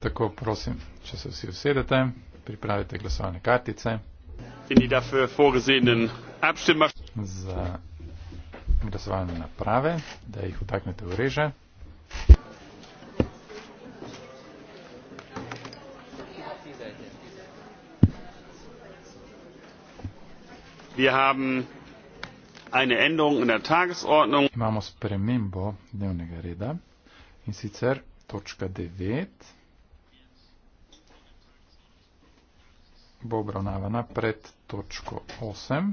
Tako prosim, če se vsi usedete, pripravite glasovne kartice. Za glasovalne naprave, da jih utaknete v reže. Wir haben eine Änderung in der Tagesordnung. Imamo spremembo dnevnega reda. In sicer točka 9 bo obravnavana pred točko 8.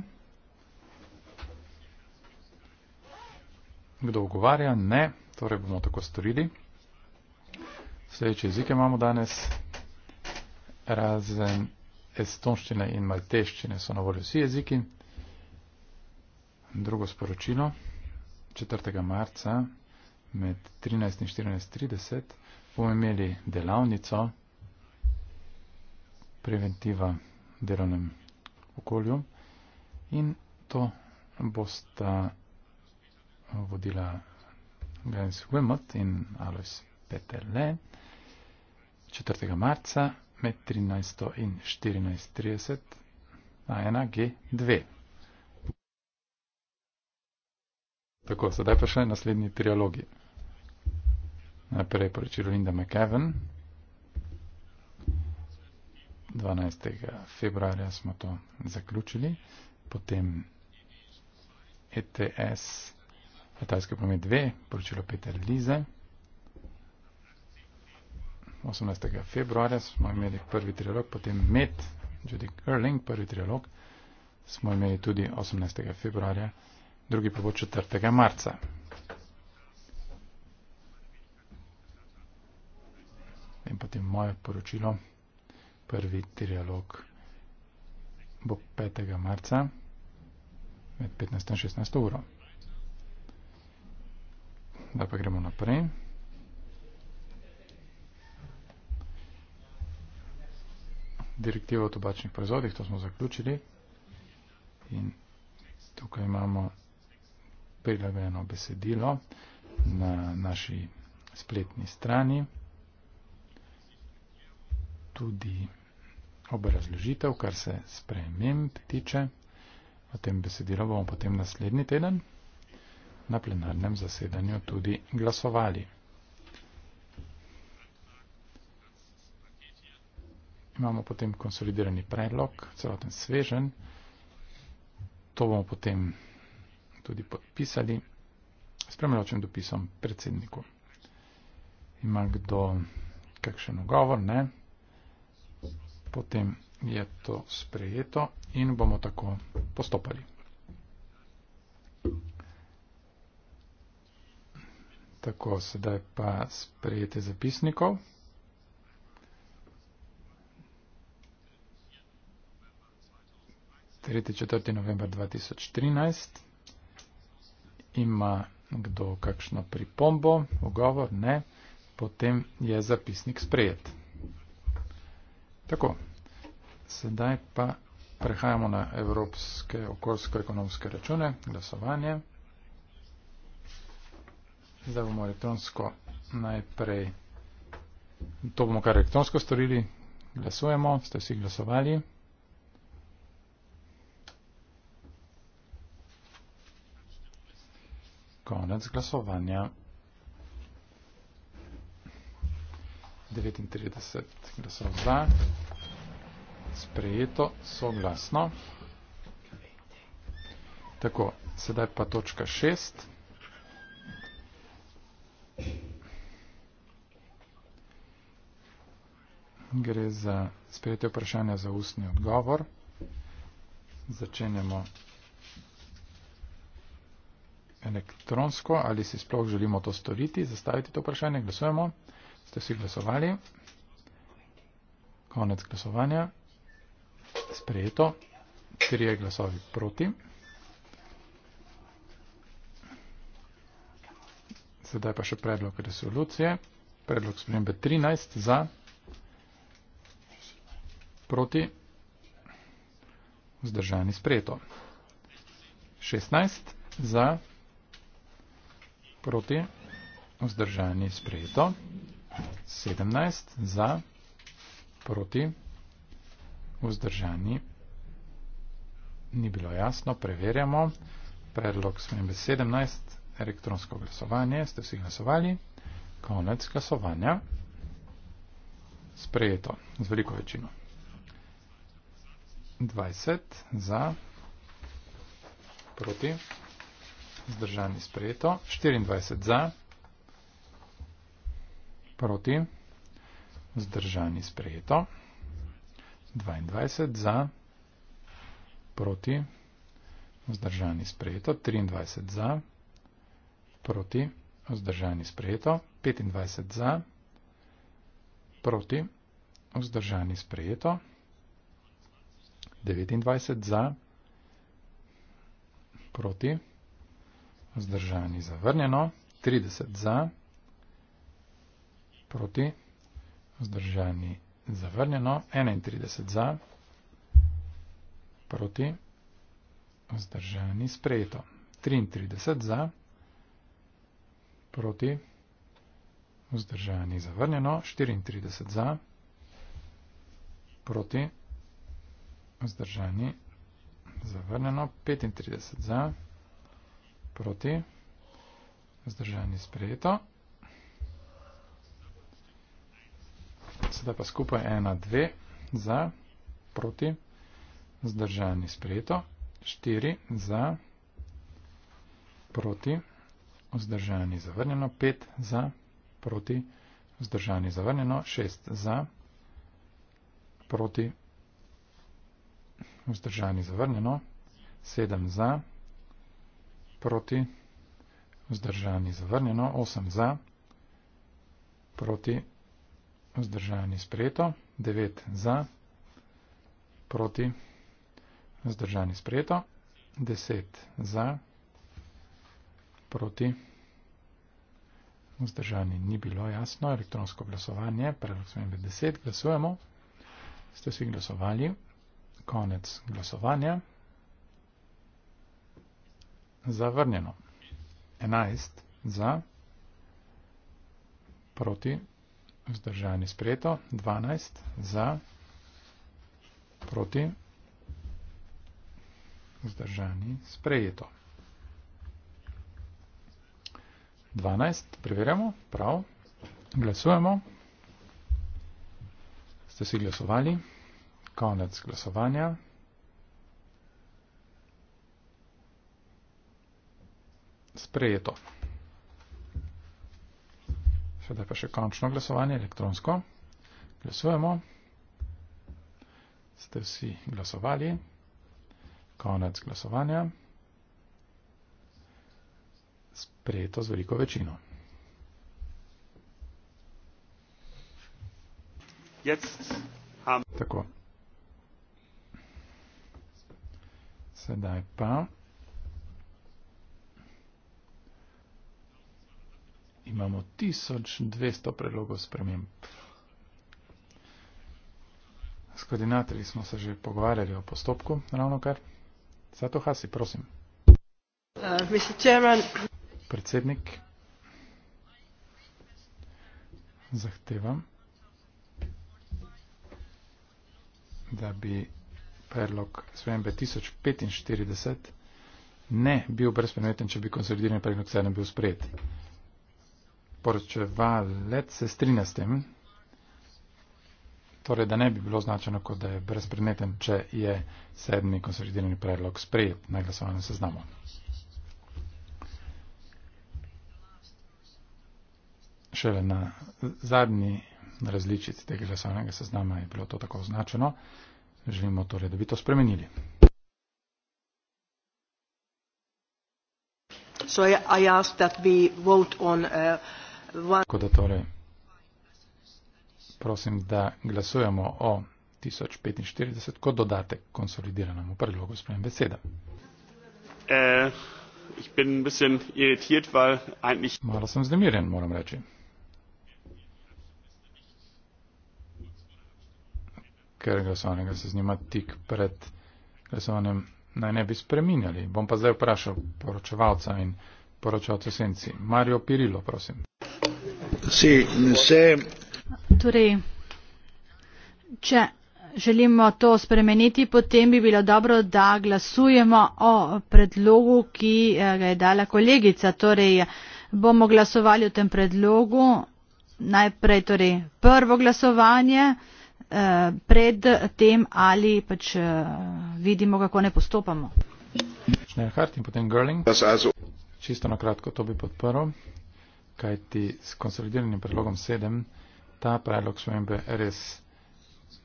Kdo ogovarja? Ne. Torej bomo tako storili. Sledeče jezike imamo danes. Razen estonščine in malteščine so na voljo vsi jeziki. Drugo sporočilo 4. marca med 13 in 14.30 bomo imeli delavnico preventiva v delovnem okolju in to bosta vodila Gens Wilmot in Alois Peterle 4. marca med 13 in 14.30 na 1G2. Tako, sedaj pa še naslednji trialogi. Najprej poročilo Linda McEwen. 12. februarja smo to zaključili. Potem ETS, letalske promet 2, poročilo Peter Lize. 18. februarja smo imeli prvi trilog, potem Med, Judy Curling, prvi trilog. Smo imeli tudi 18. februarja, drugi pa bo 4. marca. in potem moje poročilo, prvi trialog bo 5. marca med 15 in 16 uro. Da pa gremo naprej. Direktiva o tobačnih proizvodih, to smo zaključili. In tukaj imamo prilagojeno besedilo na naši spletni strani tudi obrazložitev, kar se sprememb tiče. O tem besedilo bomo potem naslednji teden na plenarnem zasedanju tudi glasovali. Imamo potem konsolidirani predlog, celoten svežen. To bomo potem tudi podpisali s premeločim dopisom predsedniku. Ima kdo kakšen ugovor? Ne potem je to sprejeto in bomo tako postopali. Tako, sedaj pa sprejete zapisnikov. Tretji četrti novembar 2013. Ima kdo kakšno pripombo, ogovor? Ne. Potem je zapisnik sprejet. Tako. Sedaj pa prehajamo na evropske okoljsko-ekonomske račune, glasovanje. Zdaj bomo elektronsko najprej, to bomo kar elektronsko storili, glasujemo, ste vsi glasovali. Konec glasovanja. 39 glasov za sprejeto soglasno. Tako, sedaj pa točka šest. Gre za sprejete vprašanja za ustni odgovor. Začenjamo elektronsko, ali si sploh želimo to storiti, zastaviti to vprašanje, glasujemo. Ste vsi glasovali? Konec glasovanja sprejeto, tri je glasovi proti. Sedaj pa še predlog resolucije, predlog spremembe 13 za, proti, vzdržani sprejeto. 16 za, proti, vzdržani sprejeto. 17 za, proti, vzdržani sprejeto vzdržani. Ni bilo jasno, preverjamo. Predlog smembe 17, elektronsko glasovanje. Ste vsi glasovali? Konec glasovanja. Sprejeto z veliko večino. 20 za, proti, zdržani sprejeto, 24 za, proti, zdržani sprejeto. 22 za, proti, vzdržani sprejeto, 23 za, proti, vzdržani sprejeto, 25 za, proti, vzdržani sprejeto, 29 za, proti, vzdržani zavrnjeno, 30 za, proti, vzdržani sprejeto, zavrnjeno, 31 za, proti, vzdržani, sprejeto, 33 za, proti, vzdržani, zavrnjeno, 34 za, proti, vzdržani, zavrnjeno, 35 za, proti, vzdržani, sprejeto, sedaj pa skupaj 1, 2 za, proti, zdržani sprejeto, 4 za, proti, vzdržani zavrnjeno, 5 za, proti, vzdržani zavrnjeno, 6 za, proti, vzdržani zavrnjeno, 7 za, proti, vzdržani zavrnjeno, 8 za, proti, vzdržani zavrnjeno, vzdržanje sprejeto, 9 za, proti, vzdržanje sprejeto, 10 za, proti, vzdržanje ni bilo jasno, elektronsko glasovanje, predlog smo imeli 10, glasujemo, ste vsi glasovali, konec glasovanja, zavrnjeno, 11 za, proti, vzdržanje sprejeto, vzdržani sprejeto, 12 za, proti, vzdržani sprejeto. 12, preverjamo, prav, glasujemo, ste si glasovali, konec glasovanja. Sprejeto. Sedaj pa še končno glasovanje elektronsko. Glasujemo. Ste vsi glasovali. Konec glasovanja. Sprejeto z veliko večino. Tako. Sedaj pa. imamo 1200 predlogov sprememb. S koordinatorji smo se že pogovarjali o postopku, ravno kar. Zato Hasi, prosim. Uh, Predsednik, zahtevam, da bi predlog SVMB 1045 ne bil brezpredmeten, če bi konsolidiran predlog 7 bil sprejet poročevalec se strinja s tem, torej da ne bi bilo značeno, kot da je brezpredmeten, če je sedmi konsolidirani predlog sprejet na glasovanju seznamo. Šele na zadnji različici tega glasovanega seznama je bilo to tako označeno. Želimo torej, da bi to spremenili. So I ask that we vote on uh, Tako da torej prosim, da glasujemo o 1045 kot dodatek konsolidiranemu predlogu sprem beseda. Uh, Malo sem zdemirjen, moram reči. Ker glasovanega se znima tik pred glasovanjem naj ne bi spreminjali. Bom pa zdaj vprašal poročevalca in poročevalce senci. Mario Pirillo, prosim. Torej, če želimo to spremeniti, potem bi bilo dobro, da glasujemo o predlogu, ki eh, ga je dala kolegica. Torej, bomo glasovali o tem predlogu. Najprej torej, prvo glasovanje eh, pred tem ali pač eh, vidimo, kako ne postopamo. Čisto na kratko to bi podprl kajti s konsolidiranim predlogom 7 ta predlog spremembe res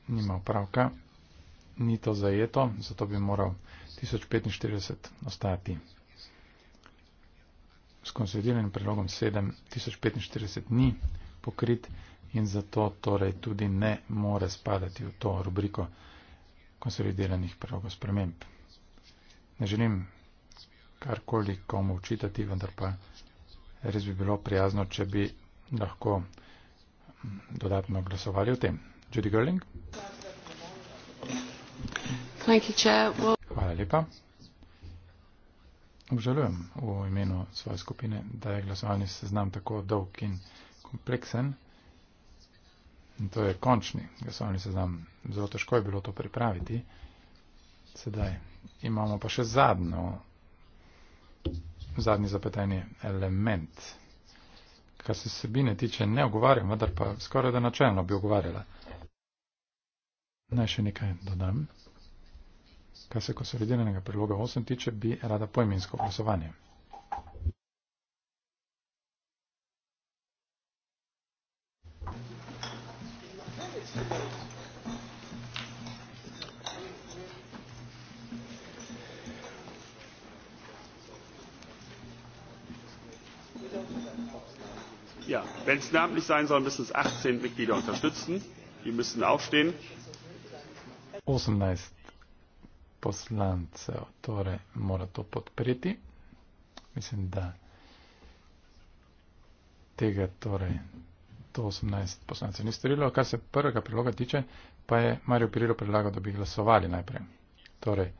nima upravka, ni to zajeto, zato bi moral 1045 ostati. S konsolidiranim predlogom 7 1045 ni pokrit in zato torej tudi ne more spadati v to rubriko konsolidiranih predlogov sprememb. Ne želim karkoli komu učitati, vendar pa res bi bilo prijazno, če bi lahko dodatno glasovali o tem. Judy Gerling. Hvala lepa. Obžalujem v imenu svoje skupine, da je glasovanje seznam tako dolg in kompleksen. In to je končni glasovni seznam. Zelo težko je bilo to pripraviti. Sedaj imamo pa še zadnjo zadnji zapeteni element. Kar se sebine tiče, ne ogovarjam, vendar pa skoraj da načelno bi ogovarjala. Naj še nekaj dodam. Kar se konsolidiranega priloga 8 tiče, bi rada pojminsko glasovanje. Ja, wenn es namentlich sein soll, müssen es 18 Mitglieder unterstützen. Die müssen aufstehen. poslance torej mora to podpreti. Mislim, da tega torej to 18 poslance ni storilo. Kar se prvega priloga tiče, pa je Mario Pirillo predlagal, da bi glasovali najprej. Torej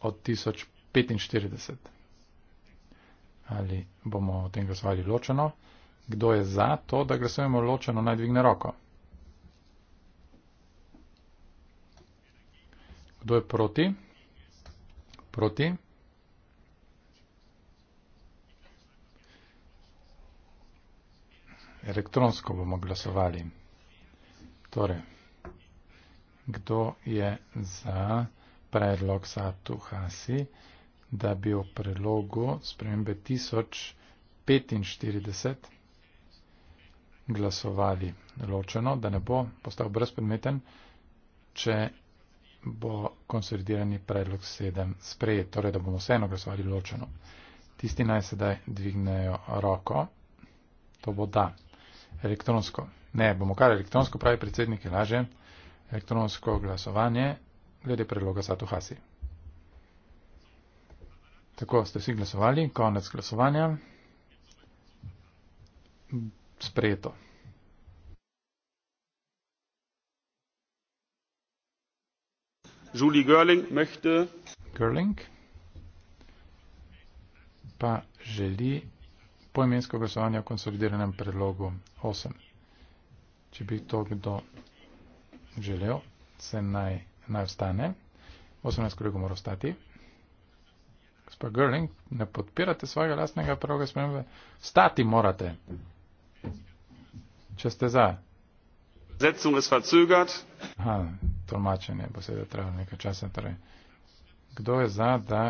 od 1045 ali bomo o tem glasovali ločeno. Kdo je za to, da glasujemo ločeno, naj dvigne roko. Kdo je proti? Proti. Elektronsko bomo glasovali. Torej, kdo je za predlog Satu Hasi? da bi o prelogu spremembe 1045 glasovali ločeno, da ne bo postal brezpredmeten, če bo konsolidirani predlog 7 sprejet, torej da bomo vseeno glasovali ločeno. Tisti naj sedaj dvignejo roko, to bo da. Elektronsko. Ne, bomo kar elektronsko, pravi predsednik, je laže. Elektronsko glasovanje glede predloga Satu Hasi. Tako ste vsi glasovali, konec glasovanja. Sprejeto. Julie Görling möchte. Görling. Pa želi poimensko glasovanje o konsolideranem predlogu 8. Če bi to kdo želel, se naj, naj ostane. 18 kolegov mora ostati. Gospa Grling, ne podpirate svojega lastnega praga spremembe? Stati morate. Če ste za. Zetcum es facugat. Aha, tolmačenje bo seveda trebalo nekaj časa. Torej. Kdo je za, da,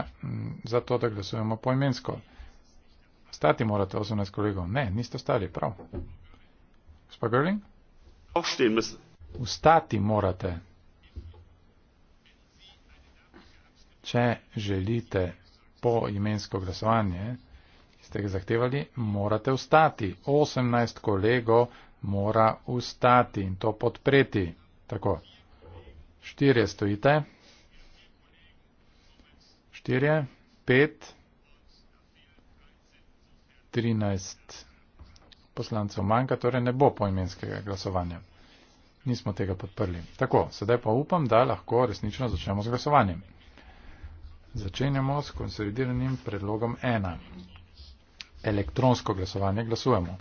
za to, da glasujemo poimensko? Stati morate, 18 kolegov. Ne, niste stali, prav. Gospa Grling? Vstati morate. Če želite poimensko glasovanje, ste ga zahtevali, morate vstati. 18 kolegov mora vstati in to podpreti. Tako. Štirje stojite. Štirje. Pet. Trinajst poslancev manjka, torej ne bo poimenskega glasovanja. Nismo tega podprli. Tako, sedaj pa upam, da lahko resnično začnemo z glasovanjem. Začenjamo s konsolidiranim predlogom 1. Elektronsko glasovanje glasujemo.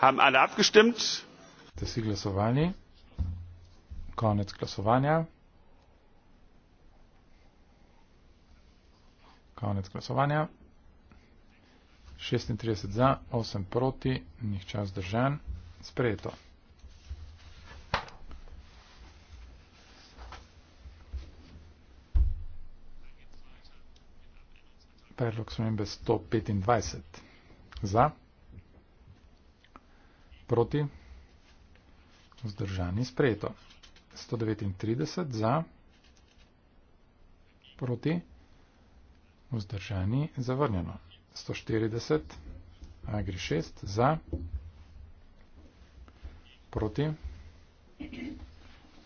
Haben alle abgestimmt? Ste si glasovali? Konec glasovanja. Konec glasovanja. 36 za, 8 proti, nihče vzdržan. Sprejeto. predlog spremembe 125. Za, proti, vzdržani, sprejeto. 139 za, proti, vzdržani, zavrnjeno. 140, agri 6, za, proti,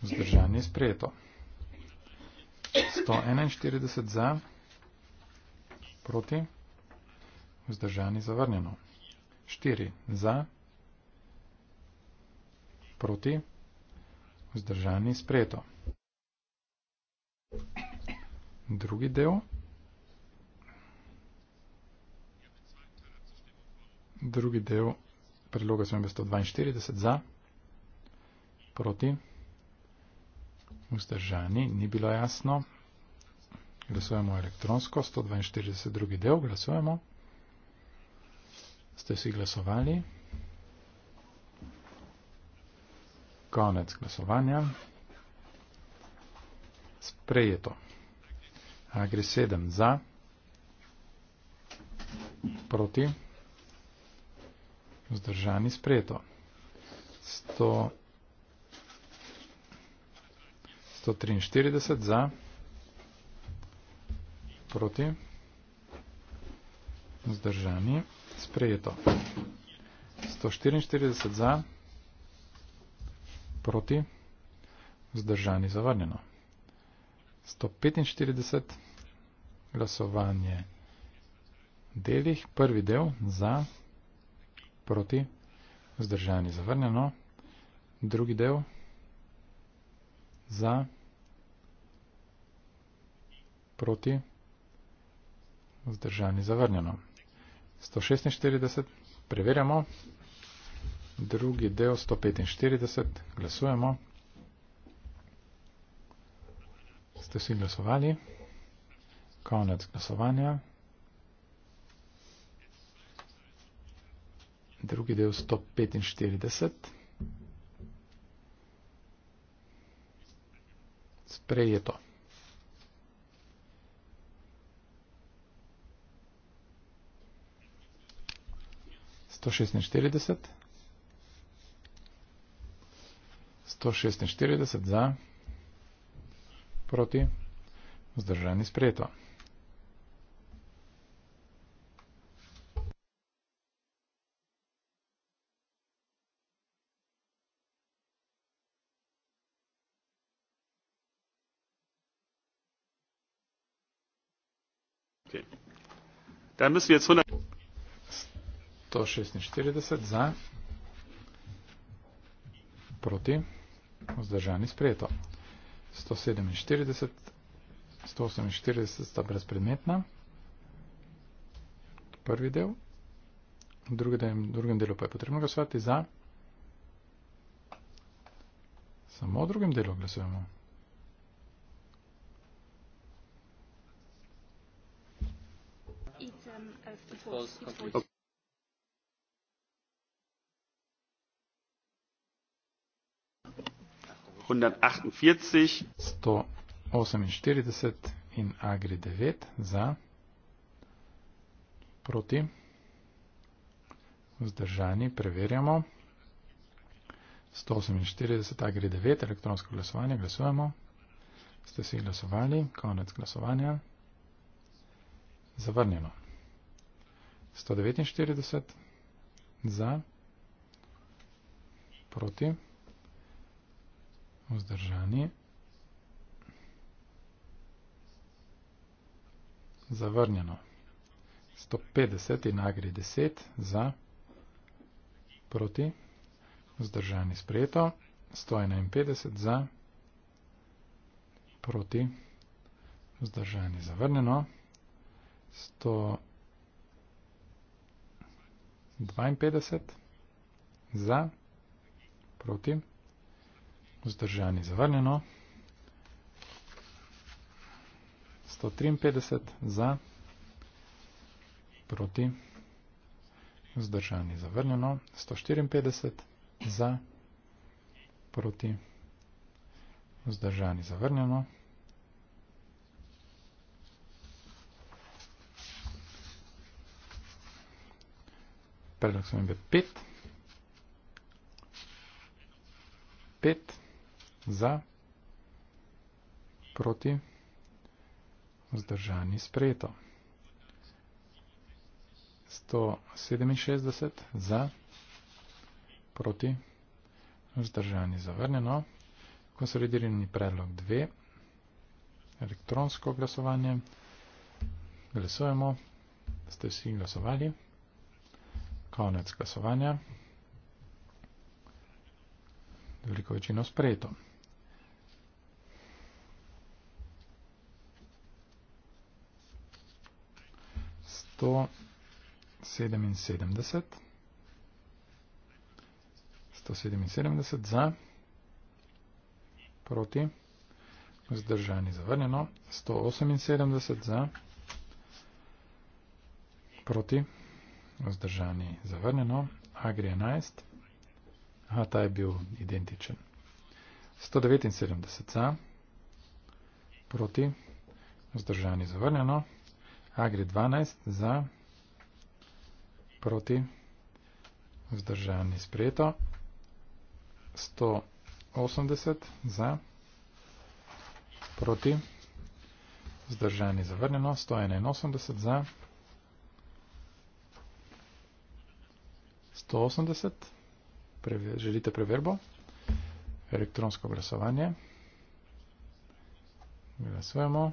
vzdržani, sprejeto. 141 za, proti, Proti. Vzdržani zavrnjeno. 4. Za. Proti. Vzdržani sprejeto. Drugi del. Drugi del predloga smo 142 za, proti, vzdržani, ni bilo jasno. Glasujemo elektronsko, 142. drugi del, glasujemo. Ste si glasovali? Konec glasovanja. Sprejeto. Agri 7 za. Proti. Vzdržani sprejeto. 100. 143 za proti, vzdržani, sprejeto. 144 za, proti, vzdržani, zavrnjeno. 145 glasovanje delih, prvi del za, proti, vzdržani, zavrnjeno, drugi del za, proti, vzdržani, zavrnjeno vzdržani zavrnjeno. 146. Preverjamo. Drugi del 145. Glasujemo. Ste vsi glasovali? Konec glasovanja. Drugi del 145. Sprejeto. 146, 146 za, proti, vzdržani sprejeto. Okay. Dann müssen wir jetzt 100 146 za, proti, vzdržani sprejeto. 147, 148 sta brezpredmetna. Prvi del. V drugem delu pa je potrebno glasovati za. Samo v drugem delu glasujemo. It's, um, uh, it's, it's, it's, it's, it's, it's, it's, 148. 148 in Agri 9 za. Proti. Vzdržani, preverjamo. 148, Agri 9, elektronsko glasovanje, glasujemo. Ste si glasovali, konec glasovanja. Zavrnjeno. 149 za. Proti vzdržanje, zavrnjeno. 150 in agri 10 za, proti, vzdržanje sprejeto, 151 za, proti, vzdržanje zavrnjeno, 152 za, proti, vzdržanje zavrnjeno, vzdržani zavrnjeno, 153 za, proti, vzdržani zavrnjeno, 154 za, proti, vzdržani zavrnjeno, 5, 5, za, proti, vzdržani, sprejeto. 167 za, proti, vzdržani, zavrnjeno. Konsolidirani predlog 2, elektronsko glasovanje. Glasujemo, ste vsi glasovali. Konec glasovanja. Veliko večino sprejeto. 177, 177 za, proti, vzdržani zavrnjeno, 178 za, proti, vzdržani zavrnjeno, agri 11, aha, ta je bil identičen, 179 za, proti, vzdržani zavrnjeno, A gre 12 za proti vzdržani spreto, 180 za proti vzdržani zavrnjeno, 181 za 180, Preve, želite preverbo, elektronsko glasovanje, glasujemo, 181.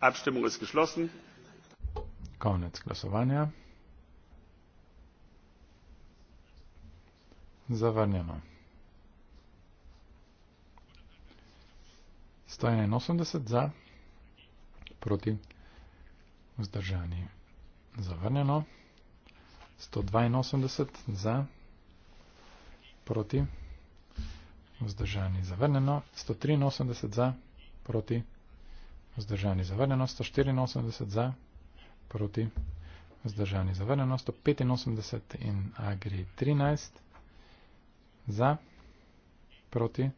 Abstimmung ist geschlossen. Konec glasovanja. Zavrnjeno. 181 za, proti, vzdržani. Zavrnjeno. 182 za, proti, vzdržani. Zavrnjeno. 183 za, proti, vzdržani vzdržani zavrnjeno 184 za, proti vzdržani zavrnjeno 185 in agri 13 za, proti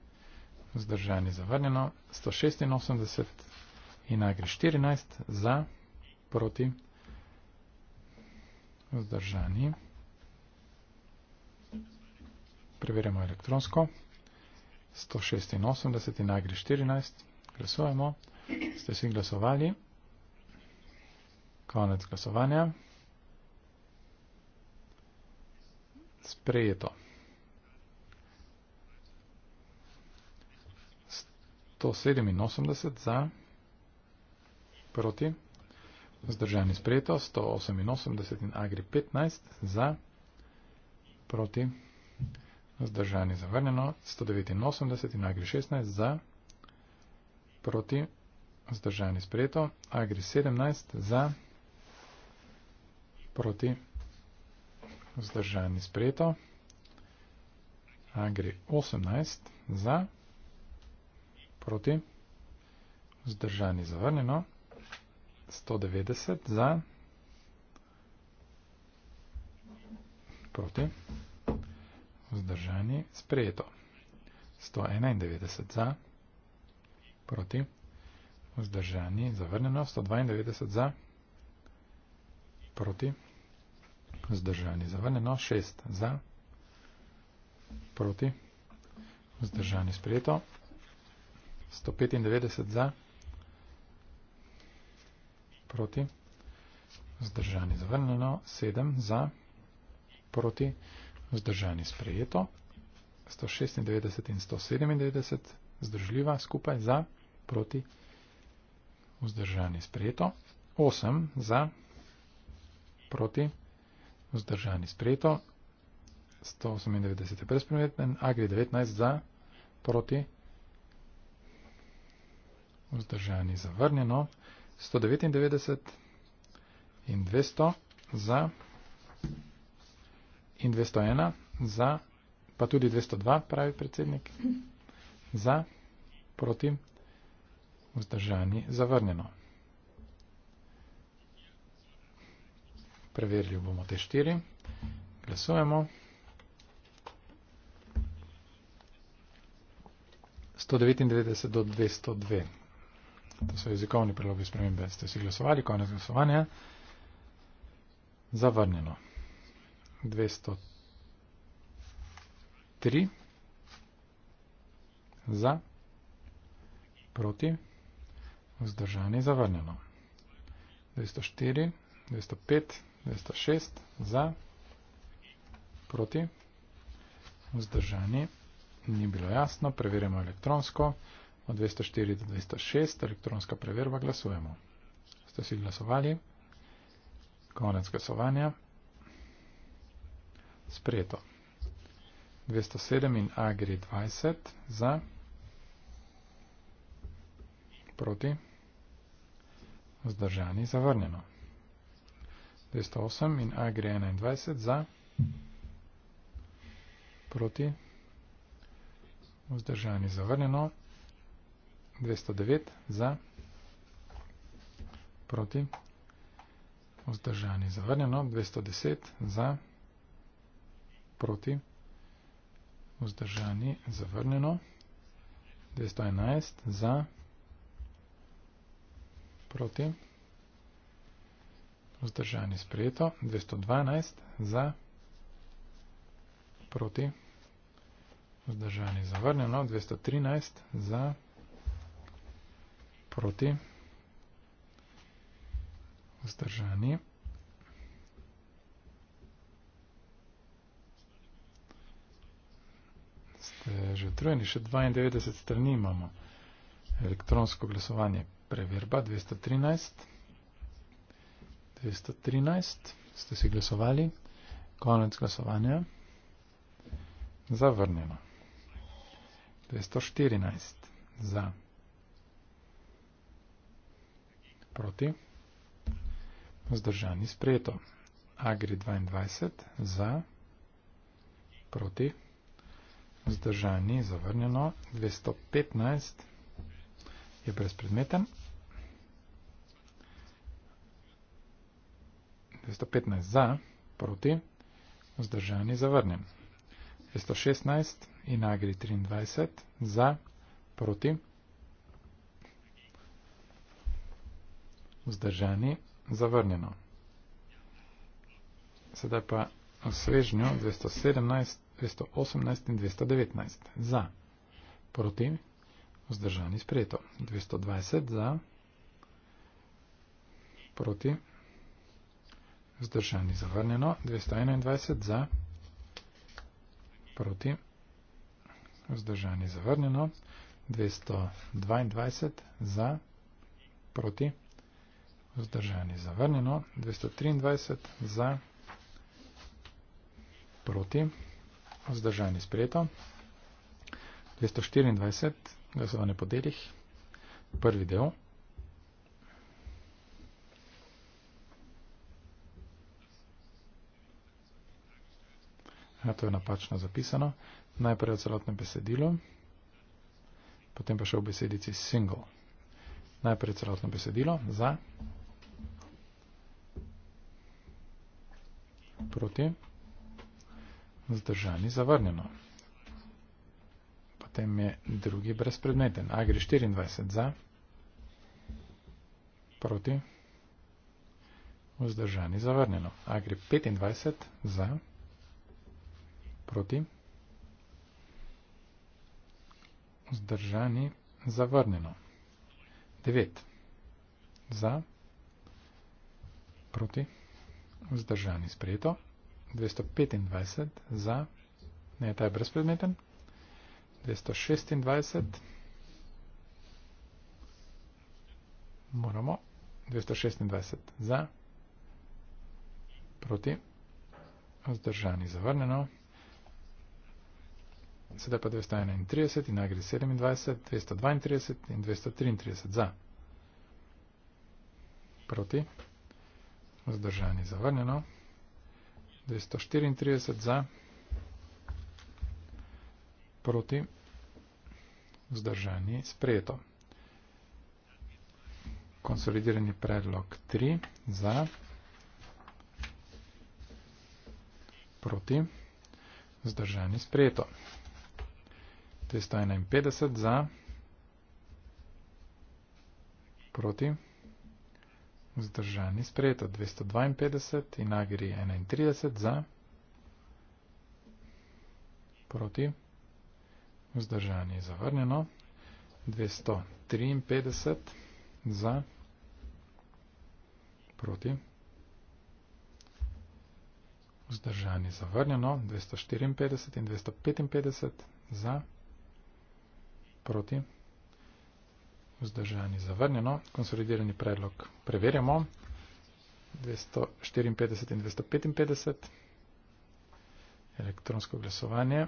vzdržani zavrnjeno 186 in agri 14 za, proti vzdržani. Preverjamo elektronsko. 186 in agri 14. Glasujemo. Ste vsi glasovali? Konec glasovanja. Sprejeto. 187 za, proti, zdržani sprejeto, 188 in agri 15 za, proti, zdržani zavrnjeno, 189 in agri 16 za, proti, Zdržani sprejeto. A gre 17 za proti. Zdržani sprejeto. A gre 18 za proti. Zdržani zavrneno. 190 za proti. Zdržani sprejeto. 191 za proti vzdržani, zavrnjeno, 192 za, proti, vzdržani, zavrnjeno, 6 za, proti, vzdržani, sprejeto, 195 za, proti, vzdržani, zavrnjeno, 7 za, proti, vzdržani, sprejeto, 196 in 197 združljiva skupaj za, proti, vzdržani, vzdržani sprejeto, 8 za, proti, vzdržani sprejeto, 198 je brezpremeten, agri 19 za, proti, vzdržani zavrnjeno, 199 in 200 za, in 201 za, pa tudi 202 pravi predsednik, za, proti, vzdržani sprejeto, vzdržani zavrnjeno. Preverili bomo te štiri. Glasujemo. 199 do 202. To so jezikovni prilogi spremembe. Ste si glasovali, konec glasovanja. Zavrnjeno. 203. Za. Proti vzdržani zavrnjeno. 204, 205, 206 za, proti, vzdržani, ni bilo jasno, preverjamo elektronsko, od 204 do 206, elektronska preverba, glasujemo. Ste si glasovali, konec glasovanja, sprejeto. 207 in A gre 20 za, proti, vzdržani vzdržani zavrnjeno. 208 in A gre 21 za, proti, vzdržani zavrnjeno, 209 za, proti, vzdržani zavrnjeno, 210 za, proti, vzdržani zavrnjeno, 211 za, proti, proti. Vzdržani sprejeto. 212 za proti. Vzdržani zavrnjeno. 213 za proti. Vzdržani. 92 strani imamo elektronsko glasovanje Preverba 213. 213. Ste si glasovali? Konec glasovanja. Zavrnjeno. 214. Za. Proti. Zdržani sprejeto. Agri 22. Za. Proti. Zdržani zavrnjeno. 215. Je brezpredmeten. 215 za, proti, vzdržani zavrnjen. 216 in agri 23 za, proti, vzdržani zavrnjeno. Sedaj pa v svežnju 217, 218 in 219 za, proti, vzdržani sprejeto. 220 za, proti, vzdržani. Zdržani zavrnjeno. 221 za. Proti. Zdržani zavrnjeno. 222 za. Proti. Zdržani zavrnjeno. 223 za. Proti. Zdržani sprejeto. 224. Glasovanje po delih. Prvi del. 221. Ja, to je napačno zapisano. Najprej je celotno besedilo, potem pa še v besedici single. Najprej celotno besedilo za, proti, zdržani, zavrnjeno. Potem je drugi brezpredmeten. Agri 24 za, proti, vzdržani, zavrnjeno. Agri 25 za, proti proti, vzdržani, zavrnjeno, 9, za, proti, vzdržani, sprejeto, 225, za, ne, ta je brezpredmeten, 226, moramo, 226, za, proti, vzdržani, zavrnjeno, 226, sedaj pa 231 in nagri 27, 232 in 233 za. Proti. Vzdržanje zavrnjeno. 234 za. Proti. Vzdržanje sprejeto. Konsolidirani predlog 3 za. Proti. Vzdržanje sprejeto. 251 za, proti, vzdržani sprejeto 252 in agri 31 za, proti, vzdržani zavrnjeno 253 za, proti, vzdržani zavrnjeno 254 in 255 za, proti, proti, vzdržani zavrnjeno, konsolidirani predlog preverjamo, 254 in 255, elektronsko glasovanje,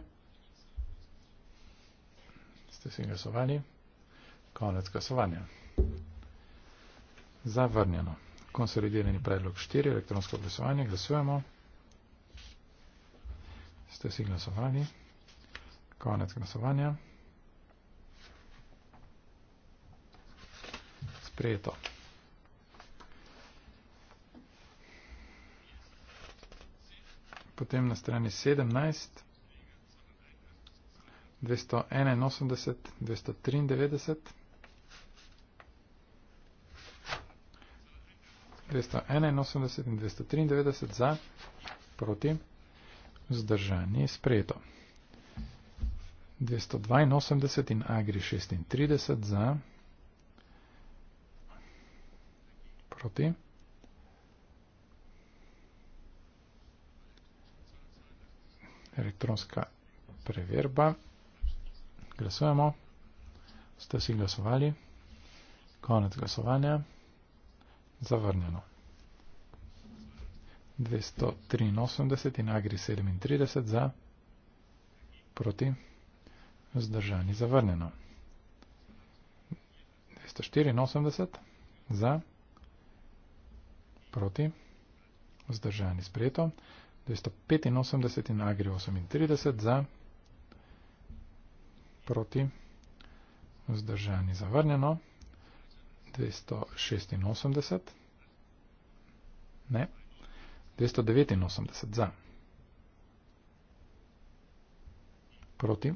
ste vsi glasovali, konec glasovanja, zavrnjeno, konsolidirani predlog 4, elektronsko glasovanje, glasujemo, ste vsi glasovali, konec glasovanja, sprejeto. Potem na strani 17, 281, 293, 281 in 293 za, proti, vzdržani, sprejeto. 282 in agri 36 za, akaratté. Elektronska preverba. Glasujemo. Ste si glasovali. Konec glasovanja. Zavrnjeno. 283 in agri 37 za. Proti. Zdržani zavrnjeno. 284 za proti, vzdržani sprejeto, 285 in agri 38 za, proti, vzdržani zavrnjeno, 286, ne, 289 za, proti,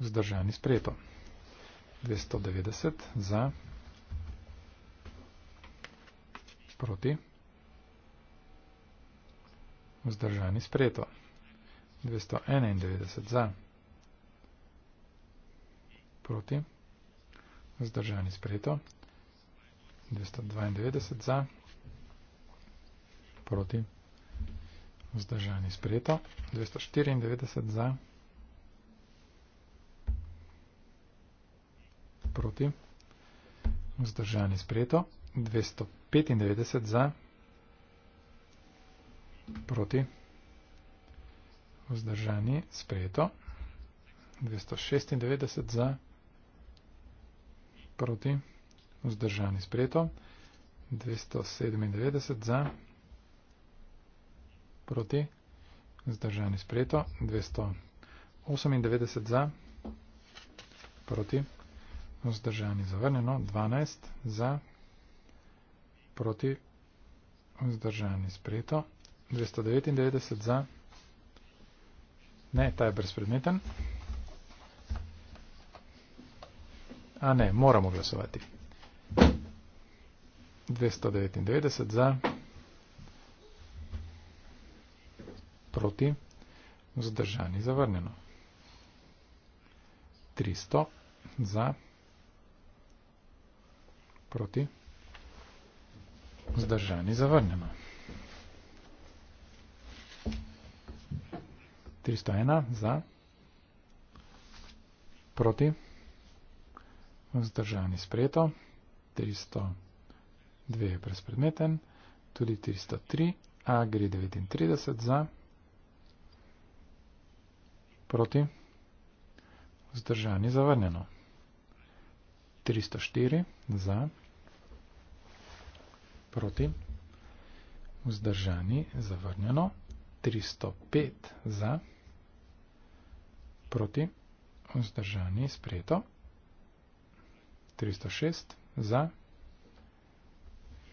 vzdržani sprejeto, 290 za, proti, proti. Vzdržani spreto. 291 za. Proti. Vzdržani spreto. 292 za. Proti. Vzdržani spreto. 294 za. Proti. Vzdržani spreto. 250. 95 za, proti, vzdržani, sprejeto, 296 za, proti, vzdržani, sprejeto, 297 za, proti, vzdržani, sprejeto, 298 za, proti, vzdržani, zavrneno, 12 za, proti, proti, vzdržani spreto, 299 za, ne, ta je brezpredmeten. A ne, moramo glasovati. 299 za, proti, vzdržani zavrnjeno. 300 za, proti, vzdržani zavrnjeno. Zdržani zavrnjeno. 301 za. Proti. Zdržani sprejeto. 302 je prespredmeten. Tudi 303. A gre 39 za. Proti. Zdržani zavrnjeno. 304 za proti, vzdržani, zavrnjeno, 305 za, proti, vzdržani, sprejeto, 306 za,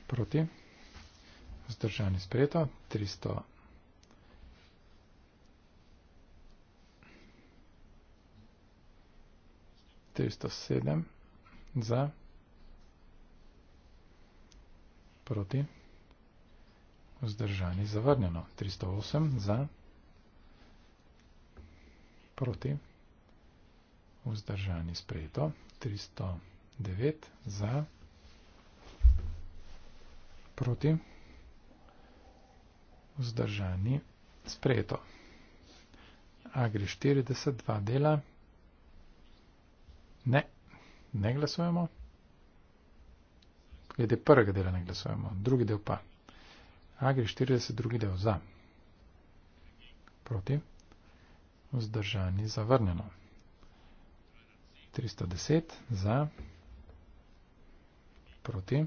proti, vzdržani, sprejeto, 300 307 za, proti, proti, vzdržani, zavrnjeno, 308 za, proti, vzdržani, sprejeto, 309 za, proti, vzdržani, sprejeto. Agri 40, dva dela, ne, ne glasujemo glede prvega dela ne glasujemo, drugi del pa. A gre 40, drugi del za. Proti. Vzdržani zavrnjeno. 310 za. Proti.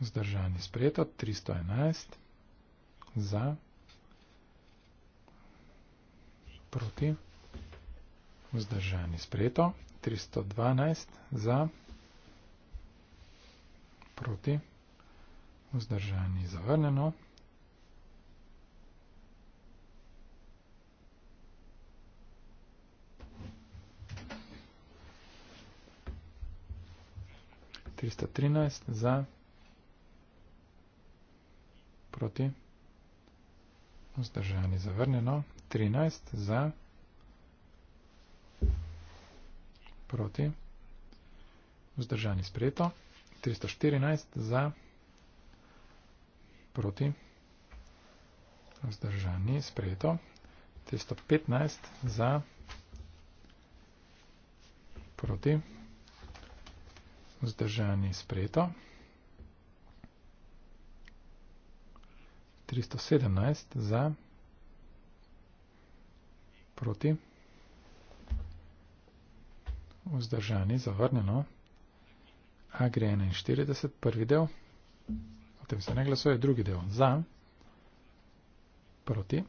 Vzdržani sprejeto. 311 za. Proti. Vzdržani sprejeto. 312 za proti, vzdržani zavrneno. Tristo trinajst za proti vzdržani zavrneno, trinajst za proti vzdržani sprejeto. 314 za proti vzdržani sprejeto, 315 za proti vzdržani sprejeto, 317 za proti vzdržani zavrnjeno, 315 za proti vzdržani zavrnjeno, A gre 41, prvi del, o tem se ne glasuje, drugi del za, proti,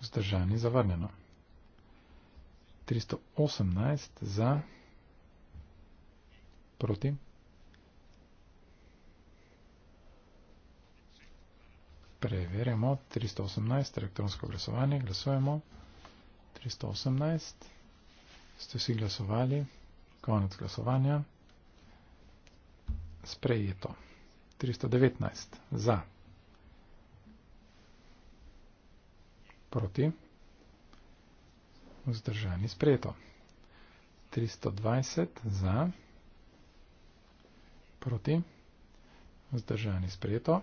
vzdržani, zavrnjeno. 318 za, proti, preverjamo, 318, elektronsko glasovanje, glasujemo, 318, 318, ste si glasovali, konec glasovanja. Sprejeto. 319 za. Proti. Vzdržani sprejeto. 320 za. Proti. Vzdržani sprejeto.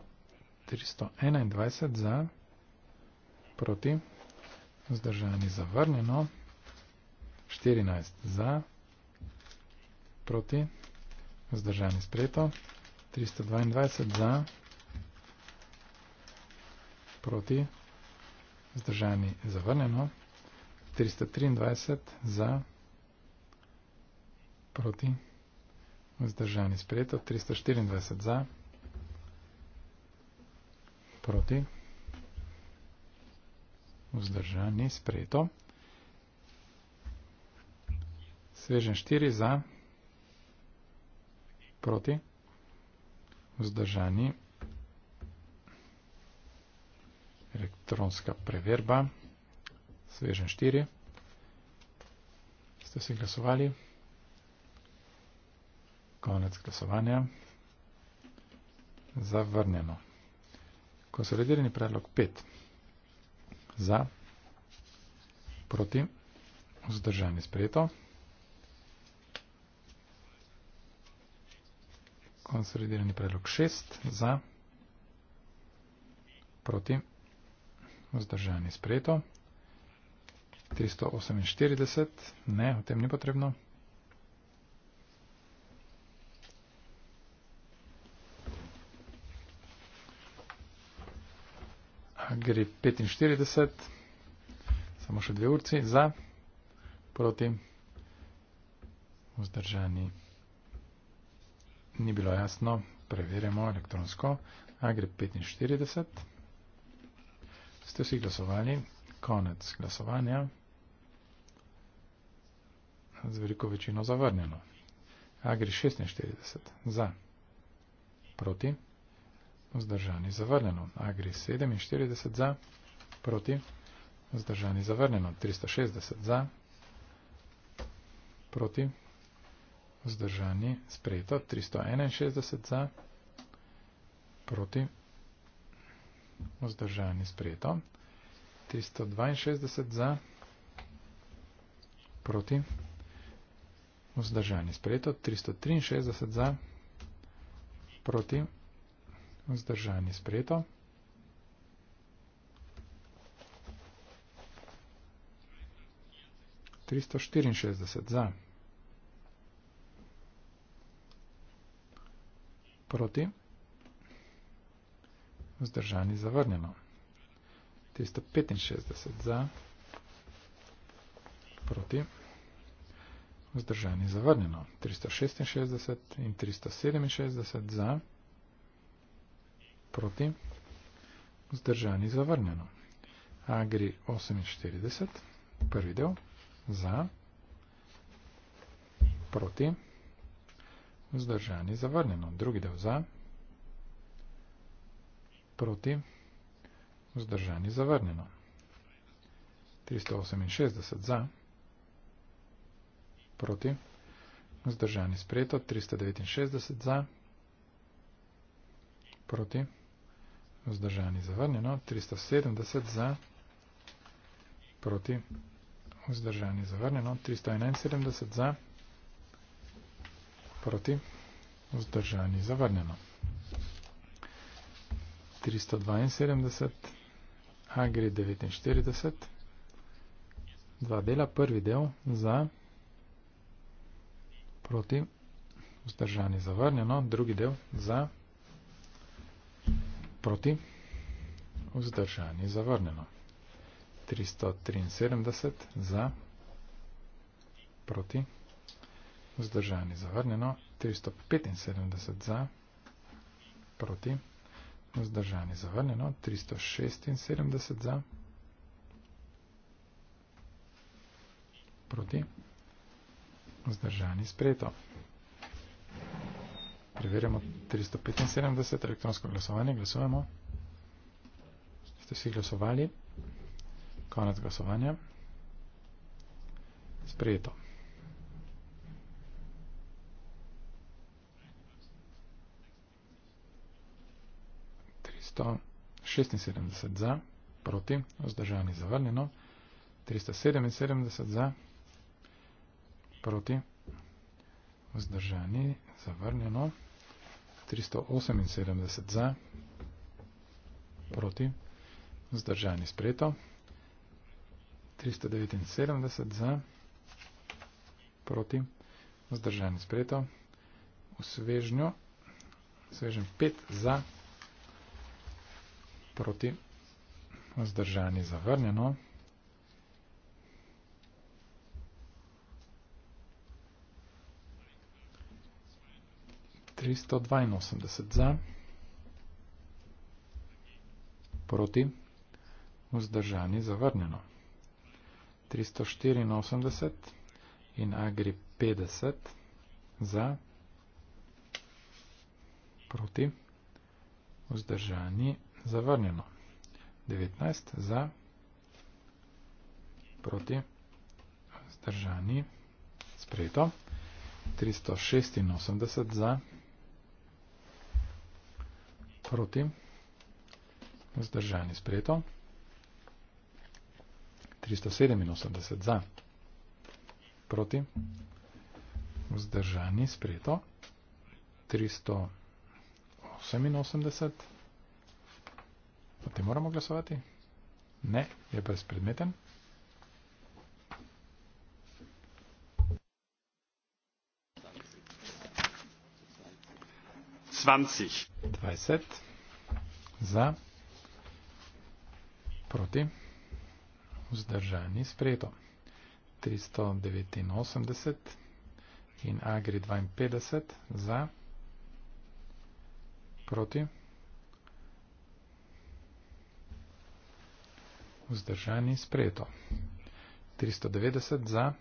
321 za. Proti. Vzdržani zavrnjeno. 14 za, proti, vzdržani sprejeto, 322 za, proti, vzdržani zavrnjeno, 323 za, proti, vzdržani sprejeto, 324 za, proti, vzdržani sprejeto. Svežen 4 za, proti, vzdržani, elektronska preverba, svežen 4, ste se glasovali, konec glasovanja, zavrnjeno. Konsolidirani predlog 5, za, proti, vzdržani, sprejeto. konsolidirani predlog 6 za proti vzdržanje sprejeto 348 ne, v tem ni potrebno gre 45 samo še dve urci za proti vzdržanje sprejeto ni bilo jasno, preverjamo elektronsko. Agreb 45. Ste vsi glasovali? Konec glasovanja. Z veliko večino zavrnjeno. Agri 46. Za. Proti. Vzdržani zavrnjeno. Agri 47. Za. Proti. Vzdržani zavrnjeno. 360. Za. Proti vzdržani, sprejeto 361 za, proti, vzdržani, sprejeto 362 za, proti, vzdržani, sprejeto 363 za, proti, vzdržani, sprejeto. Tristo štiriinšestdeset za. proti, vzdržani zavrnjeno. 365 za, proti, vzdržani zavrnjeno. 366 in 367 za, proti, vzdržani zavrnjeno. Agri 48, prvi del, za, proti, vzdržani zavrnjeno. Zdržan je zavrnjeno. Drugi del za. Proti. Zdržan je zavrnjeno. 368 za. Proti. Zdržan je sprejeto. 369 za. Proti. Vzdržan je zavrnjeno. 370 za. Proti. Vzdržan je zavrnjeno. 371 za. Proti proti, vzdržani, zavrnjeno. 372, Agri 49, dva dela, prvi del za, proti, vzdržani, zavrnjeno, drugi del za, proti, vzdržani, zavrnjeno. 373, za, proti, vzdržani, zavrnjeno. Vzdržani zavrnjeno, 375 za, proti, vzdržani zavrnjeno, 376 za, proti, vzdržani sprejeto. Preverjamo 375, elektronsko glasovanje, glasujemo. Ste vsi glasovali, konec glasovanja, sprejeto. 276 za, proti, vzdržani zavrnjeno, 377 za, proti, vzdržani zavrnjeno, 378 za, proti, vzdržani spreto, 379 za, proti, vzdržani spreto, v svežnju, svežem 5 za, proti, proti, vzdržani zavrnjeno. Tristo dvajnosemdeset za, proti, vzdržani zavrnjeno. Tristo štirinosemdeset in agri petdeset za, proti, vzdržani zavrnjeno zavrnjeno. 19 za proti zdržani sprejeto. 386 za proti zdržani sprejeto. 387 za proti zdržani sprejeto. 388 za proti zdržani sprejeto. O tem moramo glasovati? Ne, je brezpredmeten. Dvajset. Za. Proti. Vzdržani. Sprejeto. 389 in Agri 52 za proti. vzdržani in sprejeto. 390 za,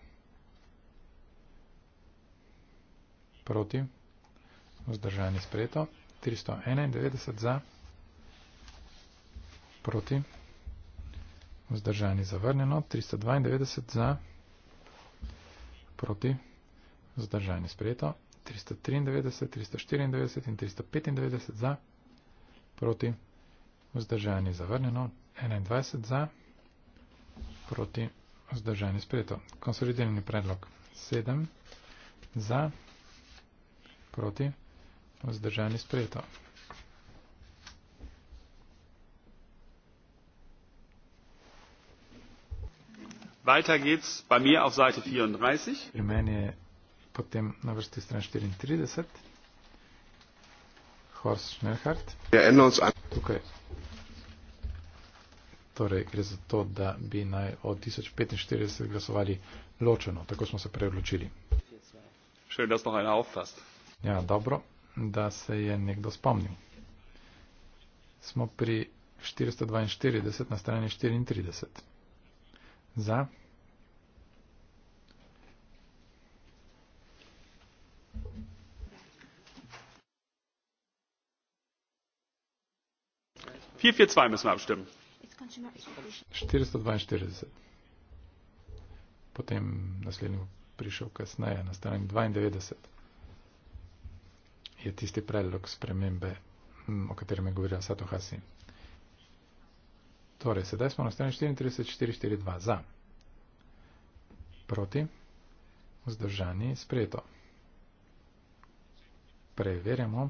proti, vzdržani in sprejeto. 391 za, proti, vzdržani in zavrnjeno. 392 za, proti, vzdržani in sprejeto. 393, 394 in 395 za, proti, vzdržani in zavrnjeno. 21 za, proti vzdržanje sprejeto. Konsolidirani predlog 7 za, proti vzdržanje sprejeto. Weiter geht's bei mir auf Seite 34. Der Änderungsantrag. Okay. Torej, gre za to, da bi naj od 1045 glasovali ločeno. Tako smo se preodločili. Ja, dobro, da se je nekdo spomnil. Smo pri 442 na strani 34. Za. Vier, vier, zwei müssen wir abstimmen. 442. Potem naslednji prišel kasneje, na strani 92. Je tisti predlog spremembe, hm, o katerem je govorila Sato Hasi. Torej, sedaj smo na strani 34, 4, 4, 2. Za. Proti. Vzdržani. Sprejeto. Preverjamo.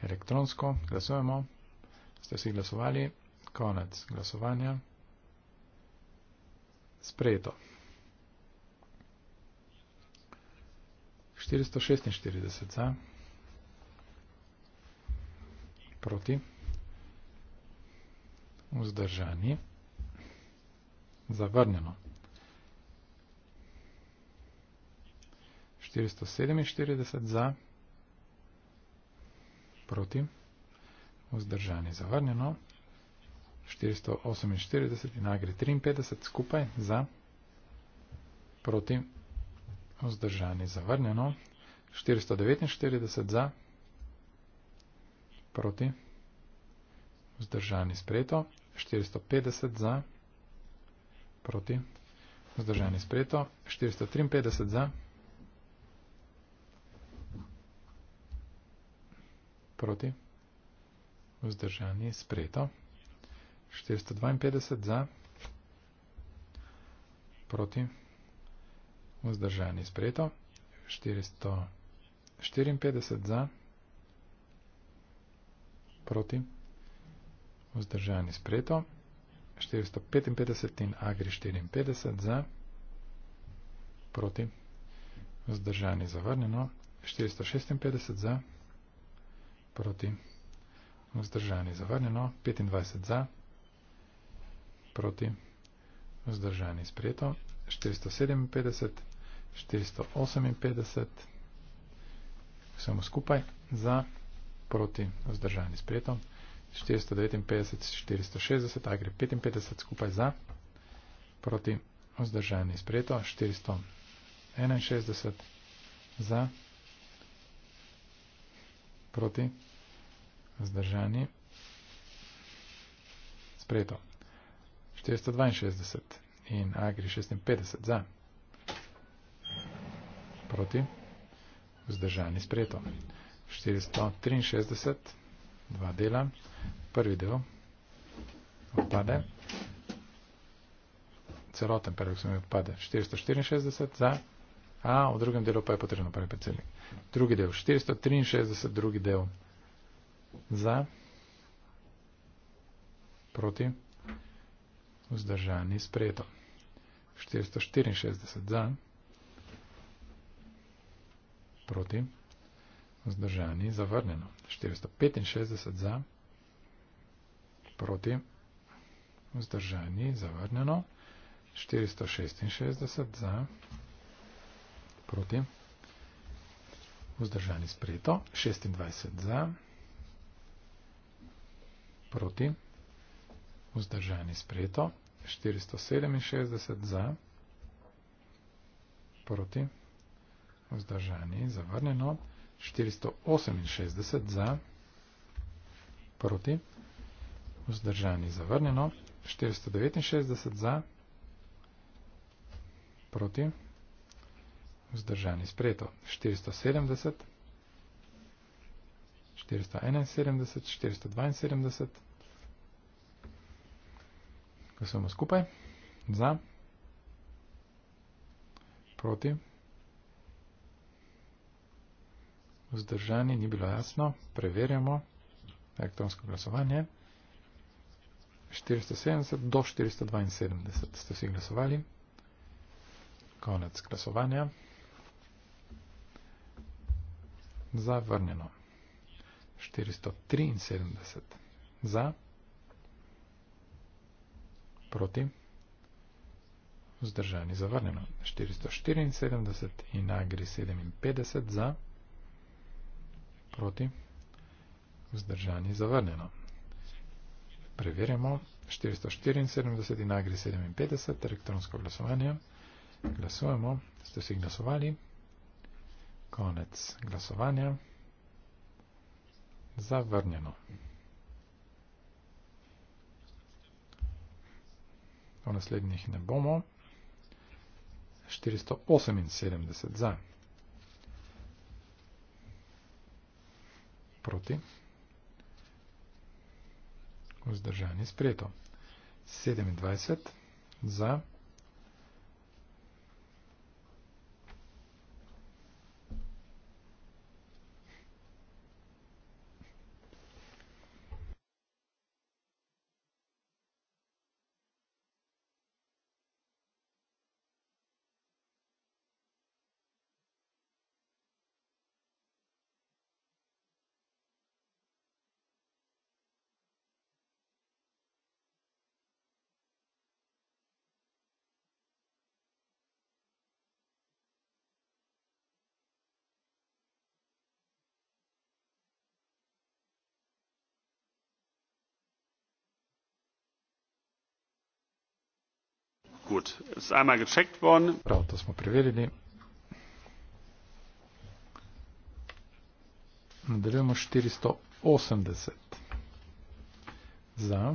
Elektronsko. Glasujemo. Ste si glasovali? Konec glasovanja. Sprejeto. 446 za. Proti. Vzdržani. Zavrnjeno. 447 za. Proti. Vzdržani. Zavrnjeno. 448 in A gre 53 skupaj za proti vzdržani zavrnjeno, 449 za proti vzdržani spreto, 450 za proti vzdržani spreto, 453 za proti vzdržani spreto. 452 za, proti, vzdržani sprejeto, 454 za, proti, vzdržani sprejeto, 455 in agri 54 za, proti, vzdržani zavrnjeno, 456 za, proti, vzdržani zavrnjeno, 25 za, proti, proti, vzdržani sprejeto, 457, 458, vsemu skupaj, za, proti, vzdržani sprejeto, 459, 460, agri 55 skupaj za, proti, vzdržani sprejeto, 461 za, proti, vzdržani sprejeto. 462 in Agri 56 za. Proti. Vzdržani sprejeto. 463, dva dela. Prvi del odpade. Celoten predlog se mi odpade. 464 za. A, v drugem delu pa je potrebno prvi predsednik. Drugi del 463, drugi del za. Proti vzdržani sprejeto. 464 za, proti, vzdržani zavrnjeno. 465 za, proti, vzdržani zavrnjeno. 466 za, proti, vzdržani sprejeto. 26 za, proti, vzdržani sprejeto vzdržani sprejeto, 467 za, proti, vzdržani, zavrnjeno, 468 za, proti, vzdržani, zavrnjeno, 469 za, proti, vzdržani, sprejeto, 470, 471, 472, Glasujemo skupaj. Za. Proti. Vzdržani ni bilo jasno. Preverjamo elektronsko glasovanje. 470 do 472 ste vsi glasovali. Konec glasovanja. Zavrnjeno. 473 za proti. Vzdržani zavrnjeno 474 in nagri 57 za proti. Vzdržani zavrnjeno. Preverjamo 474 in nagri 57 elektronsko glasovanje. Glasujemo. Ste vsi glasovali? Konec glasovanja. Zavrnjeno. pa naslednjih ne bomo. 478 za. Proti. Vzdržani sprejeto. 27 za. Gut, ist einmal gecheckt worden. Prav, das smo preverili. Nadaljujemo 480. Za.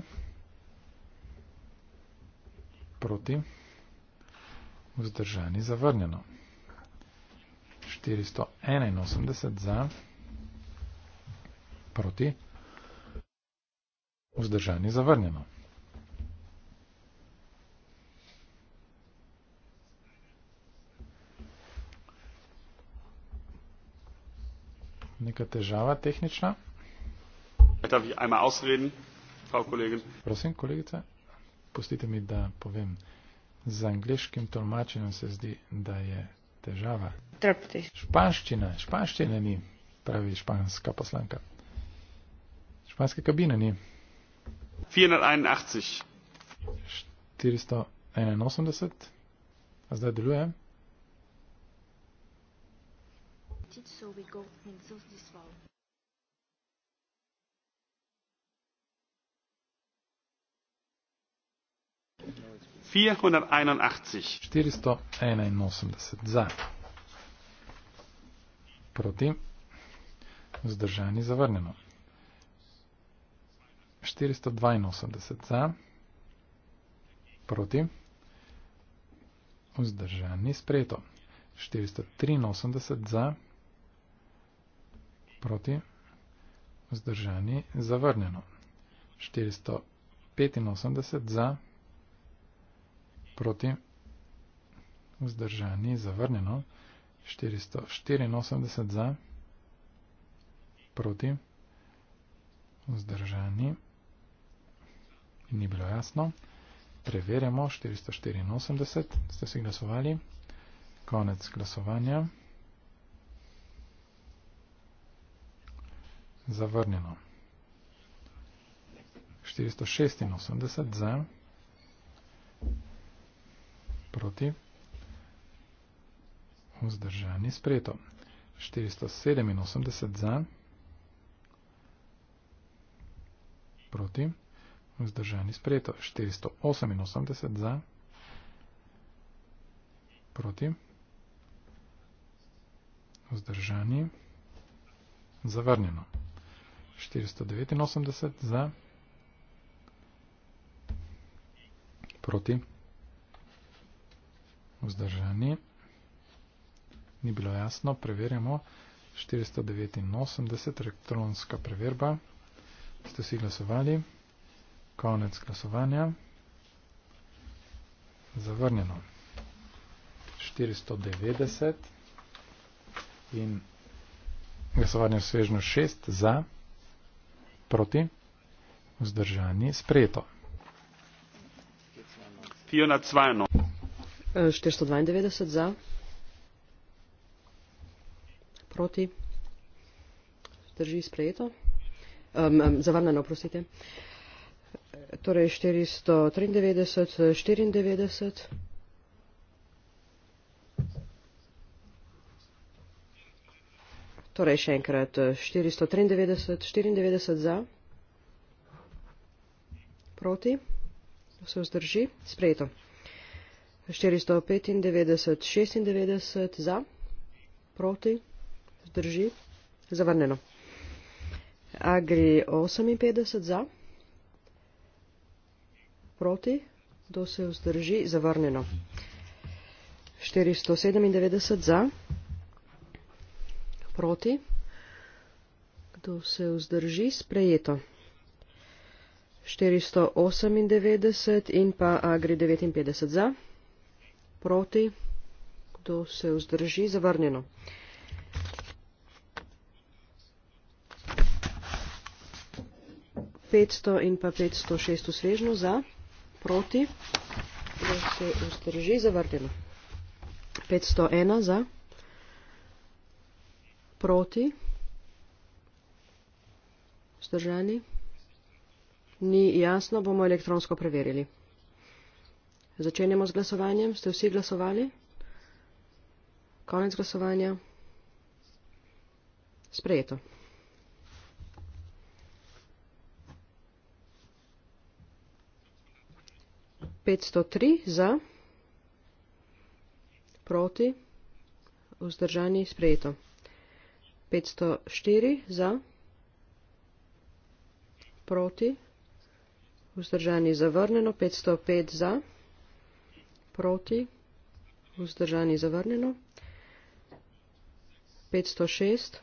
Proti. Vzdržani zavrnjeno. 481 za. Proti. Vzdržani zavrnjeno. neka težava tehnična. Darf ich einmal ausreden, Frau Kollegin? Prosim, kolegica, pustite mi, da povem. Z angliškim tolmačenjem se zdi, da je težava. Trpite. Španščina, španščine ni, pravi španska poslanka. Španske kabine ni. 481. 481. A zdaj deluje. so we go in through this wall. Štiristo enainosemdeset za, proti, vzdržani zavrnjeno. Štiristo dvainosemdeset za, proti, vzdržani sprejeto. Štiristo trinosemdeset za, proti proti, vzdržani, zavrnjeno. 485 za, proti, vzdržani, zavrnjeno. 484 za, proti, vzdržani, ni bilo jasno. Preverjamo, 484 ste si glasovali. Konec glasovanja. zavrnjeno. 486 za, proti, vzdržani spreto. 487 za, proti, vzdržani spreto. 488 za, proti, vzdržani, zavrnjeno. 489 za, proti, vzdržani, ni bilo jasno, preverjamo, 489, elektronska preverba, ste si glasovali, konec glasovanja, zavrnjeno, 490 in glasovanje v svežnju 6 za, proti. Vzdržanje sprejeto. 492 e, za. Proti. Drži sprejeto. Um, um, zavrnjeno, prosite. E, torej 493, 94. Torej še enkrat 493, eh, 94 za, proti, se vzdrži, sprejeto. 495, 96 za, proti, vzdrži, zavrneno. Agri 58 za, proti, do se vzdrži, zavrneno. 497 za, proti proti. Kdo se vzdrži, sprejeto. 498 in pa Agri 59 za. Proti. Kdo se vzdrži, zavrnjeno. petsto in pa petsto šest v svežnju za, proti, da se vzdrži, zavrteno. petsto ena za proti, vzdržani, ni jasno, bomo elektronsko preverili. Začenjamo z glasovanjem, ste vsi glasovali? Konec glasovanja. Sprejeto. Petsto tri za, proti, vzdržani, sprejeto. 504 za, proti, vzdržani zavrnjeno, 505 za, proti, vzdržani zavrnjeno, 506 za.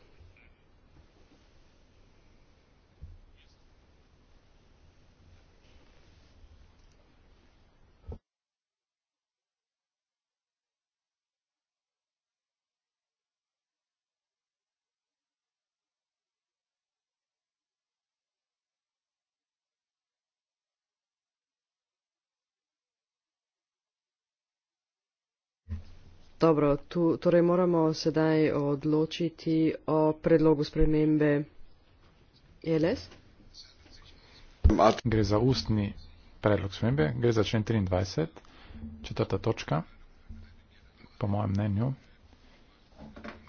Dobro, tu, torej moramo sedaj odločiti o predlogu spremembe ELS. Gre za ustni predlog spremembe, gre za člen 23, četrta točka, po mojem mnenju.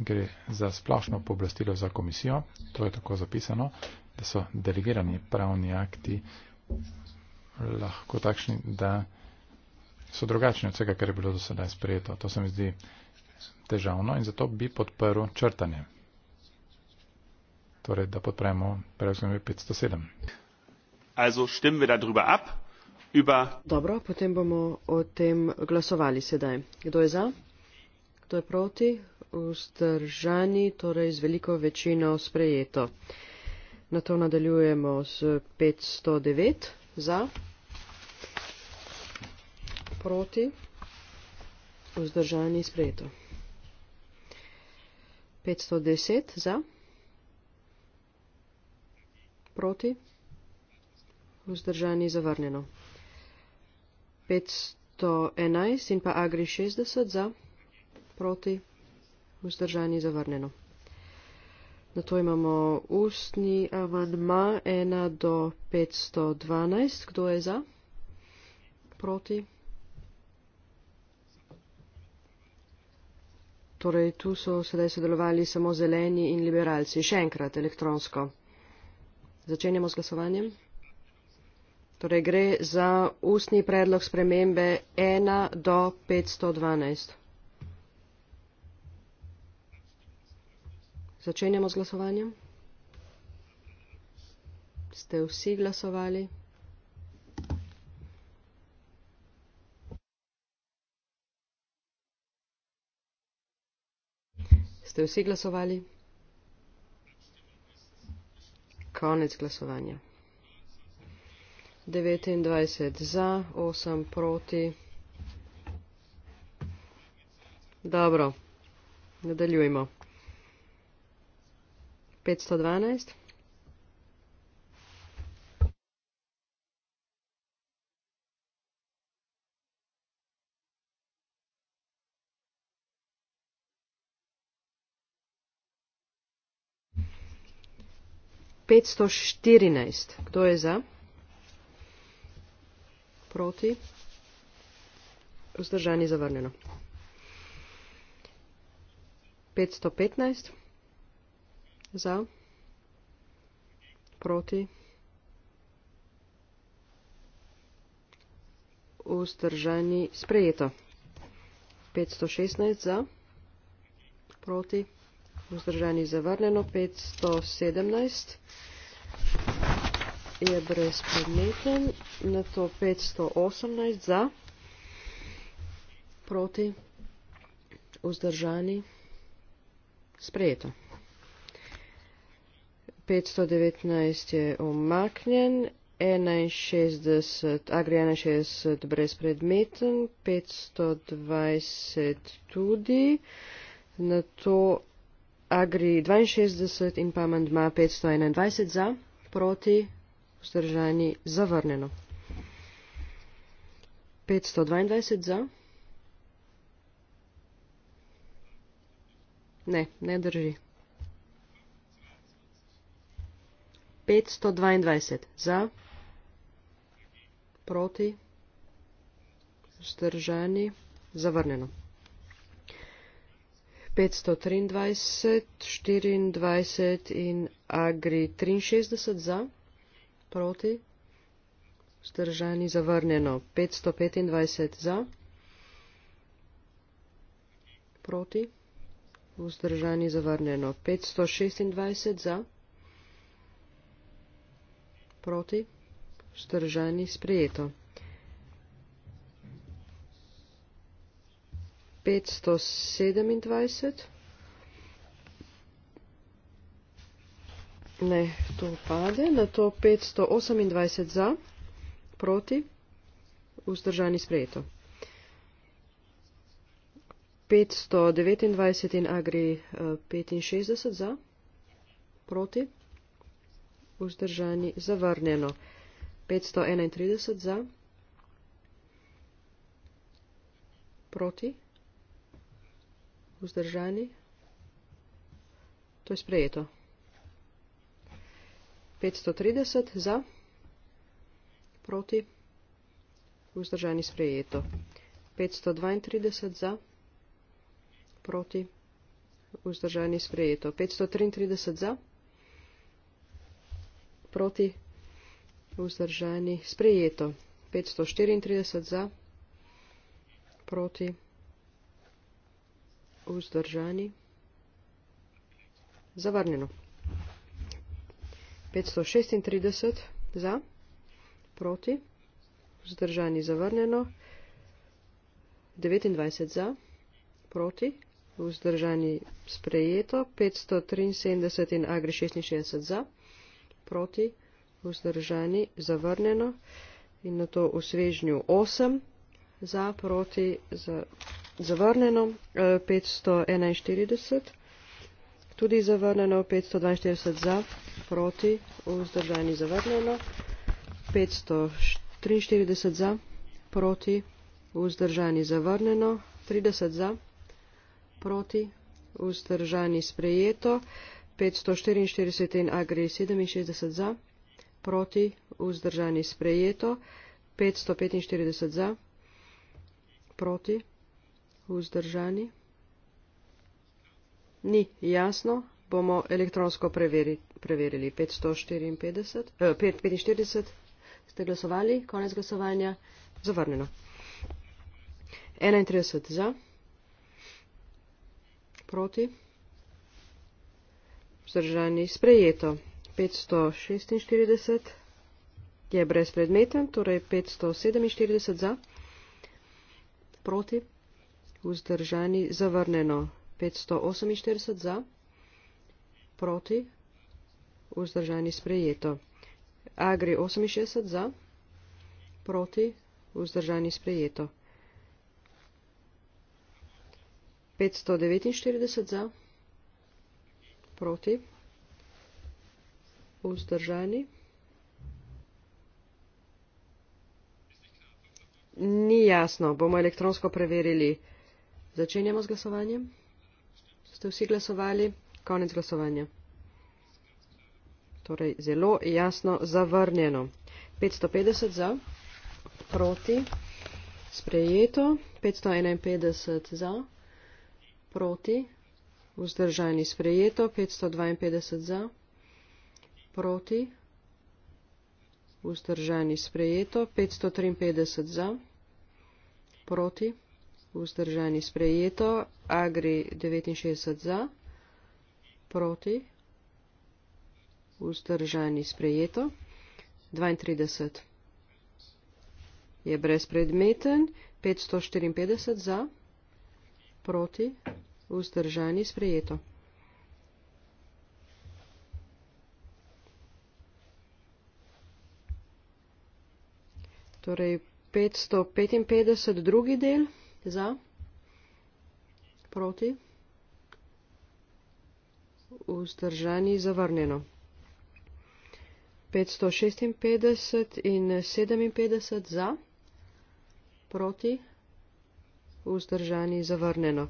Gre za splošno pooblastilo za komisijo, to je tako zapisano, da so delegirani pravni akti lahko takšni, da so drugačne od vsega, kar je bilo do sedaj sprejeto. To se mi zdi težavno in zato bi podprl črtanje. Torej, da podpremo predlog 507. Also stimmen wir darüber ab. Über Dobro, potem bomo o tem glasovali sedaj. Kdo je za? Kdo je proti? Vzdržani, torej z veliko večino sprejeto. Na to nadaljujemo z 509 za proti, vzdržani sprejeto. 510 za, proti, vzdržani zavrnjeno. 511 in pa agri 60 za, proti, vzdržani zavrnjeno. Na to imamo ustni avanma 1 do 512. Kdo je za? Proti. Torej, tu so sedaj sodelovali samo zeleni in liberalci. Še enkrat elektronsko. Začenjamo z glasovanjem. Torej, gre za ustni predlog spremembe 1 do 512. Začenjamo z glasovanjem. Ste vsi glasovali? Ste vsi glasovali? Konec glasovanja. 29 za, 8 proti. Dobro, nadaljujmo. 512. 514. Kdo je za? Proti? Vzdržani zavrnjeno. 515. Za? Proti? Vzdržani sprejeto. 516 za, proti vzdržanih zavrnjeno 517, je brezpredmeten, na to 518 za, proti, vzdržani, sprejeto. 519 je omaknjen, 61, agri 61 brezpredmeten, 520 tudi, na to Agri 62 in pa amandma 521 za, proti, vzdržani, zavrnjeno. 522 za. Ne, ne drži. 522 za, proti, vzdržani, zavrnjeno. 523. 523, 24 in Agri 63 za, proti, vzdržani zavrnjeno, 525 za, proti, vzdržani zavrnjeno, 526 za, proti, vzdržani sprejeto. 527. Ne, to pade. Na to 528 za, proti, vzdržani sprejeto. 529 in agri 65 eh, za, proti, vzdržani zavrnjeno. 531 za, proti vzdržani. To je sprejeto. 530 za, proti, vzdržani sprejeto. 532 za, proti, vzdržani sprejeto. 533 za, proti, vzdržani sprejeto. 534 za, proti, vzdržani sprejeto vzdržani, zavrnjeno. 536 za, proti, vzdržani, zavrnjeno, 29 za, proti, vzdržani, sprejeto, 573 in agri 66 za, proti, vzdržani, zavrnjeno in na to v svežnju 8 za, proti, zavrnjeno zavrnjeno, 541 e, tudi zavrnjeno, 542 za, proti, vzdržani zavrnjeno, 543 za, proti, vzdržani zavrnjeno, 30 za, proti, vzdržani sprejeto, 544 in agri 67 za, proti, vzdržani sprejeto, 545 za, proti, vzdržani. Ni jasno, bomo elektronsko preveri, preverili. 545, eh, 545 ste glasovali, konec glasovanja, zavrnjeno. 31 za, proti, vzdržani, sprejeto. 546 je brezpredmeten, torej 547 za, proti vzdržani zavrnjeno 548 za, proti vzdržani sprejeto. Agri 68 za, proti vzdržani sprejeto. 549 za, proti vzdržani. Ni jasno, bomo elektronsko preverili vzdržani. Začenjamo z glasovanjem. Ste vsi glasovali? Konec glasovanja. Torej, zelo jasno zavrnjeno. 550 za, proti, sprejeto, 551 za, proti, vzdržani, sprejeto, 552 za, proti, vzdržani, sprejeto, 553 za, proti. Vzdržani sprejeto. Agri 69 za. Proti. Vzdržani sprejeto. 32 je brezpredmeten. 554 za. Proti. Vzdržani sprejeto. Torej 555 drugi del za, proti, vzdržani, zavrnjeno. 556 in 57 za, proti, vzdržani, zavrnjeno.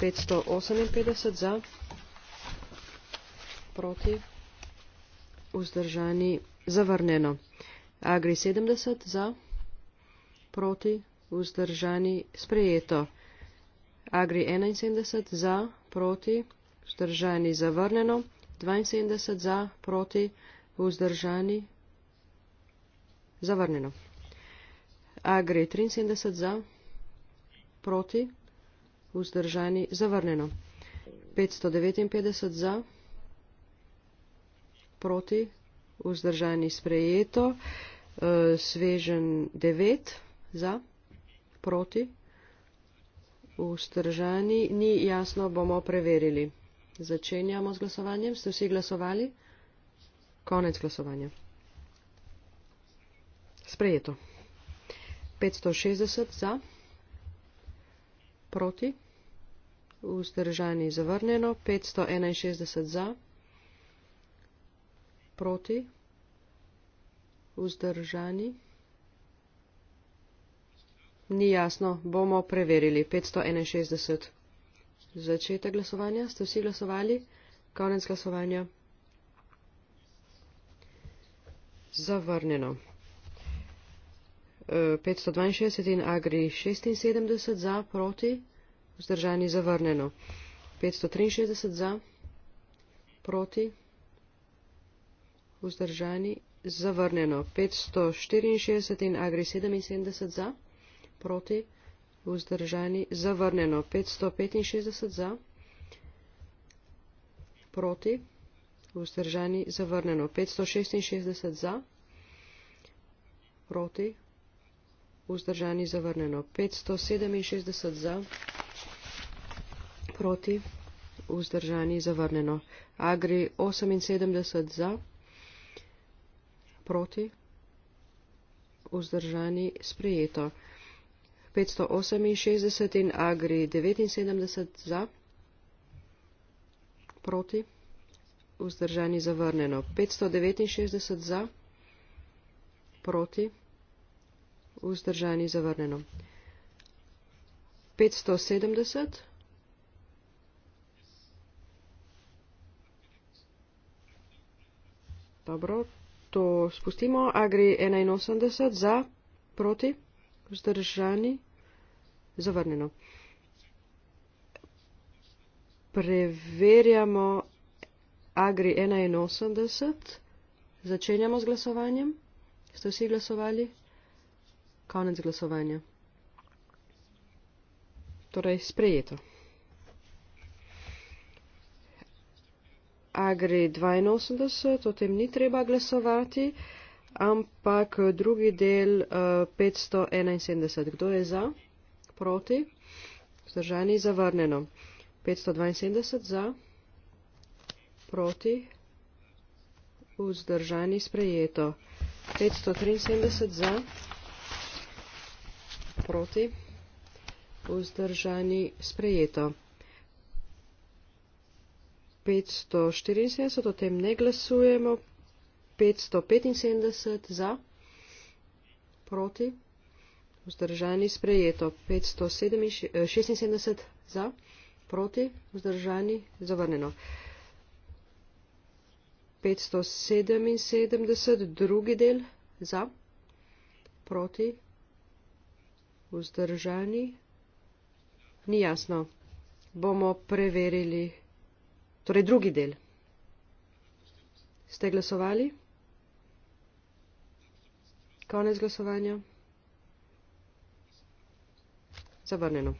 558 za, proti, vzdržani, zavrnjeno. Agri 70 za, proti, vzdržani, zavrnjeno vzdržani, sprejeto. Agri 71 za, proti, vzdržani, zavrneno, 72 za, proti, vzdržani, zavrneno. Agri 73 za, proti, vzdržani, zavrneno. 559 za, proti, vzdržani, sprejeto, eh, svežen 9 za, proti, vzdržani, ni jasno, bomo preverili. Začenjamo z glasovanjem. Ste vsi glasovali? Konec glasovanja. Sprejeto. 560 za, proti, vzdržani zavrnjeno, 561 za, proti, vzdržani zavrnjeno. Ni jasno, bomo preverili. 561. Začetek glasovanja. Ste vsi glasovali? Konec glasovanja. Zavrnjeno. 562 eh, in Agri 76 za, proti, vzdržani zavrnjeno. 563 za, proti, vzdržani zavrnjeno. 564 in Agri 77 za proti, vzdržani, zavrnjeno 565 za, proti, vzdržani, zavrnjeno 566 za, proti, vzdržani, zavrnjeno 567 za, proti, vzdržani, zavrnjeno agri 78 za, proti, vzdržani, sprejeto. 568 in Agri 79 za, proti, vzdržani zavrnjeno. 569 za, proti, vzdržani zavrnjeno. 570 Dobro, to spustimo. Agri 81 za, proti vzdržani, zavrnjeno. Preverjamo Agri 81, začenjamo z glasovanjem. Ste vsi glasovali? Konec glasovanja. Torej, sprejeto. Agri 82, o tem ni treba glasovati ampak eh, drugi del uh, eh, 571. Kdo je za? Proti? Vzdržani zavrnjeno. 572 za? Proti? Vzdržani sprejeto. 573 za? Proti? Vzdržani sprejeto. 574, o tem ne glasujemo, 575 za, proti, vzdržani sprejeto, 576 eh, za, proti, vzdržani zavrnjeno. 577 drugi del za, proti, vzdržani, ni jasno, bomo preverili, torej drugi del. Ste glasovali? Konec glasovanja. Zavrnjeno.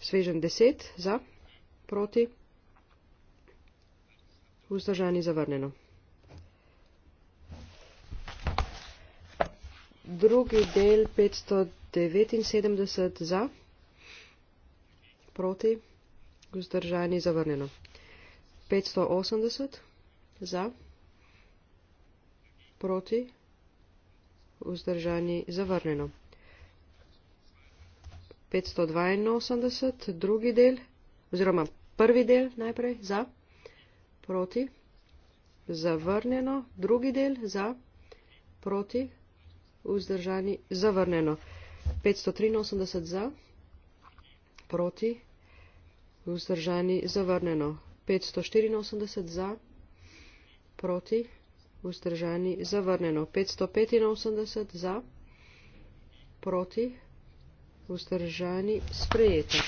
Svežen 10 za, proti, vzdržani zavrnjeno. Drugi del 579 za, proti, vzdržani zavrnjeno. 580 za, proti proti, vzdržani zavrnjeno. 582, drugi del, oziroma prvi del najprej, za, proti, zavrnjeno, drugi del, za, proti, vzdržani, zavrnjeno. 583 za, proti, vzdržani, zavrnjeno. 584 za, proti, vzdržani zavrnjeno. 585 za, proti, vzdržani sprejeto.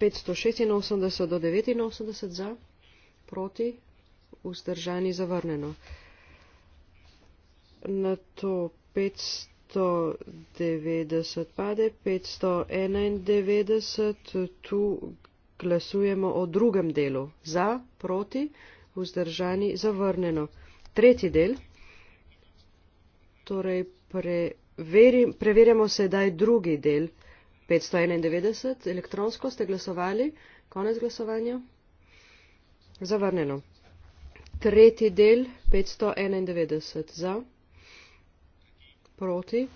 586 do 89 za, proti, vzdržani zavrnjeno. Na to 590 pade, 591 tu glasujemo o drugem delu. Za, proti, vzdržani zavrnjeno vzdržani, zavrnjeno. Tretji del, torej preveri, preverjamo sedaj drugi del 591, elektronsko ste glasovali, konec glasovanja, zavrnjeno. Tretji del 591, za, proti,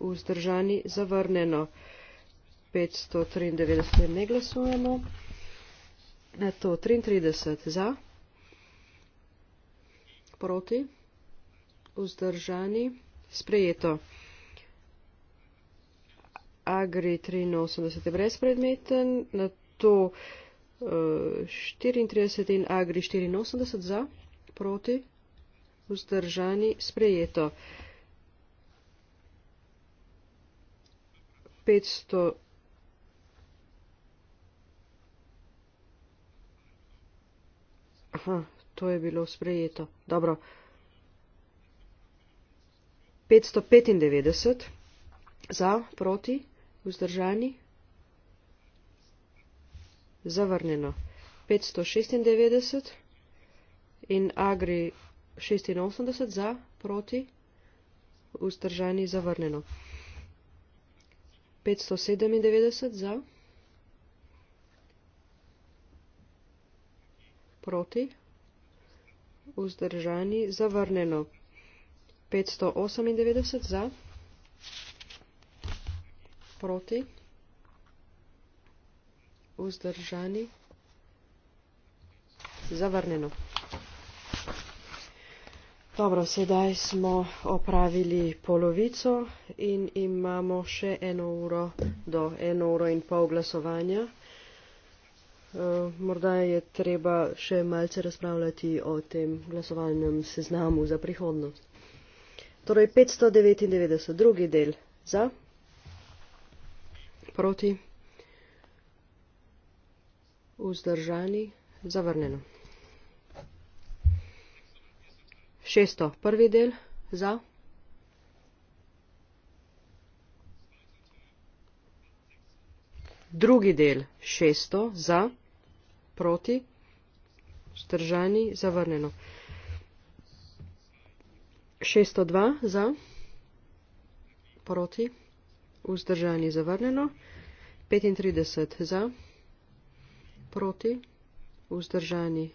vzdržani, zavrnjeno. 593 ne glasujemo. Na to 33 za proti, vzdržani, sprejeto. Agri 83 je brezpredmeten, na to uh, 34 in Agri 84 za, proti, vzdržani, sprejeto. 500. Aha, To je bilo sprejeto. Dobro. 595 za, proti, vzdržani, zavrnjeno. 596 in agri 86 za, proti, vzdržani, zavrnjeno. 597 za, proti, vzdržani vzdržani, zavrnjeno. 598 za, proti, vzdržani, zavrnjeno. Dobro, sedaj smo opravili polovico in imamo še eno uro do eno uro in pol glasovanja. Eh, morda je treba še malce razpravljati o tem glasovalnem seznamu za prihodnost. Torej 599, drugi del za, proti, vzdržani, zavrneno. Šesto, prvi del za, drugi del šesto za proti, vzdržani, zavrnjeno. 602 za, proti, vzdržani, zavrnjeno. 35 za, proti, vzdržani,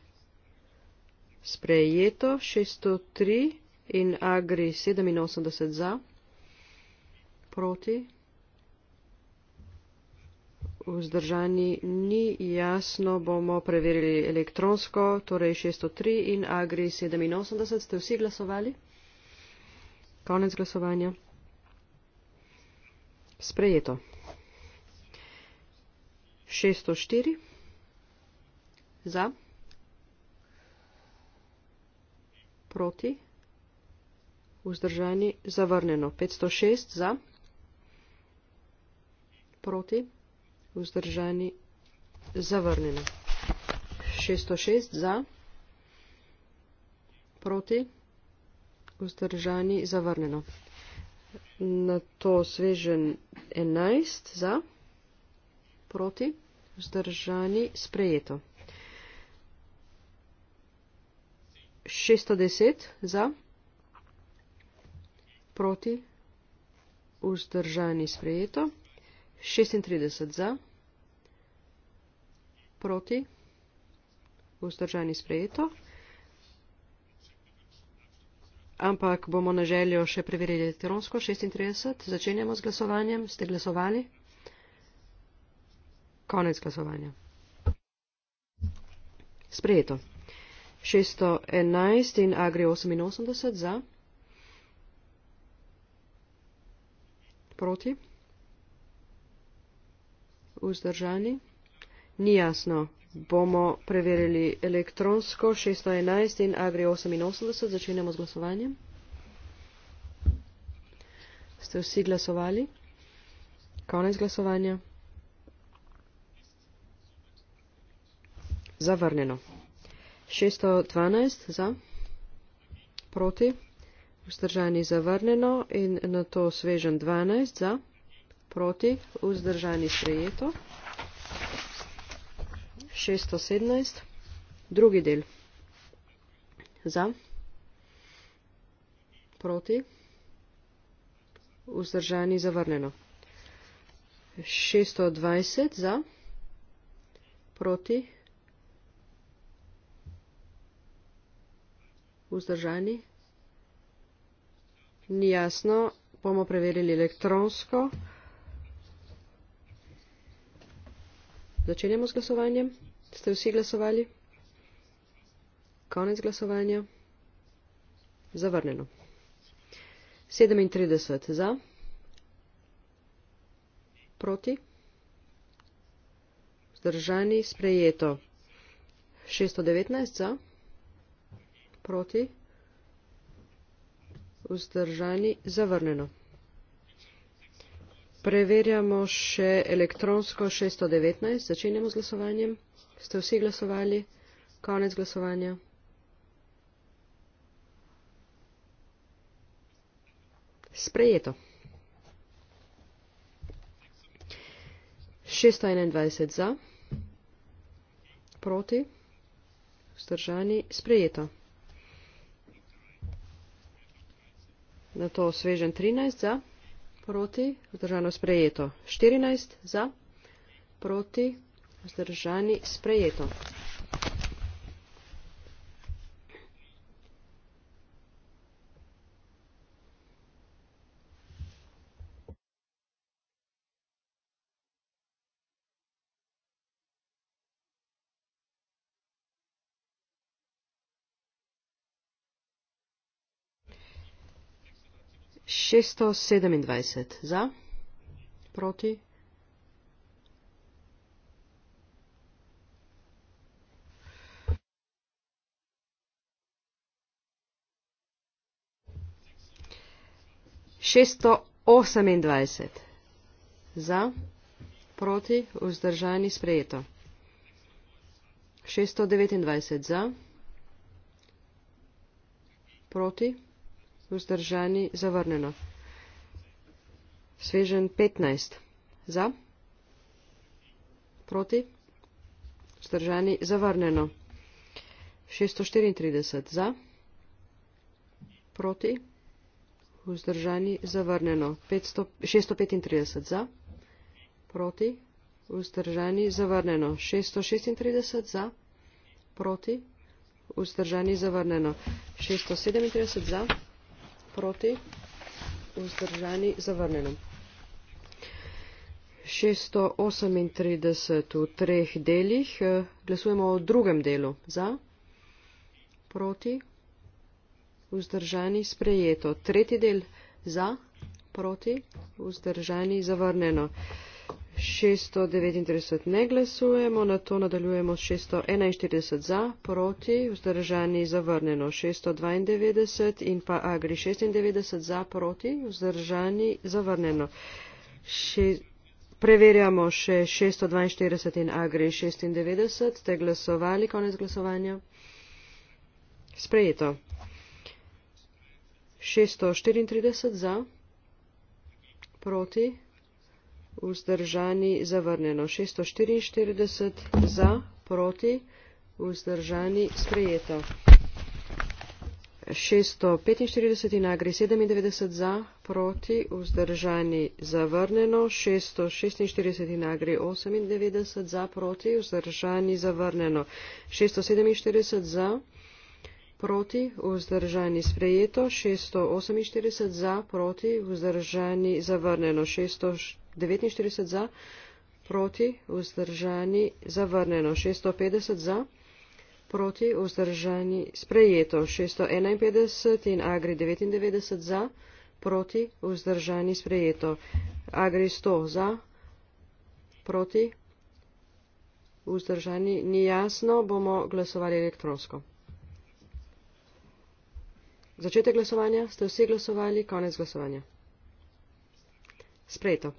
sprejeto. 603 in agri 87 za, proti, vzdržani vzdržani ni jasno, bomo preverili elektronsko, torej 603 in Agri 87. Ste vsi glasovali? Konec glasovanja. Sprejeto. 604. Za. Proti. Vzdržani. Zavrnjeno. 506. Za. Proti vzdržani, zavrnjeno. 606 za, proti, vzdržani, zavrnjeno. Na to svežen 11 za, proti, vzdržani, sprejeto. 610 za, proti, vzdržani, sprejeto. 36 za, proti, vzdržani sprejeto. Ampak bomo na željo še preverili elektronsko 36. Začenjamo z glasovanjem. Ste glasovali? Konec glasovanja. Sprejeto. 611 in Agri 88 za. Proti vzdržani? Ni jasno. Bomo preverili elektronsko 611 in agri 88. Začenjamo z glasovanjem. Ste vsi glasovali? Konec glasovanja. Zavrnjeno. 612 za. Proti. Vzdržani zavrnjeno in na to svežen 12 za proti, vzdržani sprejeto. 617, drugi del. Za, proti, vzdržani zavrnjeno. 620 za, proti, vzdržani, ni jasno, bomo preverili elektronsko, Začenjamo z glasovanjem. Ste vsi glasovali? Konec glasovanja. Zavrneno. 37 za, proti, zdržani, sprejeto. 619 za, proti, vzdržani, zavrneno. Preverjamo še elektronsko 619. Začenjamo z glasovanjem. Ste vsi glasovali? Konec glasovanja. Sprejeto. 621 za, proti, vzdržani, sprejeto. Na to svežen 13 za. Proti, vzdržano sprejeto. 14 za, proti, vzdržani sprejeto. 627 za, proti. Šesto osemindvajset za, proti, vzdržani sprejeto. Šesto devetindvajset za, proti vzdržani zavrnjeno. Svežen 15. Za. Proti. Vzdržani zavrnjeno. 634. Za. Proti. Vzdržani zavrnjeno. 635. Za. Proti. Vzdržani zavrnjeno. 636. Za. Proti. Vzdržani zavrnjeno. 637. Za proti, vzdržani, zavrnjeno. 638 v treh delih. Glasujemo o drugem delu. Za, proti, vzdržani, sprejeto. Tretji del za, proti, vzdržani, zavrnjeno. 639 ne glasujemo, na to nadaljujemo 641 za, proti, vzdržani zavrnjeno 692 in pa agri 96 za, proti, vzdržani zavrnjeno. Preverjamo še 642 in agri 96, ste glasovali konec glasovanja? Sprejeto. 634 za, proti, vzdržani zavrnjeno 644 za proti vzdržani sprejeto 645 in agri 97 za proti vzdržani zavrnjeno 646 in agri 98 za proti vzdržani zavrnjeno 647 za proti vzdržani sprejeto 648 za proti vzdržani zavrnjeno 600 devetinštirideset za proti vzdržani zavrnjeno šeststo petdeset za proti vzdržani sprejeto šeststo enainpetdeset in agri devetindevetdeset za proti vzdržani sprejeto agri sto za proti vzdržani ni jasno bomo glasovali elektronsko Začetek glasovanja, ste vsi glasovali, konec glasovanja. Sprejeto.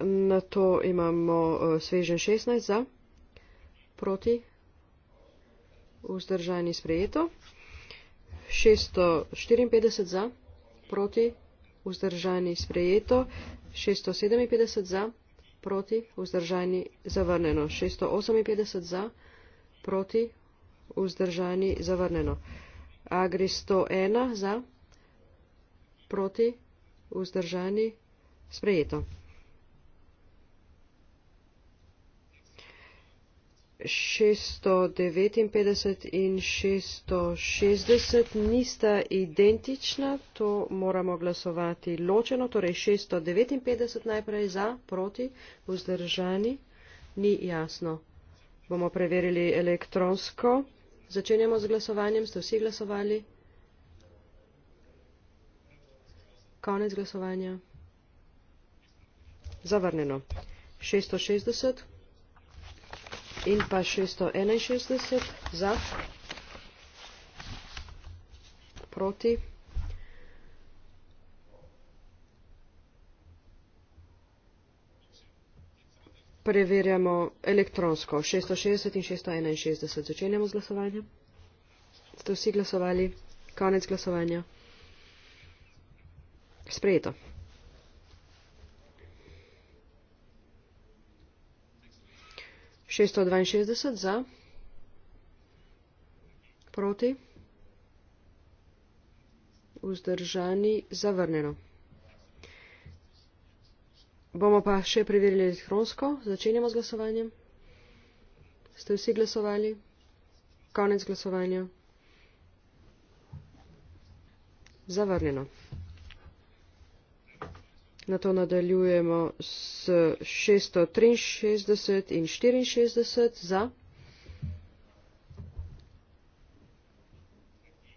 Na to imamo uh, svežen 16 za, proti, vzdržani sprejeto. 654 za, proti, vzdržani sprejeto. 657 za, proti, vzdržani zavrneno. 658 za, proti, vzdržani zavrneno. Agri 101 za, proti, vzdržani sprejeto. 659 in 660 nista identična, to moramo glasovati ločeno, torej 659 najprej za, proti, vzdržani, ni jasno. Bomo preverili elektronsko. Začenjamo z glasovanjem, ste vsi glasovali? Konec glasovanja. Zavrneno. 660 in pa 661 za, proti. Preverjamo elektronsko 660 in 661. Začenjamo z glasovanjem. Ste vsi glasovali? Konec glasovanja. Sprejeto. 662 za, proti, vzdržani, zavrnjeno. Bomo pa še preverili elektronsko, začenjamo z glasovanjem. Ste vsi glasovali? Konec glasovanja. Zavrnjeno na to nadaljujemo s 663 in 64 za,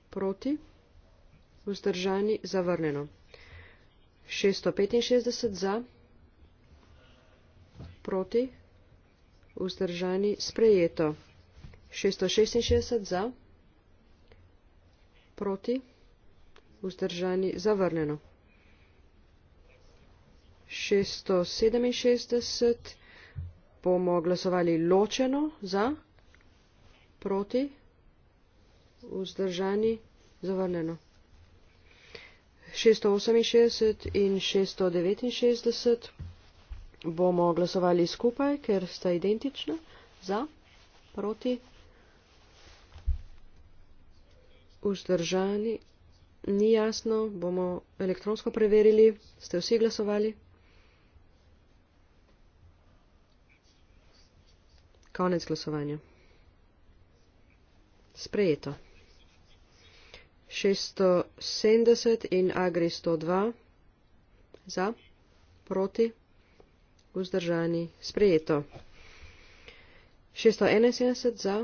proti, vzdržani, zavrnjeno. 665 za, proti, vzdržani, sprejeto. 666 za, proti, vzdržani, zavrnjeno. 667 bomo glasovali ločeno za, proti, vzdržani, zavrneno. 668 in 669 bomo glasovali skupaj, ker sta identična, za, proti, vzdržani, ni jasno, bomo elektronsko preverili, ste vsi glasovali. Konec glasovanja. Sprejeto. 670 in agri 102 za, proti, vzdržani, sprejeto. 671 za,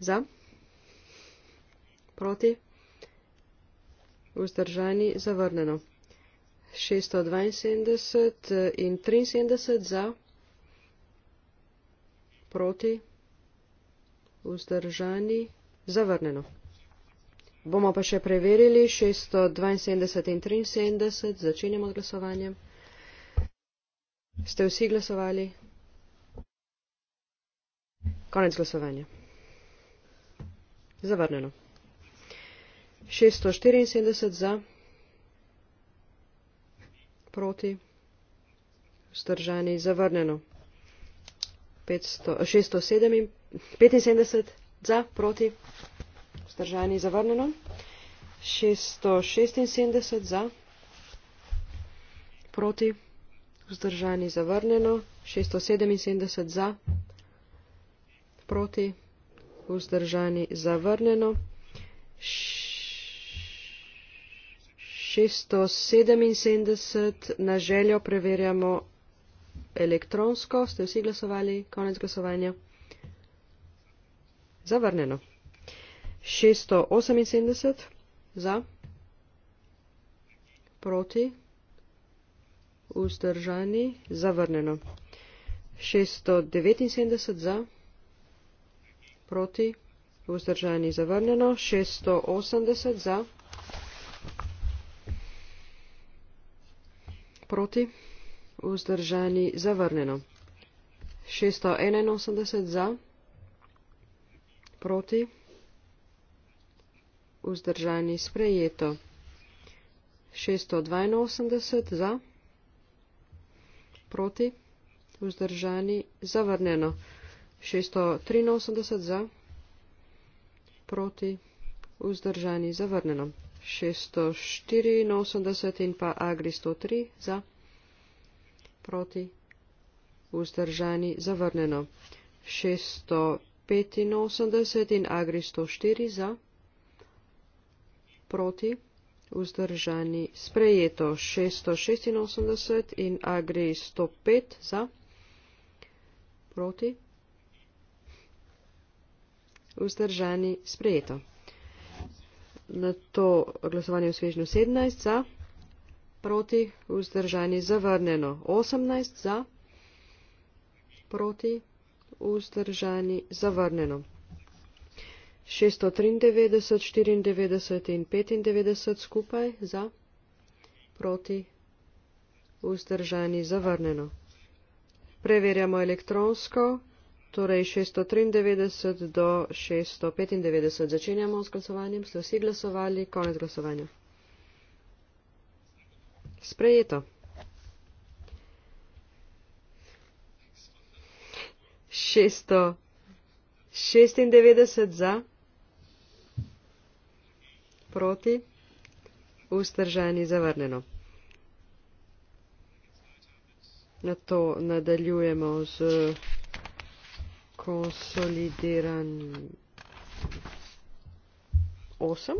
za, proti, vzdržani, zavrneno. 672 in 73 za proti, vzdržani, zavrneno. Bomo pa še preverili 672 in 73, začenjamo glasovanjem. Ste vsi glasovali? Konec glasovanja. Zavrneno. 674 za, proti, vzdržani, zavrneno šeststo sedemin za proti vzdržani zavrnjeno šeststo šestinsedemdeset za proti vzdržani zavrnjeno šeststo sedeminsedemdeset za proti vzdržani zavrnjeno šeststo sedeminsedemdeset na željo preverjamo elektronsko, ste vsi glasovali, konec glasovanja. Zavrnjeno. 678 za, proti, vzdržani, zavrnjeno. 679 za, proti, vzdržani, zavrnjeno. 680 za, proti, vzdržani, zavrnjeno vzdržani zavrnjeno. 681 za, proti, vzdržani sprejeto. 682 za, proti, vzdržani zavrnjeno. 683 za, proti, vzdržani zavrnjeno. 684 in pa Agri 103 za proti, vzdržani zavrnjeno. 685 in Agri 104 za, proti, vzdržani sprejeto. 686 in Agri 105 za, proti, vzdržani sprejeto. Na to glasovanje v svežnju 17 za proti, vzdržani zavrnjeno. 18 za, proti, vzdržani zavrnjeno. 693, 94 in 95 skupaj za, proti, vzdržani zavrnjeno. Preverjamo elektronsko, torej 693 do 695. Začenjamo s glasovanjem, ste vsi glasovali, konec glasovanja sprejeto. Šesto, šestindevetdeset za, proti, vzdržani zavrnjeno. Na to nadaljujemo z konsolidiranjem osem,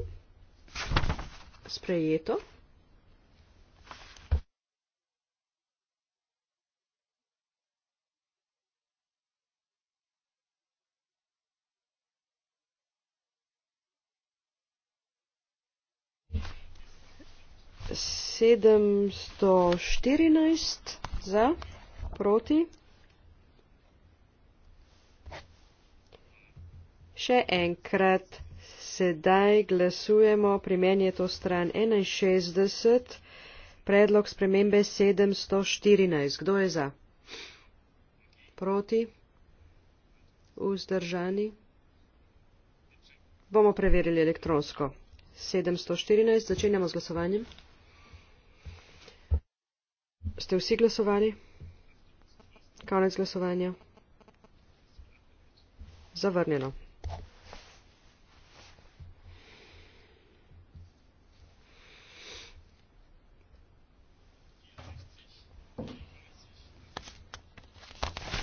sprejeto. 714 za, proti. Še enkrat, sedaj glasujemo, pri meni je to stran 61, predlog spremembe 714. Kdo je za? Proti? Vzdržani? Bomo preverili elektronsko. 714, začenjamo z glasovanjem. Ste vsi glasovali? Konec glasovanja. Zavrnjeno.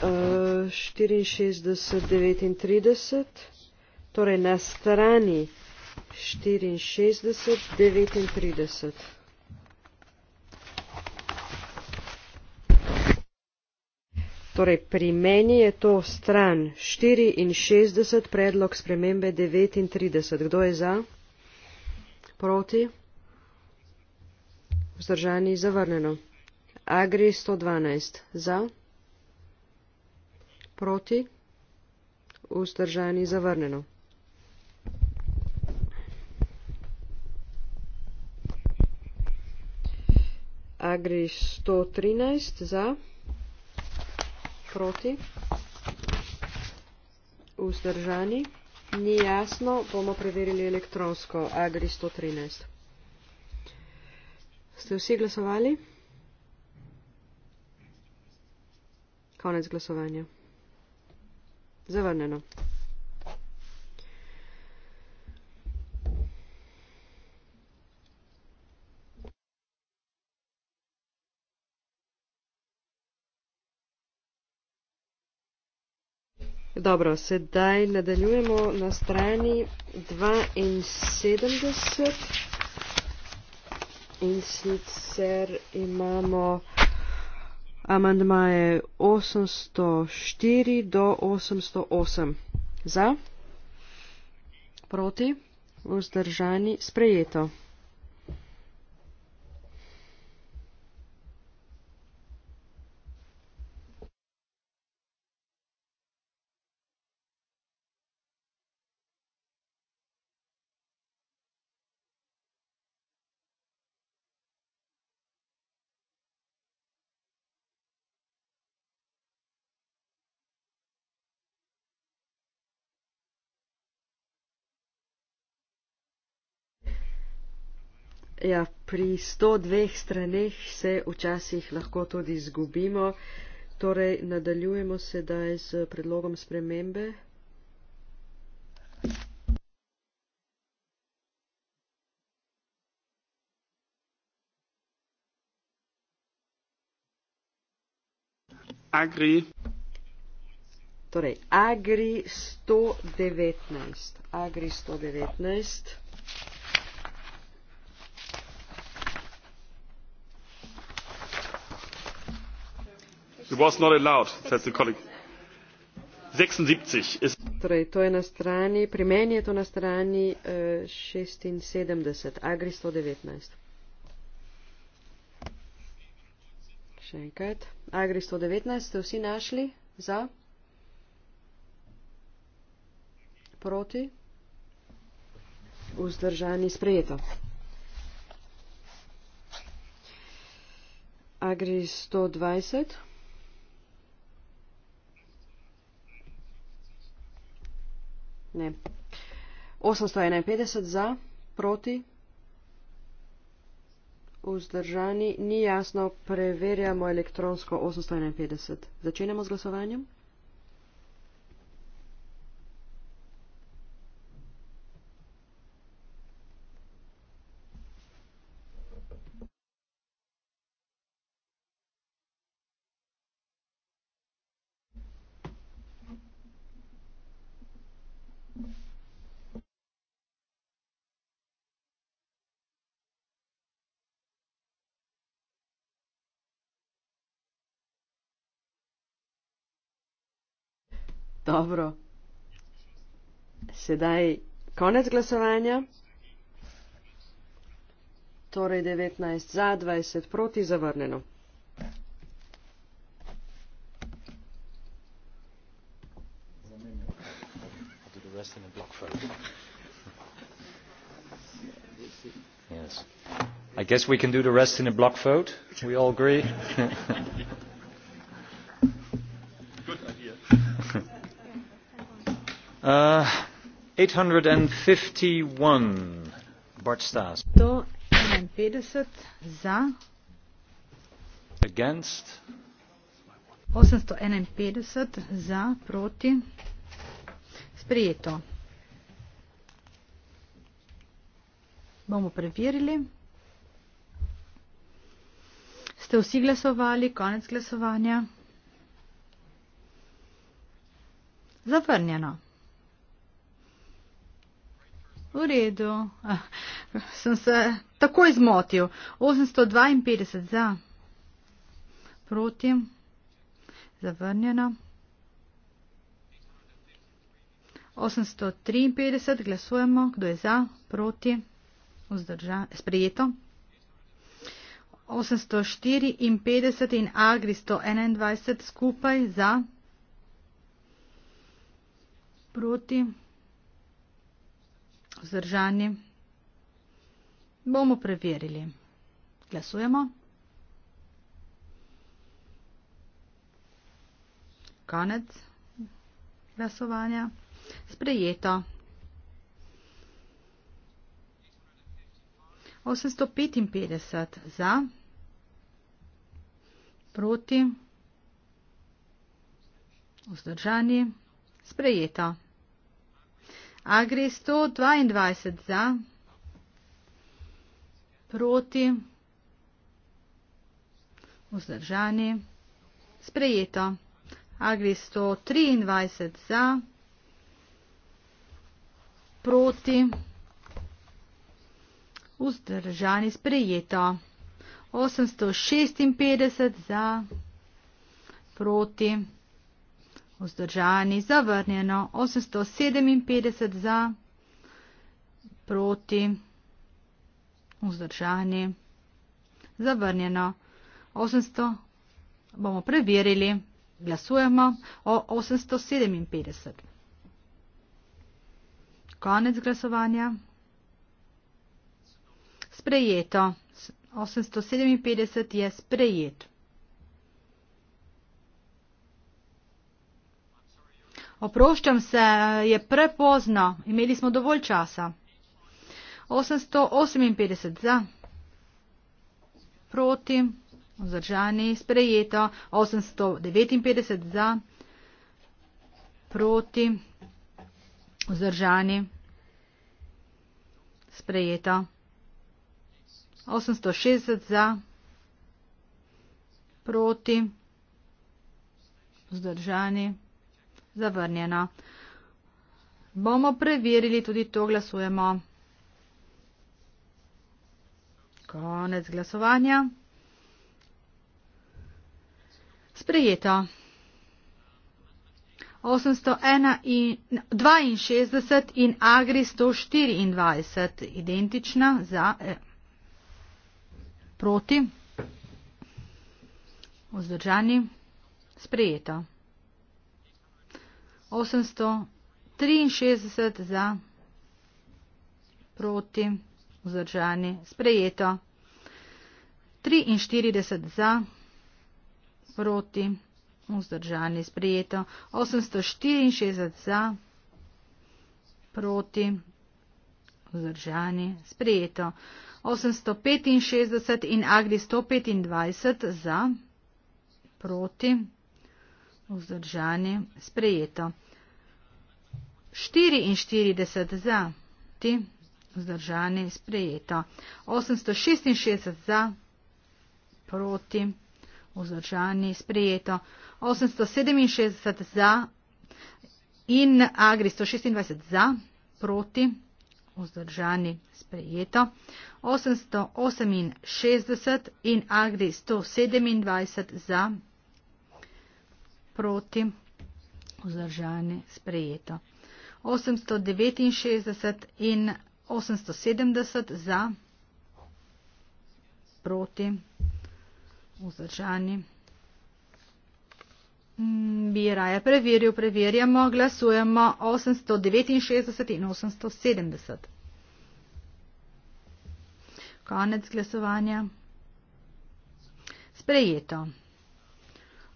Uh, 64, 39, torej na strani 64, 39. Torej, pri meni je to stran 64, predlog spremembe 39. Kdo je za? Proti? Vzdržani zavrnjeno. Agri 112. Za? Proti? Vzdržani zavrnjeno. Agri 113. Za? Proti? proti, vzdržani. Ni jasno, bomo preverili elektronsko, agri 113. Ste vsi glasovali? Konec glasovanja. Zavrneno. Dobro, sedaj nadaljujemo na strani 72 in sicer imamo amandmaje 804 do 808 za, proti, vzdržani, sprejeto. Ja, pri 102 straneh se včasih lahko tudi izgubimo. Torej, nadaljujemo sedaj z predlogom spremembe. Agri. Torej, Agri 119. Agri 119. Torej, to je na strani, pri meni je to na strani uh, eh, 76, Agri 119. Še enkrat, Agri 119 ste vsi našli za? Proti? Vzdržani sprejeto. Agri 120. Ne. 851 za, proti, vzdržani, ni jasno, preverjamo elektronsko 851. Začenjamo z glasovanjem. Dobro. Sedaj konec glasovanja. Torej 19 za, 20 proti zavrneno. I guess we can do the rest in a block vote. We all agree. Uh, sto enainpetdeset za osemsto enainpetdeset za proti sprejeto bomo preverili ste vsi glasovali konec glasovanja zavrnjeno V redu. Ah, sem se takoj zmotil. 852 za. Proti. Zavrnjeno. 853 glasujemo. Kdo je za? Proti. Vzdrža. Sprejeto. 854 in Agri 121 skupaj za. Proti vzdržani. Bomo preverili. Glasujemo. Konec glasovanja. Sprejeto. 855 za, proti, vzdržani, sprejeto. Agri 122 za, proti, vzdržani, sprejeto. Agri 123 za, proti, vzdržani, sprejeto. 856 za, proti, vzdržani vzdržani, zavrnjeno 857 za, proti, vzdržani, zavrnjeno 800, bomo preverili, glasujemo o 857. Konec glasovanja. Sprejeto. 857 je sprejeto. Oproščam se, je prepozno, imeli smo dovolj časa. 858 za, proti, vzdržani, sprejeto. 859 za, proti, vzdržani, sprejeto. 860 za, proti, vzdržani, sprejeto zavrnjena. Bomo preverili, tudi to glasujemo. Konec glasovanja. Sprejeto. 801 in 62 in Agri 124, identična za eh, proti. Vzdržani. Sprejeto. 863 za, proti, vzdržani, sprejeto. 43 za, proti, vzdržani, sprejeto. 864 za, proti, vzdržani, sprejeto. 865 in agri 125 za, proti, vzdržani. Vzdržani, sprejeto. 44 za, ti, vzdržani, sprejeto. 866 za, proti, vzdržani, sprejeto. 867 za in Agri 126 za, proti, vzdržani, sprejeto. 868 in Agri 127 za, proti proti vzdržane sprejeto. 869 in 870 za proti vzdržani. Mm, bi raje preveril, preverjamo, glasujemo 869 in 870. Konec glasovanja. Sprejeto.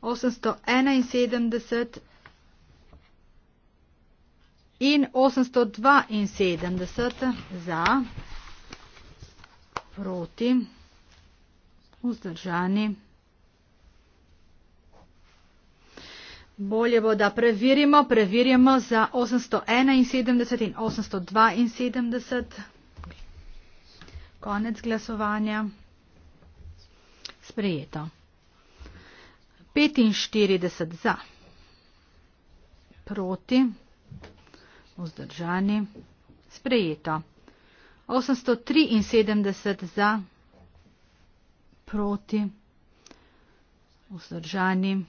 871 in 872 za, proti, vzdržani. Bolje bo, da preverimo, preverimo za 871 in 872. Konec glasovanja. Sprejeto. 45 za, proti, vzdržani, sprejeto. 873 za, proti, vzdržani,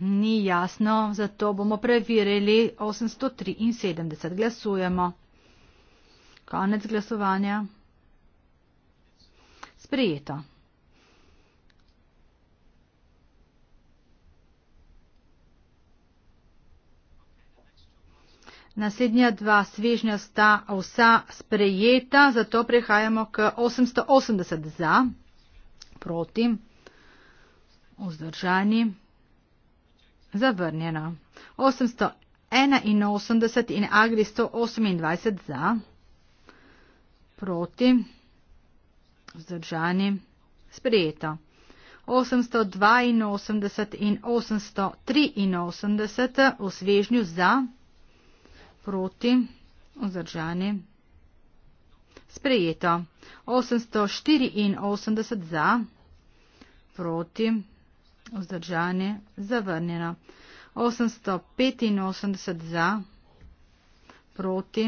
ni jasno, zato bomo preverili 873. Glasujemo. Konec glasovanja. Sprejeto. Naslednja dva svežnja sta vsa sprejeta, zato prehajamo k 880 za, proti, vzdržani, zavrnjeno. 881 in agri 128 za, proti, vzdržani, sprejeto. 882 in 883 v svežnju za proti, vzdržani, sprejeto. 884 za, proti, vzdržani, zavrnjeno. 885 za, proti,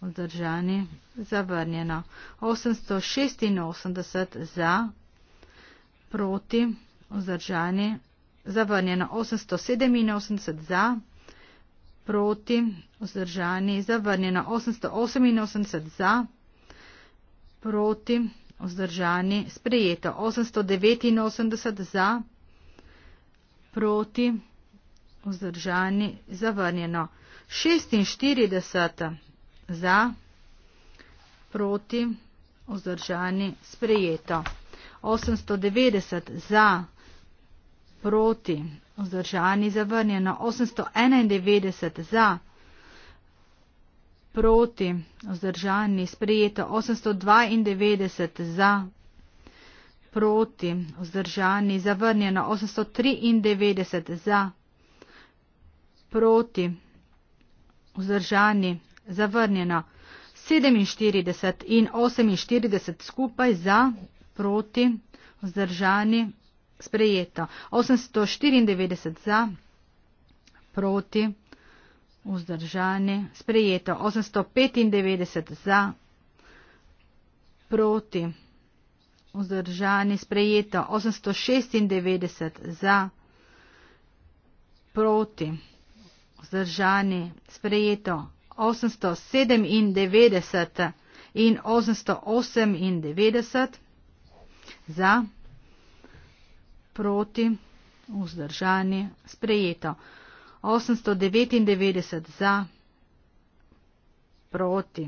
vzdržani, zavrnjeno. 886 za, proti, vzdržani, zavrnjeno. 887 za, proti, vzdržani, zavrnjeno proti, vzdržani, zavrnjeno 888 za, proti, vzdržani, sprejeto 889 za, proti, vzdržani, zavrnjeno 46 za, proti, vzdržani, sprejeto 890 za, proti, vzdržani, zavrnjeno 891 za, proti vzdržani, sprejeto 892 za, proti vzdržani, zavrnjeno 893 za, proti vzdržani, zavrnjeno 47 in 48 skupaj za, proti vzdržani sprejeto. 894 za, proti, vzdržani, sprejeto. 895 za, proti, vzdržani, sprejeto. 896 za, proti, vzdržani, sprejeto. 897 in 898 za proti, vzdržani, sprejeto. 899 za, proti,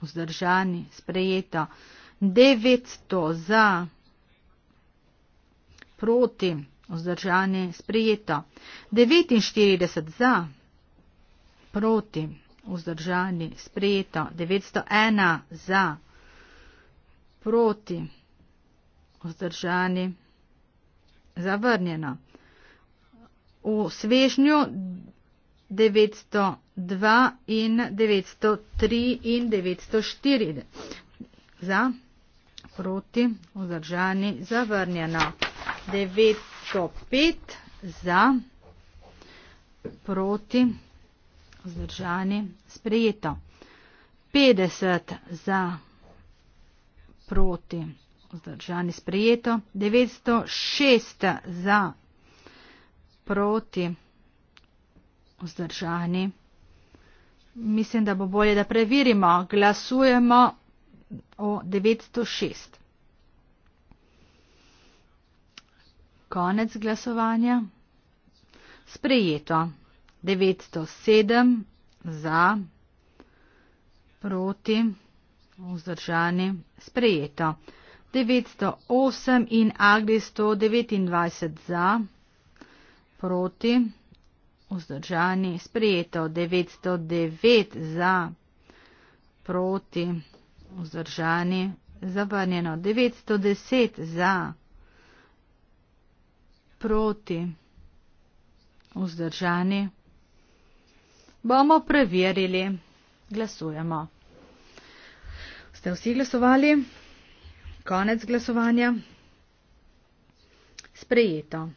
vzdržani, sprejeto. 900 za, proti, vzdržani, sprejeto. 49 za, proti, vzdržani, sprejeto. 901 za, proti, vzdržani, sprejeto zavrnjeno. V svežnju 902 in 903 in 904 za, proti, vzdržani, zavrnjeno. 905 za, proti, vzdržani, sprejeto. 50 za, proti, vzdržani vzdržani sprejeto, 906 za proti vzdržani. Mislim, da bo bolje, da preverimo. Glasujemo o 906. Konec glasovanja. Sprejeto. 907 za, proti, vzdržani. Sprejeto. 908 in Agri 129 za, proti, vzdržani, sprejeto 909 za, proti, vzdržani, zavrnjeno 910 za, proti, vzdržani. Bomo preverili. Glasujemo. Ste vsi glasovali? Konec glasovanja. Sprejeto.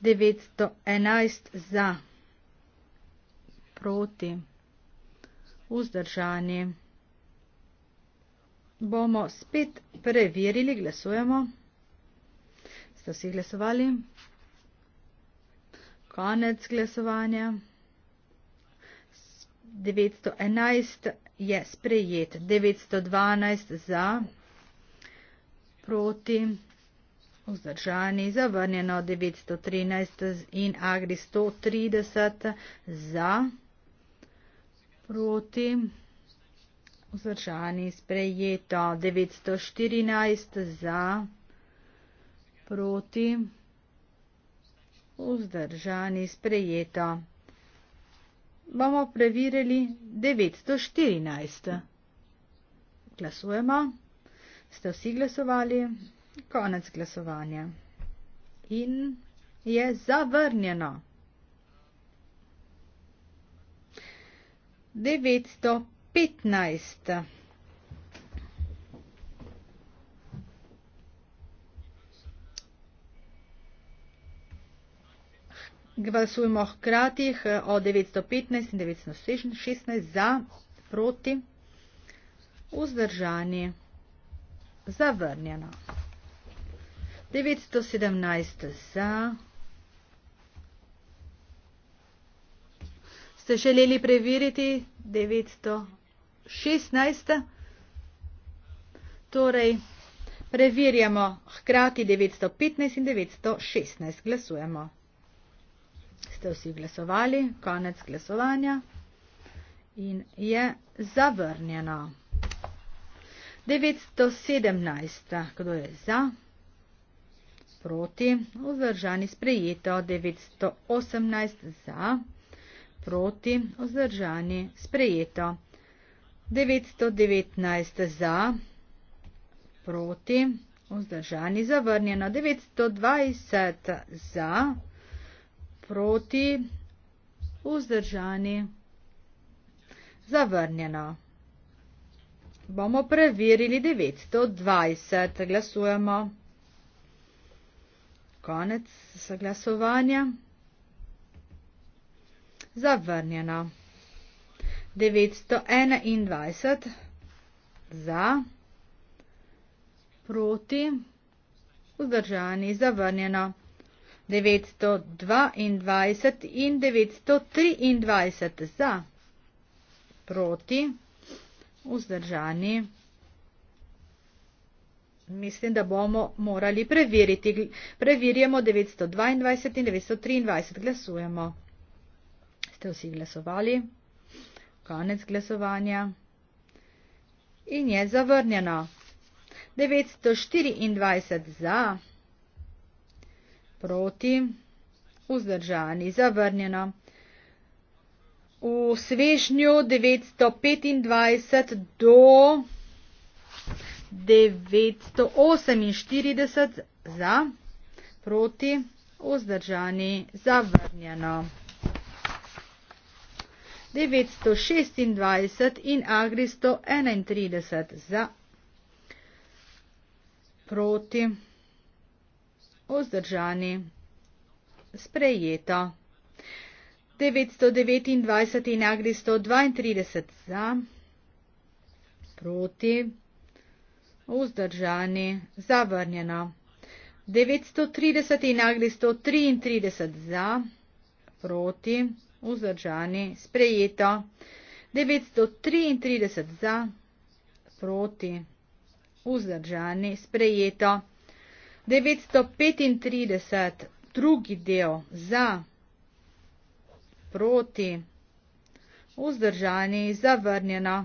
911 za. Proti. Vzdržani. Bomo spet preverili, glasujemo. Ste vsi glasovali? Konec glasovanja. 911 je sprejet. 912 za proti, vzdržani, zavrnjeno 913 in agri 130 za, proti, vzdržani, sprejeto 914 za, proti, vzdržani, sprejeto. Bomo preverili 914. Glasujemo. Ste vsi glasovali? Konec glasovanja. In je zavrnjeno. 915. Glasujemo hkrati o 915 in 916 za, proti, vzdržani zavrnjeno. 917 za. Ste želeli preveriti 916? Torej, preverjamo hkrati 915 in 916. Glasujemo. Ste vsi glasovali? Konec glasovanja. In je zavrnjeno. 917. Kdo je za? Proti. Vzdržani sprejeto. 918. Za. Proti. Vzdržani sprejeto. 919. Za. Proti. Vzdržani zavrnjeno. 920. Za. Proti. Vzdržani zavrnjeno bomo preverili 920. Glasujemo. Konec glasovanja. Zavrnjeno. 921 za, proti, vzdržani, zavrnjeno. 922 in 923 za, proti, vzdržani vzdržani. Mislim, da bomo morali preveriti. Preverjamo 922 in 923. Glasujemo. Ste vsi glasovali? Konec glasovanja. In je zavrnjeno. 924 za, proti, vzdržani, zavrnjeno v svežnju 925 do 948 za, proti, vzdržani, zavrnjeno. 926 in Agri 131 za, proti, vzdržani, sprejeto. 929 in Agri 132 za, proti, vzdržani, zavrnjeno. 930 in Agri 133 za, proti, vzdržani, sprejeto. 933 za, proti, vzdržani, sprejeto. 935, drugi del za, proti, proti, vzdržani, zavrnjeno.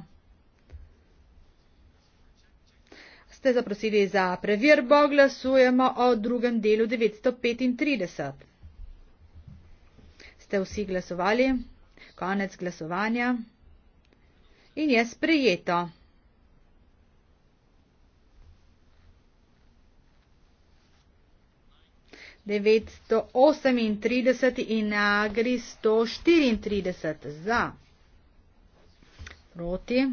Ste zaprosili za preverbo, glasujemo o drugem delu 935. Ste vsi glasovali, konec glasovanja in je sprejeto. 938 in Agri 134 za. Proti.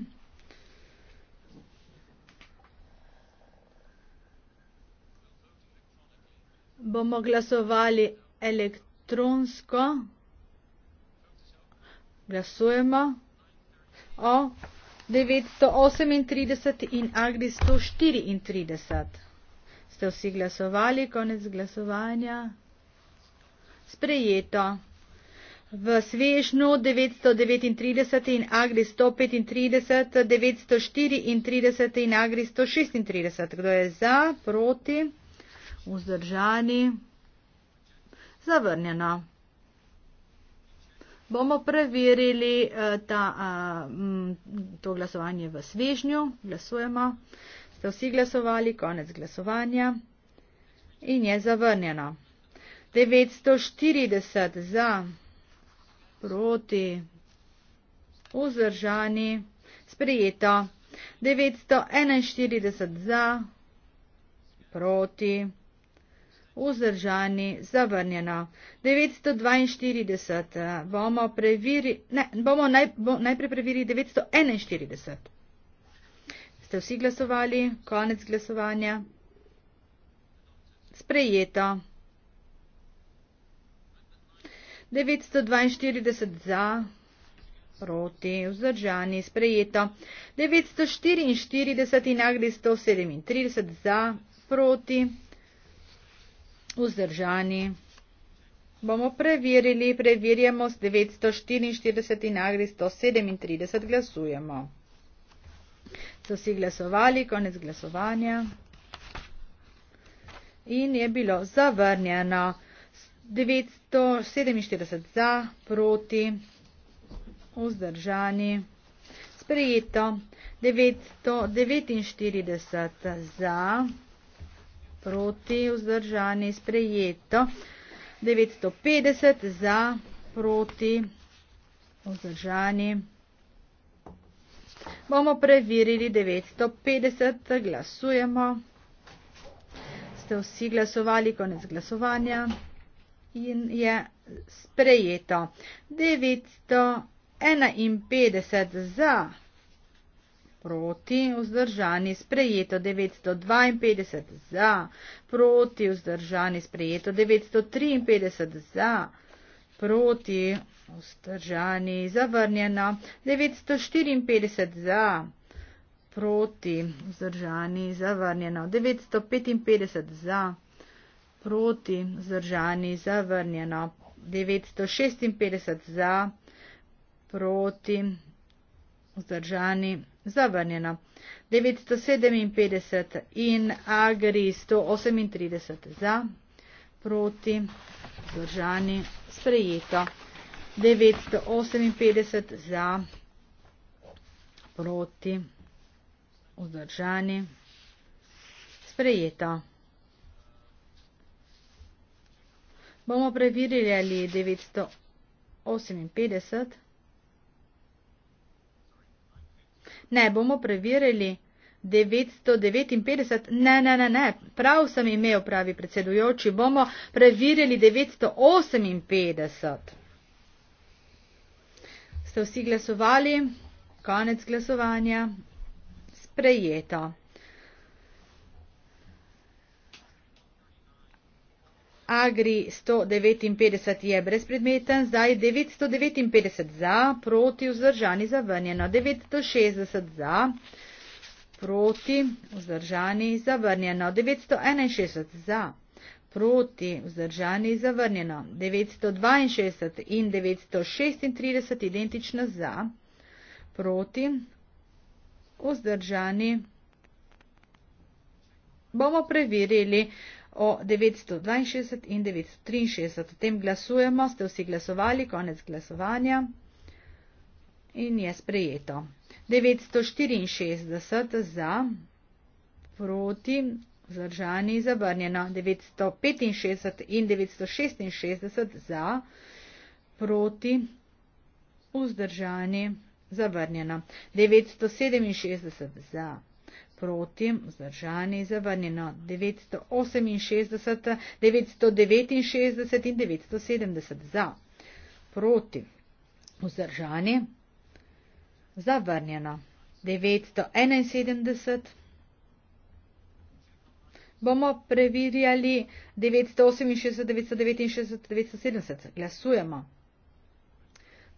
Bomo glasovali elektronsko. Glasujemo. O 938 in Agri 134. Ste vsi glasovali, konec glasovanja? Sprejeto. V svežnu 939 in agri 135, 934 in agri 136. Kdo je za, proti, vzdržani, zavrnjeno. Bomo preverili eh, ta, eh, to glasovanje v svežnju. Glasujemo ste vsi glasovali, konec glasovanja in je zavrnjeno. 940 za, proti, vzdržani, sprijeto. 941 za, proti, vzdržani, zavrnjeno. 942 eh, bomo preverili, ne, bomo naj, bo, najprej preverili 941. Ste vsi glasovali? Konec glasovanja. Sprejeto. 942 za, proti, vzdržani, sprejeto. 944 in agri 137 za, proti, vzdržani. Bomo preverili, preverjamo z 944 in agri 137 glasujemo so vsi glasovali, konec glasovanja in je bilo zavrnjeno 947 za, proti, vzdržani, sprejeto 949 za, proti, vzdržani, sprejeto 950 za, proti, vzdržani bomo preverili 950, glasujemo. Ste vsi glasovali, konec glasovanja in je sprejeto. 951 za, proti, vzdržani, sprejeto. 952 za, proti, vzdržani, sprejeto. 953 za, proti, Vzdržani, zavrnjeno. 954 za, proti. Vzdržani, zavrnjeno. 955 za, proti. Vzdržani, zavrnjeno. 956 za, proti. Vzdržani, zavrnjeno. 957 in agri 138 za, proti. Vzdržani, sprejeto. 958 za, proti, vzdržani, sprejeto. Bomo preverili, ali je 958. Ne, bomo preverili 959. Ne, ne, ne, ne. Prav sem imel, pravi predsedujoči. Bomo preverili 958 ste vsi glasovali, konec glasovanja, sprejeto. Agri 159 je brezpredmeten, zdaj 959 za, proti vzdržani zavrnjeno, 960 za, proti vzdržani zavrnjeno, 961 za proti vzdržani zavrnjeno, 962 in 936 identično za, proti vzdržani. Bomo preverili o 962 in 963. O tem glasujemo, ste vsi glasovali, konec glasovanja in je sprejeto. 964 za, proti Zdržani zabrnjeno 965 in 966 za, proti, vzdržani zabrnjeno 967 za, proti, vzdržani zabrnjeno 968, 969 in 970 za, proti, vzdržani zabrnjeno 971 bomo preverjali 968, 969, 970. Glasujemo.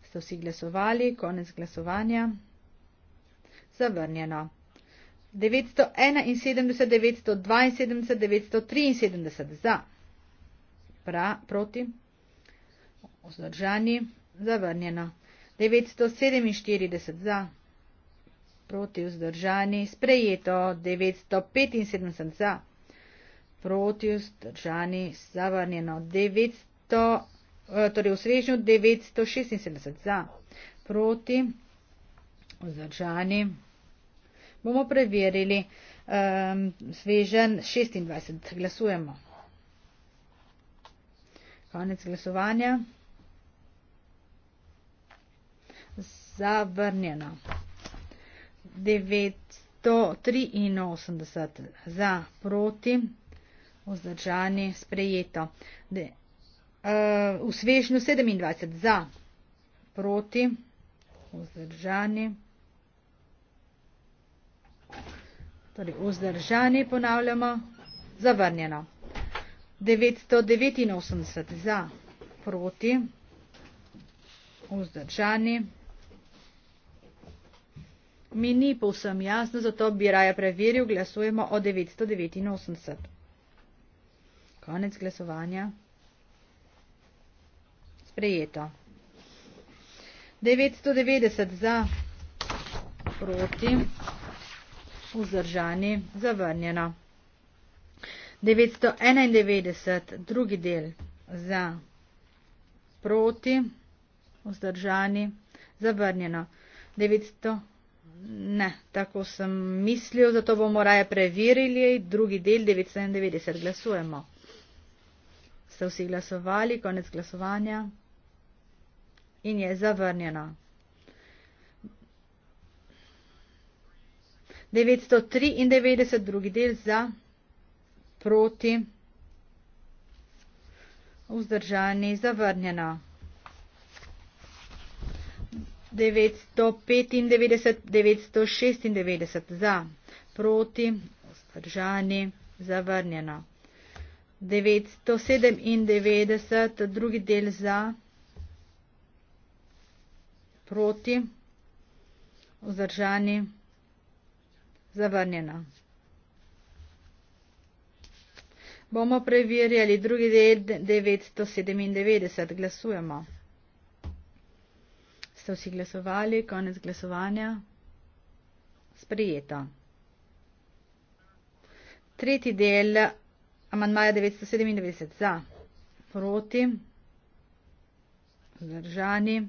Ste vsi glasovali? Konec glasovanja. Zavrnjeno. 971, 972, 973 za. Pra, proti. Vzdržani. Zavrnjeno. 947 za. Proti vzdržani. Sprejeto. 975 za proti vzdržani zavrnjeno 900, eh, torej v svežnju 976 za proti vzdržani. Bomo preverili um, svežen 26. Glasujemo. Konec glasovanja. Zavrnjeno. 983 za proti vzdržani, sprejeto. De, uh, v svežnju 27 za, proti, vzdržani. Torej, vzdržani ponavljamo, zavrnjeno. 989 za, proti, vzdržani. Mi ni povsem jasno, zato bi raje preveril, glasujemo o 989. Konec glasovanja. Sprejeto. 990 za proti, vzdržani, zavrnjeno. 991 drugi del za proti, vzdržani, zavrnjeno. 900 ne, tako sem mislil, zato bomo raje preverili drugi del 991. Glasujemo ste vsi glasovali, konec glasovanja in je zavrnjeno. 993 drugi del za, proti, vzdržani, zavrnjeno. 995, 996 za, proti, vzdržani, zavrnjeno. 997, drugi del za, proti, vzdržani, zavrnjeno. Bomo preverjali drugi del 997, glasujemo. Ste vsi glasovali, konec glasovanja? Sprijeto. Tretji del Amandmaja 997 za, proti, zdržani.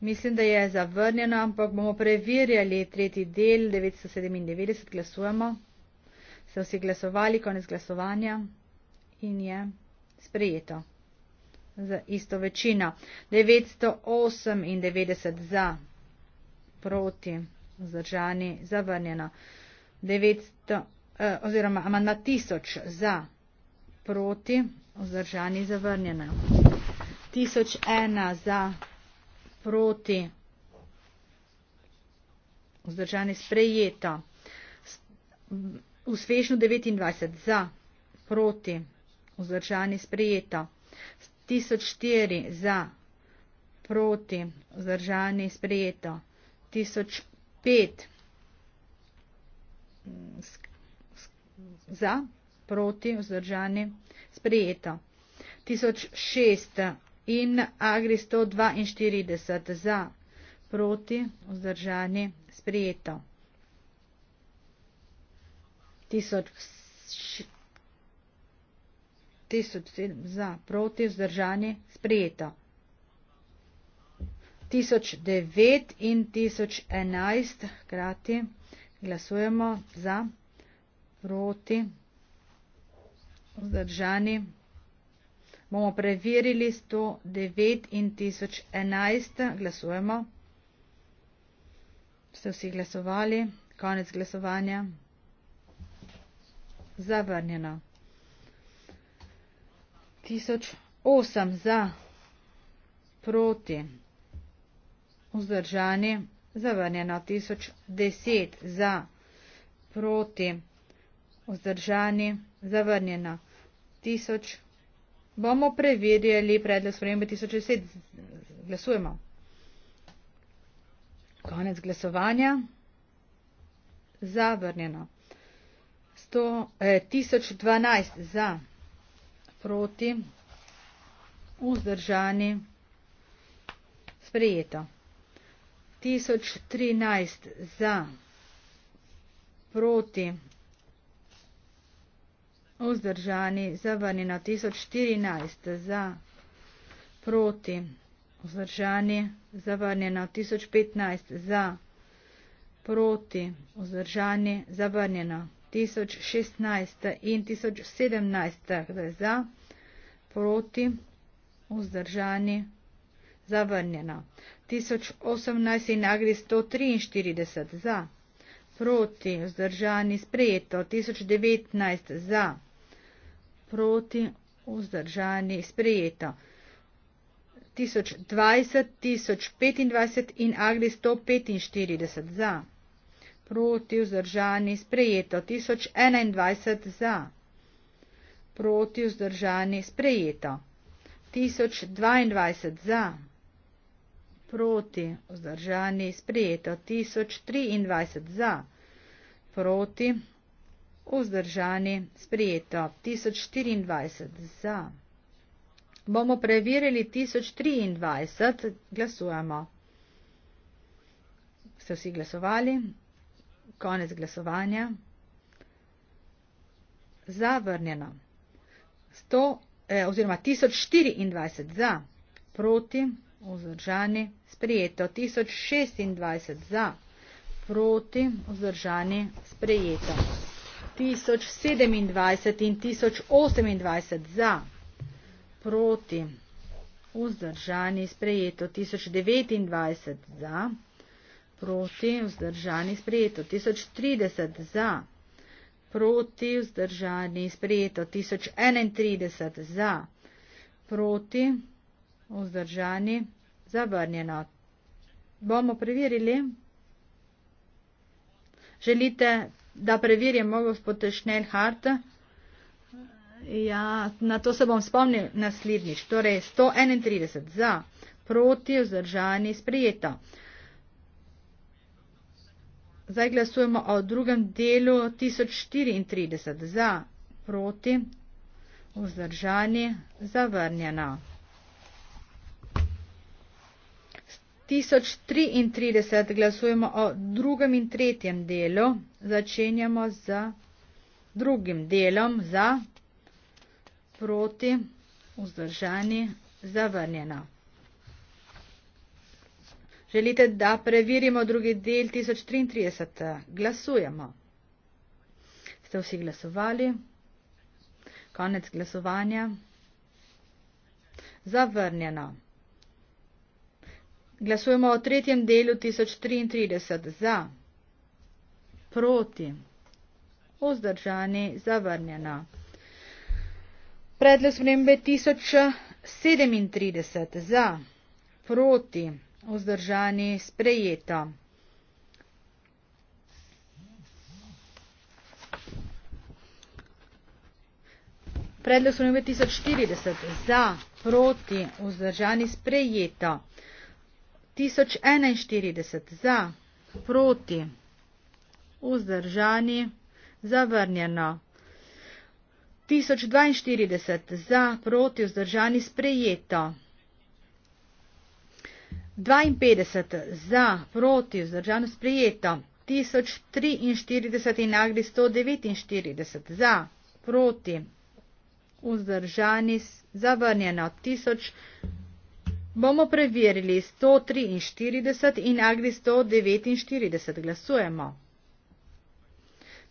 Mislim, da je zavrnjeno, ampak bomo preverjali tretji del 997. Glasujemo. Se vsi glasovali, konec glasovanja in je sprejeto. Za isto večino. 998 za, proti, zdržani, zavrnjeno. 900. Eh, oziroma amandmat tisoč za, proti, vzdržani, zavrnjena. Tisoč ena za, proti, vzdržani, sprejeto. Uspešno 29 za, proti, vzdržani, sprejeto. 1004 za, proti, vzdržani, sprejeto. 1005 za, proti, vzdržani, sprijeto. 1006 in Agri 142 za, proti, vzdržani, sprijeto. 1007 za, proti, vzdržani, sprijeto. 1009 in 1011 hkrati glasujemo za proti, vzdržani. Bomo preverili 109 in 1011. Glasujemo. Ste vsi glasovali? Konec glasovanja. Zavrnjeno. 1008 za, proti, vzdržani. Zavrnjeno. 1010 za, proti vzdržani, zavrnjeno. Tisoč. Bomo preverjali predlog spremembe 1010. Glasujemo. Konec glasovanja. Zavrnjeno. 100, eh, 1012 za, proti, vzdržani, sprejeto. 1013 za, proti, vzdržani, zavrnjeno 1014 za, proti, vzdržani, zavrnjeno 1015 za, proti, vzdržani, zavrnjeno 1016 in 1017 za, proti, vzdržani, zavrnjeno 1018 in agri 143 za, proti, vzdržani, sprejeto 1019 za, proti vzdržani sprejeto. 1020, 1025 in agli 145 za. Proti vzdržani sprejeto. 1021 za. Proti vzdržani sprejeto. 1022 za. Proti vzdržani sprejeto. 1023 za. Proti vzdržani, sprijeto 1024 za. Bomo preverili 1023, glasujemo. Ste vsi glasovali? Konec glasovanja. Zavrnjeno. 100, eh, oziroma 1024 za, proti, vzdržani, sprijeto. 1026 za, proti, vzdržani, sprijeto. 1027 in 1028 za, proti, vzdržani, sprejeto 1029 za, proti, vzdržani, sprejeto 1030 za, proti, vzdržani, sprejeto 1031 za, proti, vzdržani, zavrnjeno. Bomo preverili. Želite da preverjamo gospod Šnelhart. Ja, na to se bom spomnil naslednjič. Torej, 131 za, proti, vzdržani, sprijeta. Zdaj glasujemo o drugem delu 1034 za, proti, vzdržani, zavrnjena. 1033 glasujemo o drugem in tretjem delu. Začenjamo z drugim delom za proti vzdržani zavrnjeno. Želite, da preverimo drugi del 1033? Glasujemo. Ste vsi glasovali? Konec glasovanja. Zavrnjeno. Glasujemo o tretjem delu 1033 za, proti, vzdržani, zavrnjena. Predlog spremembe 1037 za, proti, vzdržani, sprejeta. Predlog spremembe 1040 za, proti, vzdržani, sprejeta. 1041 za, proti, vzdržani, zavrnjeno. 1042 za, proti, vzdržani, sprejeto. 52 za, proti, vzdržano, sprejeto. 1043 in agri 149 za, proti, vzdržani, zavrnjeno. 1042 Bomo preverili 143 in Agri 149 glasujemo.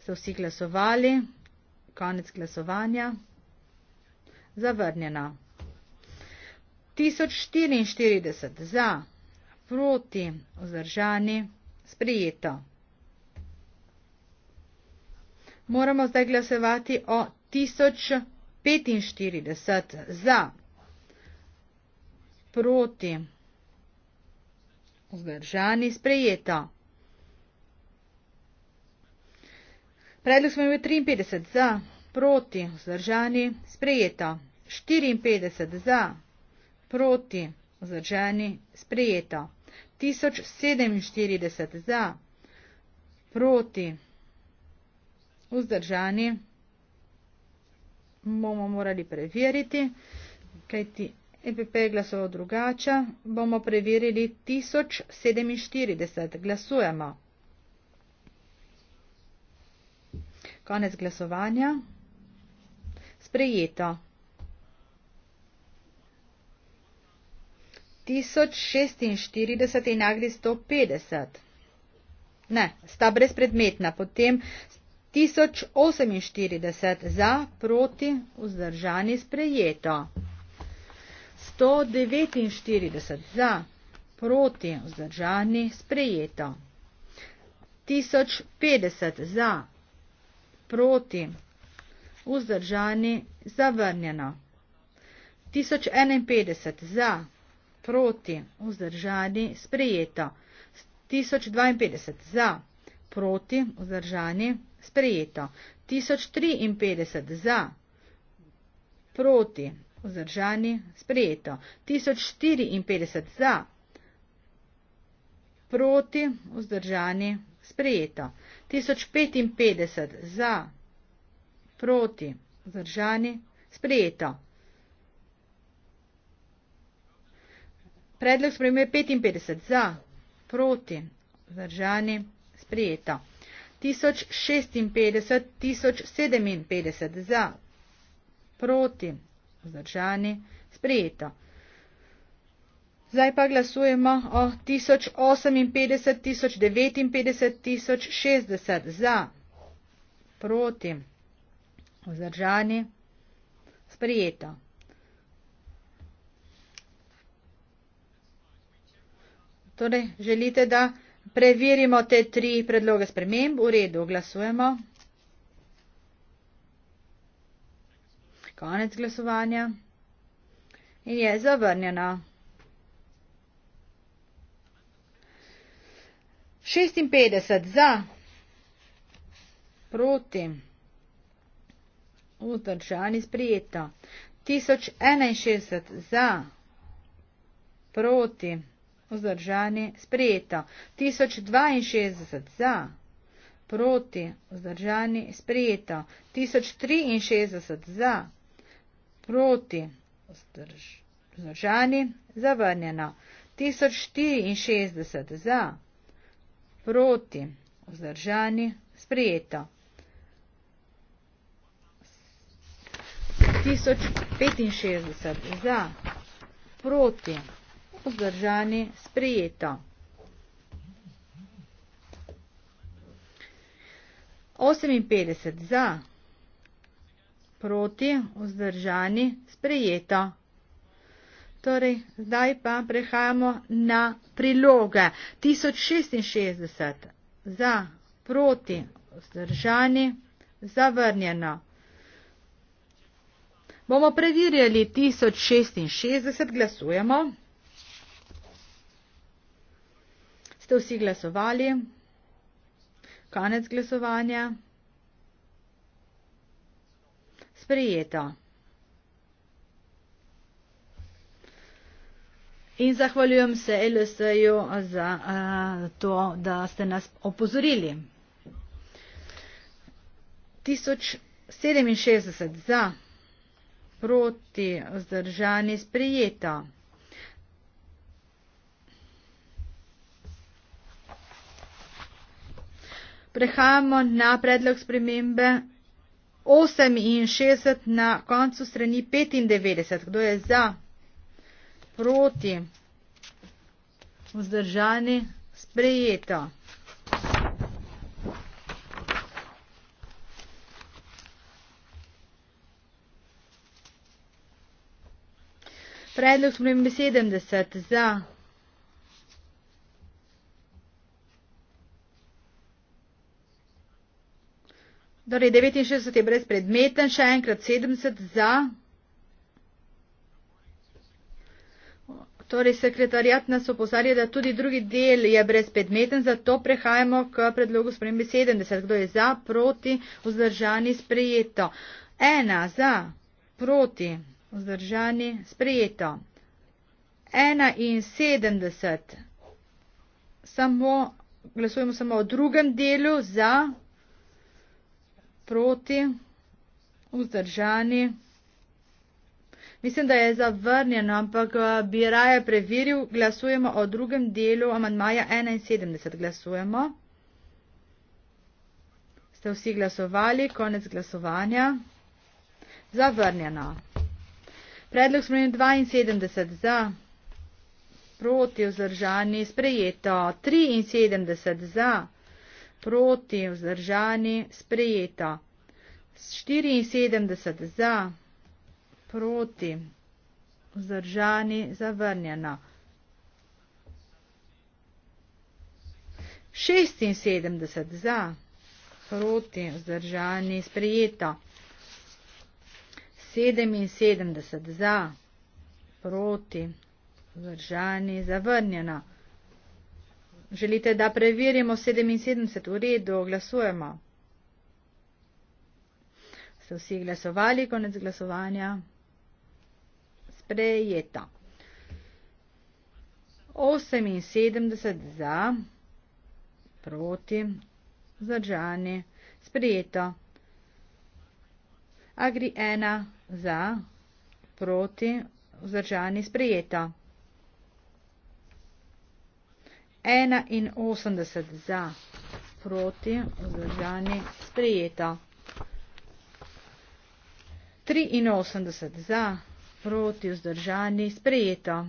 So vsi glasovali? Konec glasovanja? Zavrnjeno. 1044 za, proti, vzdržani, sprijeto. Moramo zdaj glasovati o 1045 za proti. Vzdržani sprejeto. Predlog smo imeli 53 za, proti, vzdržani sprejeto. 54 za, proti, vzdržani sprejeto. 1047 za, proti, vzdržani. Bomo morali preveriti, kaj ti EPP je glasoval drugače, bomo preverili 1047. Glasujemo. Konec glasovanja. Sprejeto. 1046 in agri 150. Ne, sta brezpredmetna. Potem 1048 za, proti, vzdržani, sprejeto. 149 za, proti vzdržani sprejeto. 1050 za, proti vzdržani zavrnjeno. 1051 za, proti vzdržani sprejeto. 1052 za, proti vzdržani sprejeto. 1053 za, proti vzdržani, sprejeto. 1054 za, proti, vzdržani, sprejeto. 1055 za, proti, vzdržani, sprejeto. Predlog spremembe 55 za, proti, vzdržani, sprejeto. 1056, 1057 za, proti, vzdržani, sprejeto. Zdaj pa glasujemo o 1058, 1059, 1060 za, proti, vzdržani, sprejeto. Torej, želite, da preverimo te tri predloge sprememb? V redu, glasujemo. konec glasovanja in je zavrnjena. 56 za, proti, vzdržani sprijeto. 1061 za, proti, vzdržani sprijeto. 1062 za, proti, vzdržani sprijeto. 1063 za, proti proti, vzdržani, zavrnjeno, 1064 za, proti, vzdržani, sprijeto. 1065 za, proti, vzdržani, sprijeto. 58 za, proti, vzdržani, sprijeto proti, vzdržani, sprejeto. Torej, zdaj pa prehajamo na priloge 1066 za, proti, vzdržani, zavrnjeno. Bomo preverjali 1066, glasujemo. Ste vsi glasovali? Konec glasovanja sprejeto. In zahvaljujem se LSE-ju za uh, to, da ste nas opozorili. 1067 za, proti, vzdržani, sprejeto. Prehajamo na predlog spremembe 68 na koncu strani 95. Kdo je za? Proti? Vzdržani? Sprejeto. Predlog spremembe 70 za. Torej, 69 je brezpredmeten, še enkrat 70 za. Torej, sekretarjat nas opozarja, da tudi drugi del je brezpredmeten, zato prehajamo k predlogu spremembe 70. Kdo je za, proti, vzdržani, sprejeto. Ena za, proti, vzdržani, sprejeto. 71. Samo, glasujemo samo o drugem delu za proti, vzdržani. Mislim, da je zavrnjeno, ampak eh, bi raje preveril. Glasujemo o drugem delu amantmaja 71. Glasujemo. Ste vsi glasovali? Konec glasovanja. Zavrnjeno. Predlog smo imeli 72 za, proti vzdržani, sprejeto 73 za proti, vzdržani, sprejeta. 74 za, proti, vzdržani, zavrnjena. 76 za, proti, vzdržani, sprejeta. 77 za, proti, vzdržani, zavrnjena. Želite, da preverimo 77 v redu, glasujemo. Ste vsi glasovali, konec glasovanja? Sprejeta. 78 za, proti, zdržani, sprejeto. Agri 1 za, proti, zdržani, sprejeto. 81 za, proti, vzdržani, sprijeta. 83 za, proti, vzdržani, sprijeta.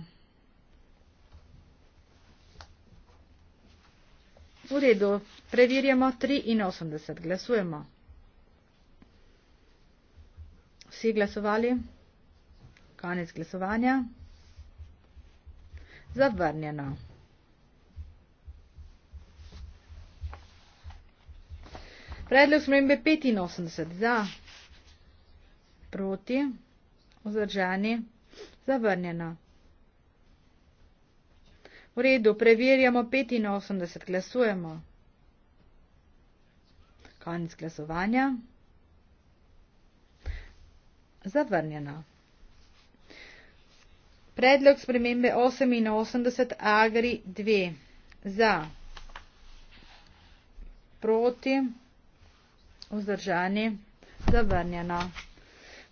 V redu, preverjamo 83, glasujemo. Vsi glasovali? Konec glasovanja. Zavrnjeno. Predlog smrembe 85. Za. Proti. Ozdržani. Zavrnjeno. V redu, preverjamo 85. Glasujemo. Konec glasovanja. Zavrnjeno. Predlog spremembe 88 agri 2. Za. Proti vzdržani, zavrnjeno.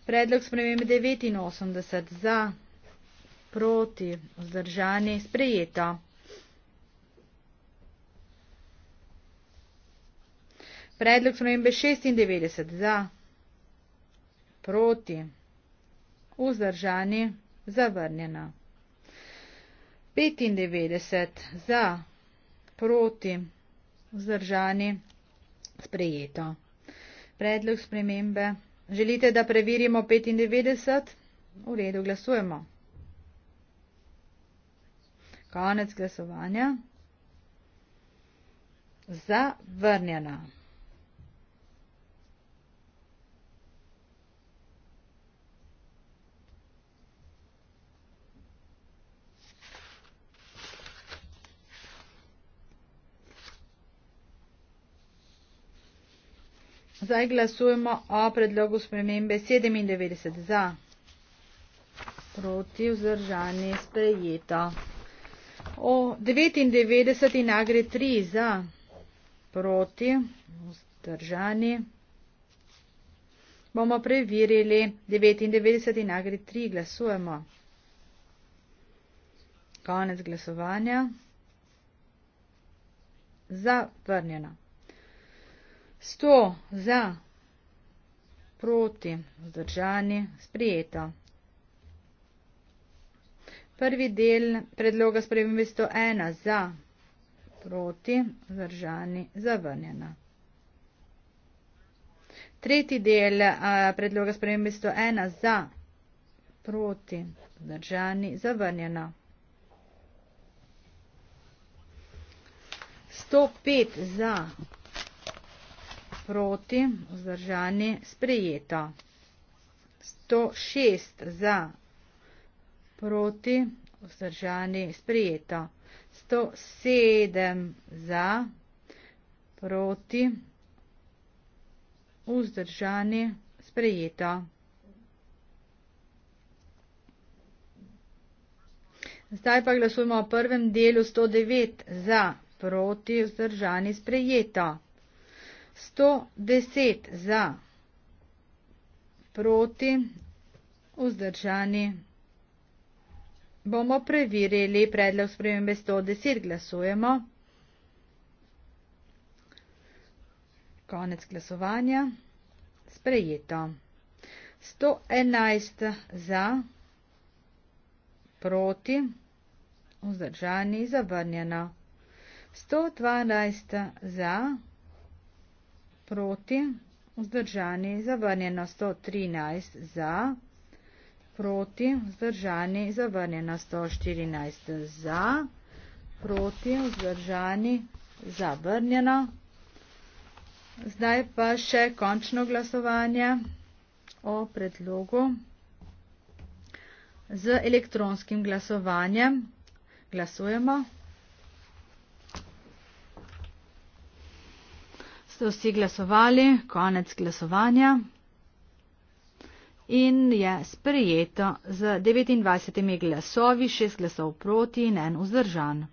Predlog sprememb 89 za, proti, vzdržani, sprejeto. Predlog sprememb 96 za, proti, vzdržani, zavrnjeno. 95 za, proti, vzdržani, sprejeto predlog spremembe. Želite, da preverimo 95? V redu, glasujemo. Konec glasovanja. Zavrnjena. Zdaj glasujemo o predlogu spremembe 97 za. Proti vzdržani sprejeto. O 99 in agri 3 za. Proti vzdržani. Bomo preverili 99 in agri 3 glasujemo. Konec glasovanja. Zavrnjeno. 100 za, proti, vzdržani, sprijeto. Prvi del predloga spremembe 101 za, proti, vzdržani, zavrnjena. Tretji del predloga spremembe 101 za, proti, vzdržani, zavrnjena. 105 za, proti, vzdržani, zavrnjena. 105 za, proti, vzdržani, zavrnjena proti, vzdržani, sprejeto. 106 za, proti, vzdržani, sprejeto. 107 za, proti, vzdržani, sprejeto. Zdaj pa glasujemo o prvem delu 109 za, proti, vzdržani, sprejeto sto deset za, proti, vzdržani. Bomo preverili predlog spremembe 110, glasujemo. Konec glasovanja. Sprejeto. 111 za, proti, vzdržani, zavrnjeno. 112 za, proti proti, vzdržani, zavrnjeno 113 za, proti, vzdržani, zavrnjeno 114 za, proti, vzdržani, zavrnjeno. Zdaj pa še končno glasovanje o predlogu z elektronskim glasovanjem. Glasujemo. ste vsi glasovali, konec glasovanja. In je sprejeto z 29 glasovi, 6 glasov proti in en vzdržan.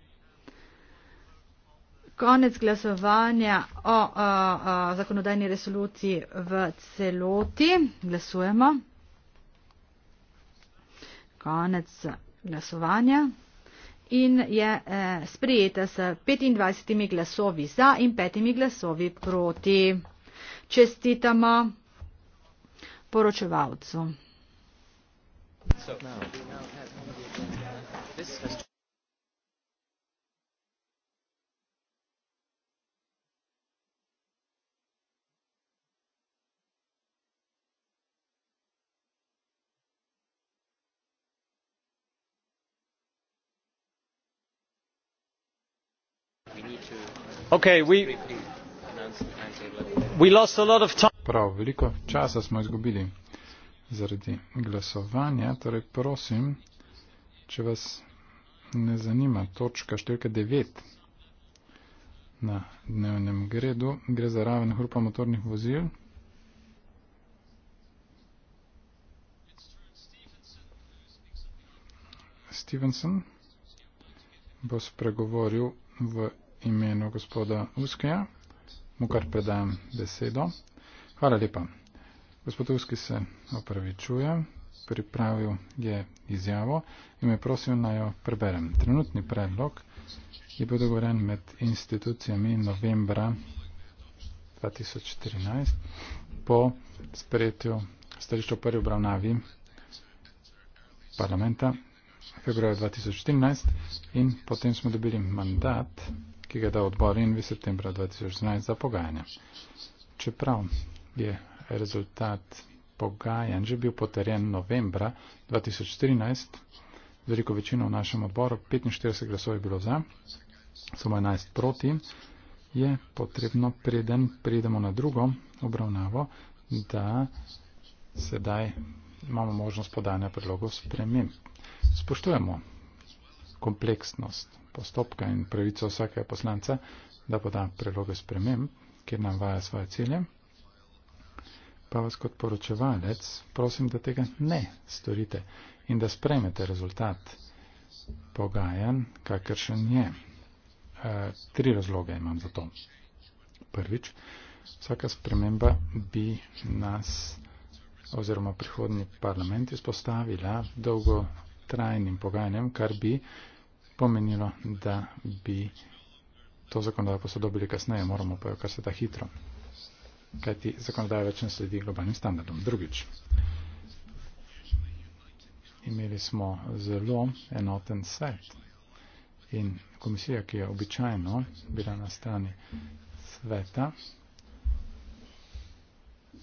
Konec glasovanja o, o, o zakonodajni resoluciji v celoti. Glasujemo. Konec glasovanja in je eh, sprejeta s 25 glasovi za in 5 glasovi proti. Čestitamo poročevalcu. So, Prav, veliko časa smo izgubili zaradi glasovanja, torej prosim, če vas ne zanima točka številka 9 na dnevnem gredu, gre za raven hrupa motornih vozil. Stevenson bo spregovoril v imenu gospoda Uskeja, mu kar predajam besedo. Hvala lepa. Gospod Uski se opravičuje, pripravil je izjavo in me prosil naj jo preberem. Trenutni predlog je bil dogovoren med institucijami novembra 2014 po sprejetju stališča v prvi obravnavi parlamenta februarja 2014 in potem smo dobili mandat ki ga je dal odbor in v septembra 2011 za pogajanja. Čeprav je rezultat pogajanj že bil potrjen novembra 2013, veliko večino v našem odboru, 45 glasov je bilo za, samo 11 proti, je potrebno, preden pridemo na drugo obravnavo, da sedaj imamo možnost podanja predlogov sprememb. Spoštujemo kompleksnost postopka in pravico vsakega poslanca, da poda preloge spremem, kjer nam vaja svoje cilje. Pa vas kot poročevalec prosim, da tega ne storite in da spremete rezultat pogajan, kakršen je. E, tri razloge imam za to. Prvič, vsaka sprememba bi nas oziroma prihodni parlament izpostavila dolgotrajnim pogajanjem, kar bi pomenilo, da bi to zakonodajo posodobili kasneje, moramo pa jo kar se ta hitro. Kajti zakonodaja več ne sledi globalnim standardom. Drugič, imeli smo zelo enoten svet in komisija, ki je običajno bila na strani sveta,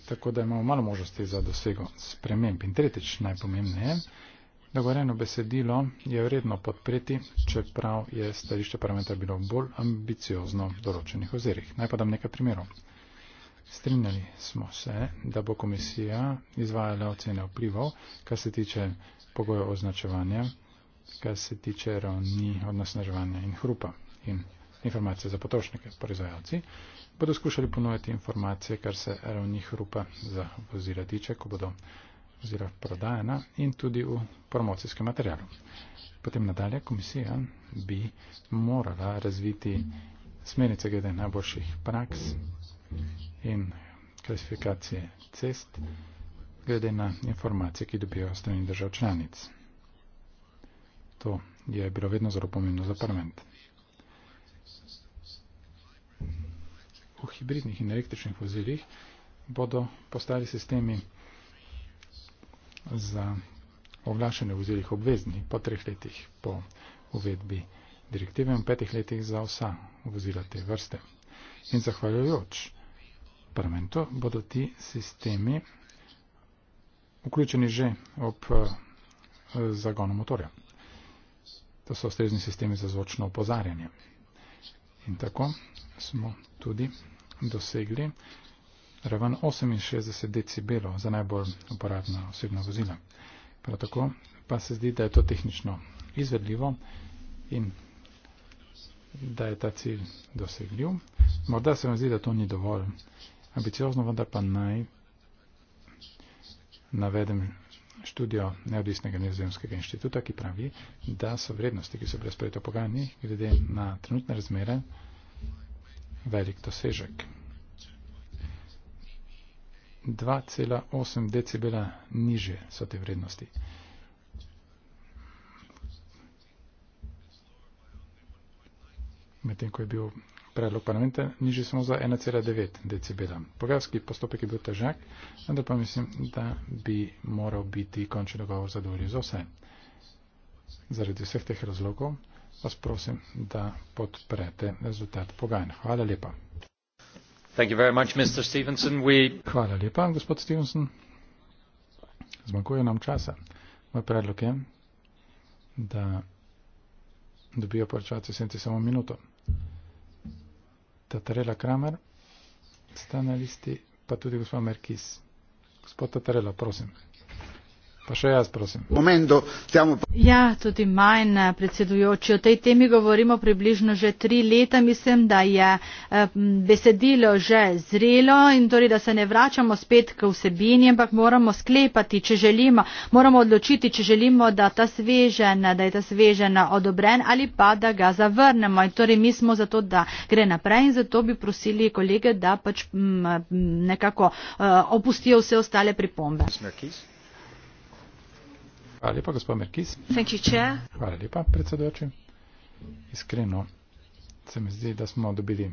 tako da imamo malo možnosti za dosego sprememb. In tretjič najpomembneje, Dogoreno besedilo je vredno podpreti, čeprav je stališče parlamenta bilo bolj ambiciozno v določenih ozirih. Naj pa dam nekaj primerov. Strinjali smo se, da bo komisija izvajala ocene vplivov, kar se tiče pogojev označevanja, kar se tiče ravni odnasnaževanja in hrupa in informacije za potrošnike, proizvajalci. Bodo skušali ponujati informacije, kar se ravni hrupa za vozila tiče, ko bodo oziroma prodajena in tudi v promocijskem materialu. Potem nadalje komisija bi morala razviti smernice glede najboljših praks in klasifikacije cest glede na informacije, ki dobijo strani držav članic. To je bilo vedno zelo pomembno za parlament. V hibridnih in električnih vozilih bodo postali sistemi za oglašanje vozilih obvezni po treh letih po uvedbi direktive in petih letih za vsa vozila te vrste. In zahvaljujoč parlamentu bodo ti sistemi vključeni že ob eh, zagonu motorja. To so ustrezni sistemi za zvočno opozarjanje. In tako smo tudi dosegli raven 68 decibelov za najbolj uporabna osebna vozila. Prav tako pa se zdi, da je to tehnično izvedljivo in da je ta cilj dosegljiv. Morda se vam zdi, da to ni dovolj ambiciozno, vendar pa naj navedem študijo Neodvisnega nizozemskega inštituta, ki pravi, da so vrednosti, ki so bile sprejete v pogajanjih, glede na trenutne razmere, velik dosežek. 2,8 decibela niže so te vrednosti. Medtem, ko je bil predlog parlamenta, niže samo za 1,9 decibela. Pogajalski postopek je bil težak, vendar pa mislim, da bi moral biti končni dogovor zadovoljiv za vse. Zaradi vseh teh razlogov vas prosim, da podprete rezultat pogajanj. Hvala lepa. Hvala lepa, gospod Stevenson. Zmanjkuje nam časa. Moj predlog je, da dobijo poročevalci senci samo minuto. Tatarela Kramer, sta na listi, pa tudi gospod Merkis. Gospod Tatarela, prosim. Pa še jaz, prosim. Momentu, tjamo... Ja, tudi manj eh, predsedujoči. O tej temi govorimo približno že tri leta. Mislim, da je eh, besedilo že zrelo in torej, da se ne vračamo spet k vsebini, ampak moramo sklepati, če želimo, moramo odločiti, če želimo, da, ta svežen, da je ta svežen odobren ali pa da ga zavrnemo. In torej, mi smo zato, da gre naprej in zato bi prosili kolege, da pač m, m, nekako uh, opustijo vse ostale pripombe. Smerkis. Hvala lepa, gospod Merkis. Hvala lepa, predsedujoči. Iskreno se mi zdi, da smo dobili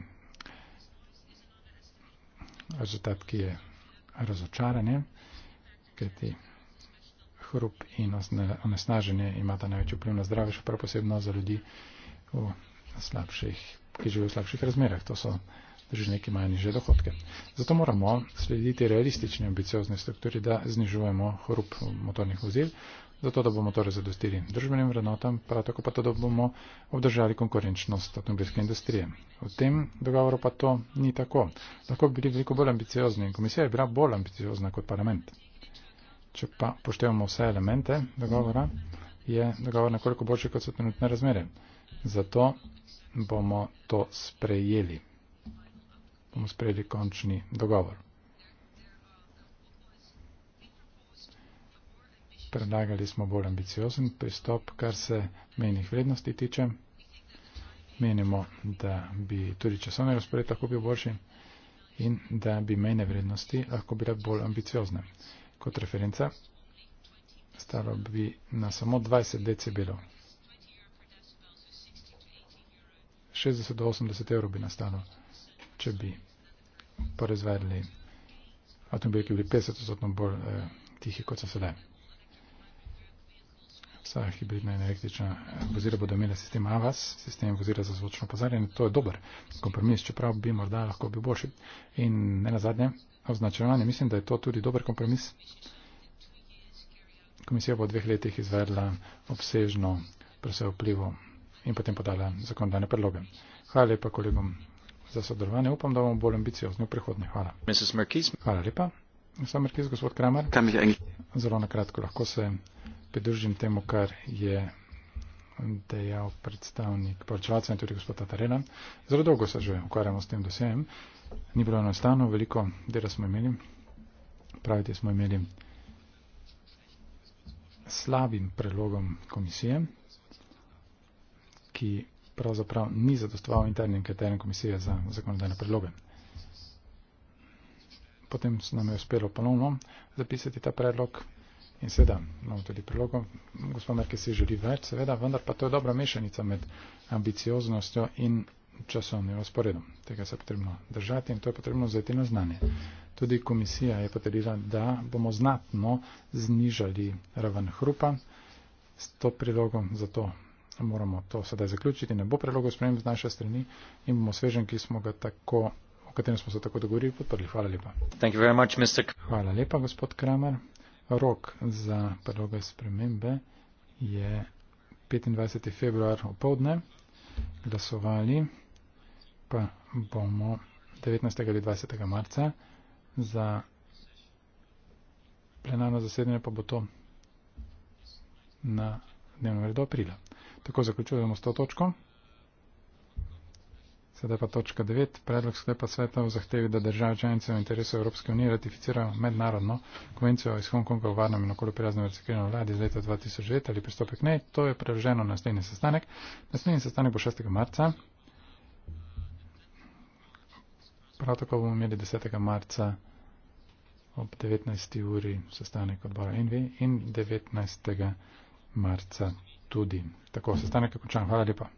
rezultat, ki je razočaranje, ker ti hrup in onesnaženje imata največji vpliv na zdravje, še prav posebno za ljudi, v slabših, ki živijo v slabših razmerah. To so družine, ki imajo niže dohodke. Zato moramo slediti realistični ambiciozni strukturi, da znižujemo hrup motornih vozil, zato da bomo torej zadostili družbenim vrednotam, prav tako pa to, da bomo obdržali konkurenčnost avtomobilske industrije. V tem dogovoru pa to ni tako. Lahko bi bili veliko bolj ambiciozni in komisija je bila bolj ambiciozna kot parlament. Če pa poštevamo vse elemente dogovora, je dogovor nekoliko boljši kot so trenutne razmere. Zato bomo to sprejeli. Bomo sprejeli končni dogovor. predlagali smo bolj ambiciozen pristop, kar se menih vrednosti tiče. Menimo, da bi tudi časovni razpored lahko bil boljši in da bi mejne vrednosti lahko bile bolj ambiciozne. Kot referenca, stalo bi na samo 20 decibelov. 60 do 80 evrov bi nastalo, če bi porezvedli avtomobile, ki bi bili 50% bolj eh, tihi, kot so sedaj vsa hibridna in električna vozila bodo imela sistem AVAS, sistem vozila za zvočno opozarjanje. To je dober kompromis, čeprav bi morda lahko bil boljši. In ne nazadnje, označevanje. Mislim, da je to tudi dober kompromis. Komisija bo v dveh letih izvedla obsežno presejo vplivo in potem podala zakonodajne predloge. Hvala lepa kolegom za sodelovanje. Upam, da bomo bolj ambiciozni v prihodnje. Hvala. Hvala lepa. Sam Merkis, gospod Kramer. Zelo nakratko lahko se pridružim temu, kar je dejal predstavnik poročevalca in tudi gospod Tatarela. Zelo dolgo se že ukvarjamo s tem dosejem. Ni bilo enostavno, veliko dela smo imeli. Pravite, smo imeli slabim prelogom komisije, ki pravzaprav ni zadostoval internim kriterijem komisije za zakonodajne predloge. Potem se nam je uspelo ponovno zapisati ta predlog. In seveda imamo tudi prilogo, gospodar, ki si želi več, seveda, vendar pa to je dobra mešanica med ambicioznostjo in časovnim razporedom. Tega se je potrebno držati in to je potrebno vzeti na znanje. Tudi komisija je potrdila, da bomo znatno znižali raven hrupa s to prilogom, zato moramo to sedaj zaključiti. Ne bo prilogo sprejem z naše strani in bomo svežen, ki smo ga tako o katerem smo se tako dogovorili, podprli. Hvala lepa. Hvala lepa, gospod Kramer rok za predloge spremembe je 25. februar opoldne. Glasovali pa bomo 19. ali 20. marca za plenarno zasedanje pa bo to na dnevnem redu aprila. Tako zaključujemo s to točko. Sedaj pa točka 9. Predlog sklepa sveta v zahtevi, da države članice v interesu Evropske unije ratificirajo mednarodno konvencijo iz Hongkonga o varnem in okoljoprijaznem recikliranju vladi iz leta 2009 ali pristopek ne. To je preloženo na naslednji sestanek. Naslednji sestanek bo 6. marca. Prav tako bomo imeli 10. marca ob 19. uri sestanek odbora NV in 19. marca tudi. Tako, sestanek je končan. Hvala lepa.